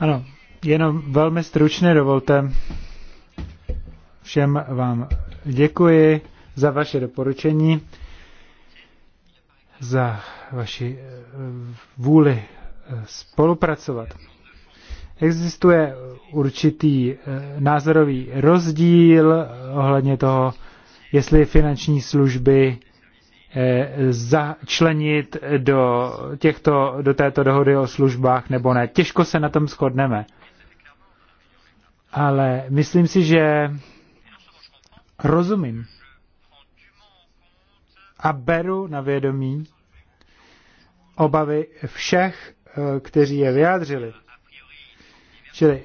Ano, jenom velmi stručně dovolte. Všem vám děkuji za vaše doporučení, za vaši eh, vůli eh, spolupracovat. Existuje určitý eh, názorový rozdíl ohledně toho, jestli finanční služby Eh, začlenit do, těchto, do této dohody o službách nebo ne. Těžko se na tom shodneme. Ale myslím si, že rozumím a beru na vědomí obavy všech, eh, kteří je vyjádřili. Čili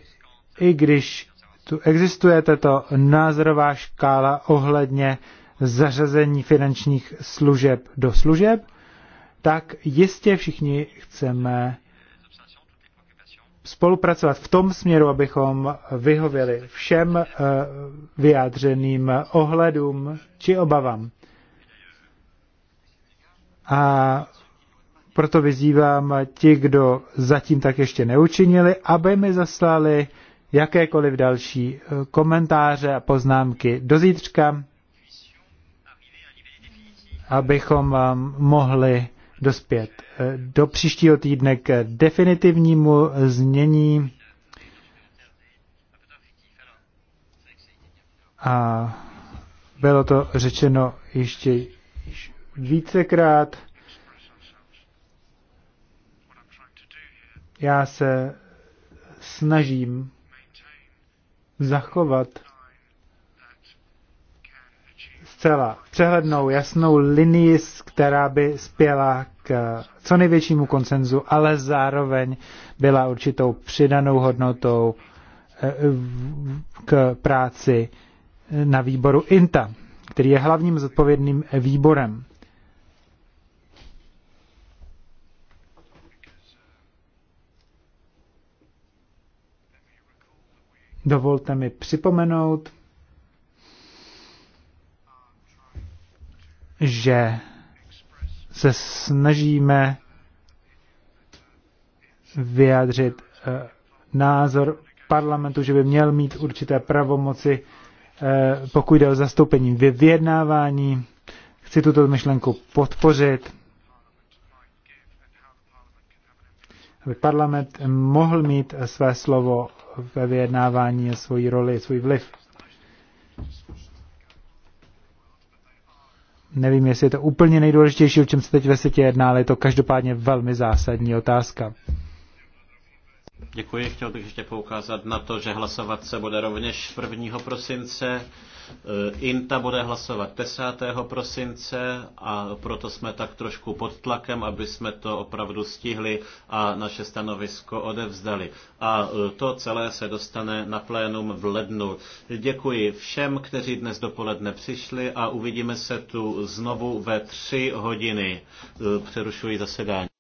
i když tu existuje tato názorová škála ohledně zařazení finančních služeb do služeb, tak jistě všichni chceme spolupracovat v tom směru, abychom vyhověli všem eh, vyjádřeným ohledům či obavám. A proto vyzývám ti, kdo zatím tak ještě neučinili, aby mi zaslali jakékoliv další eh, komentáře a poznámky do zítřka abychom vám mohli dospět eh, do příštího týdne k definitivnímu znění a bylo to řečeno ještě vícekrát. Já se snažím zachovat zcela přehlednou, jasnou linii, která by spěla k co největšímu konsenzu, ale zároveň byla určitou přidanou hodnotou eh, k práci na výboru INTA, který je hlavním zodpovědným výborem. Dovolte mi připomenout, že se snažíme vyjádřit eh, názor parlamentu, že by měl mít určité pravomoci, eh, pokud jde o zastoupení ve vyjednávání. Chci tuto myšlenku podpořit, aby parlament mohl mít své slovo ve vyjednávání, svoji roli, svůj vliv. Nevím, jestli je to úplně nejdůležitější, o čem se teď ve světě jedná, ale je to každopádně velmi zásadní otázka. Děkuji. Chtěl bych ještě poukázat na to, že hlasovat se bude rovněž 1. prosince Eh, INTA bude hlasovat 10. prosince a proto jsme tak trošku pod tlakem, aby jsme to opravdu stihli a naše stanovisko odevzdali. A eh, to celé se dostane na plénum v lednu. Děkuji všem, kteří dnes dopoledne přišli a uvidíme se tu znovu ve tři hodiny. Eh, přerušuji zasedání.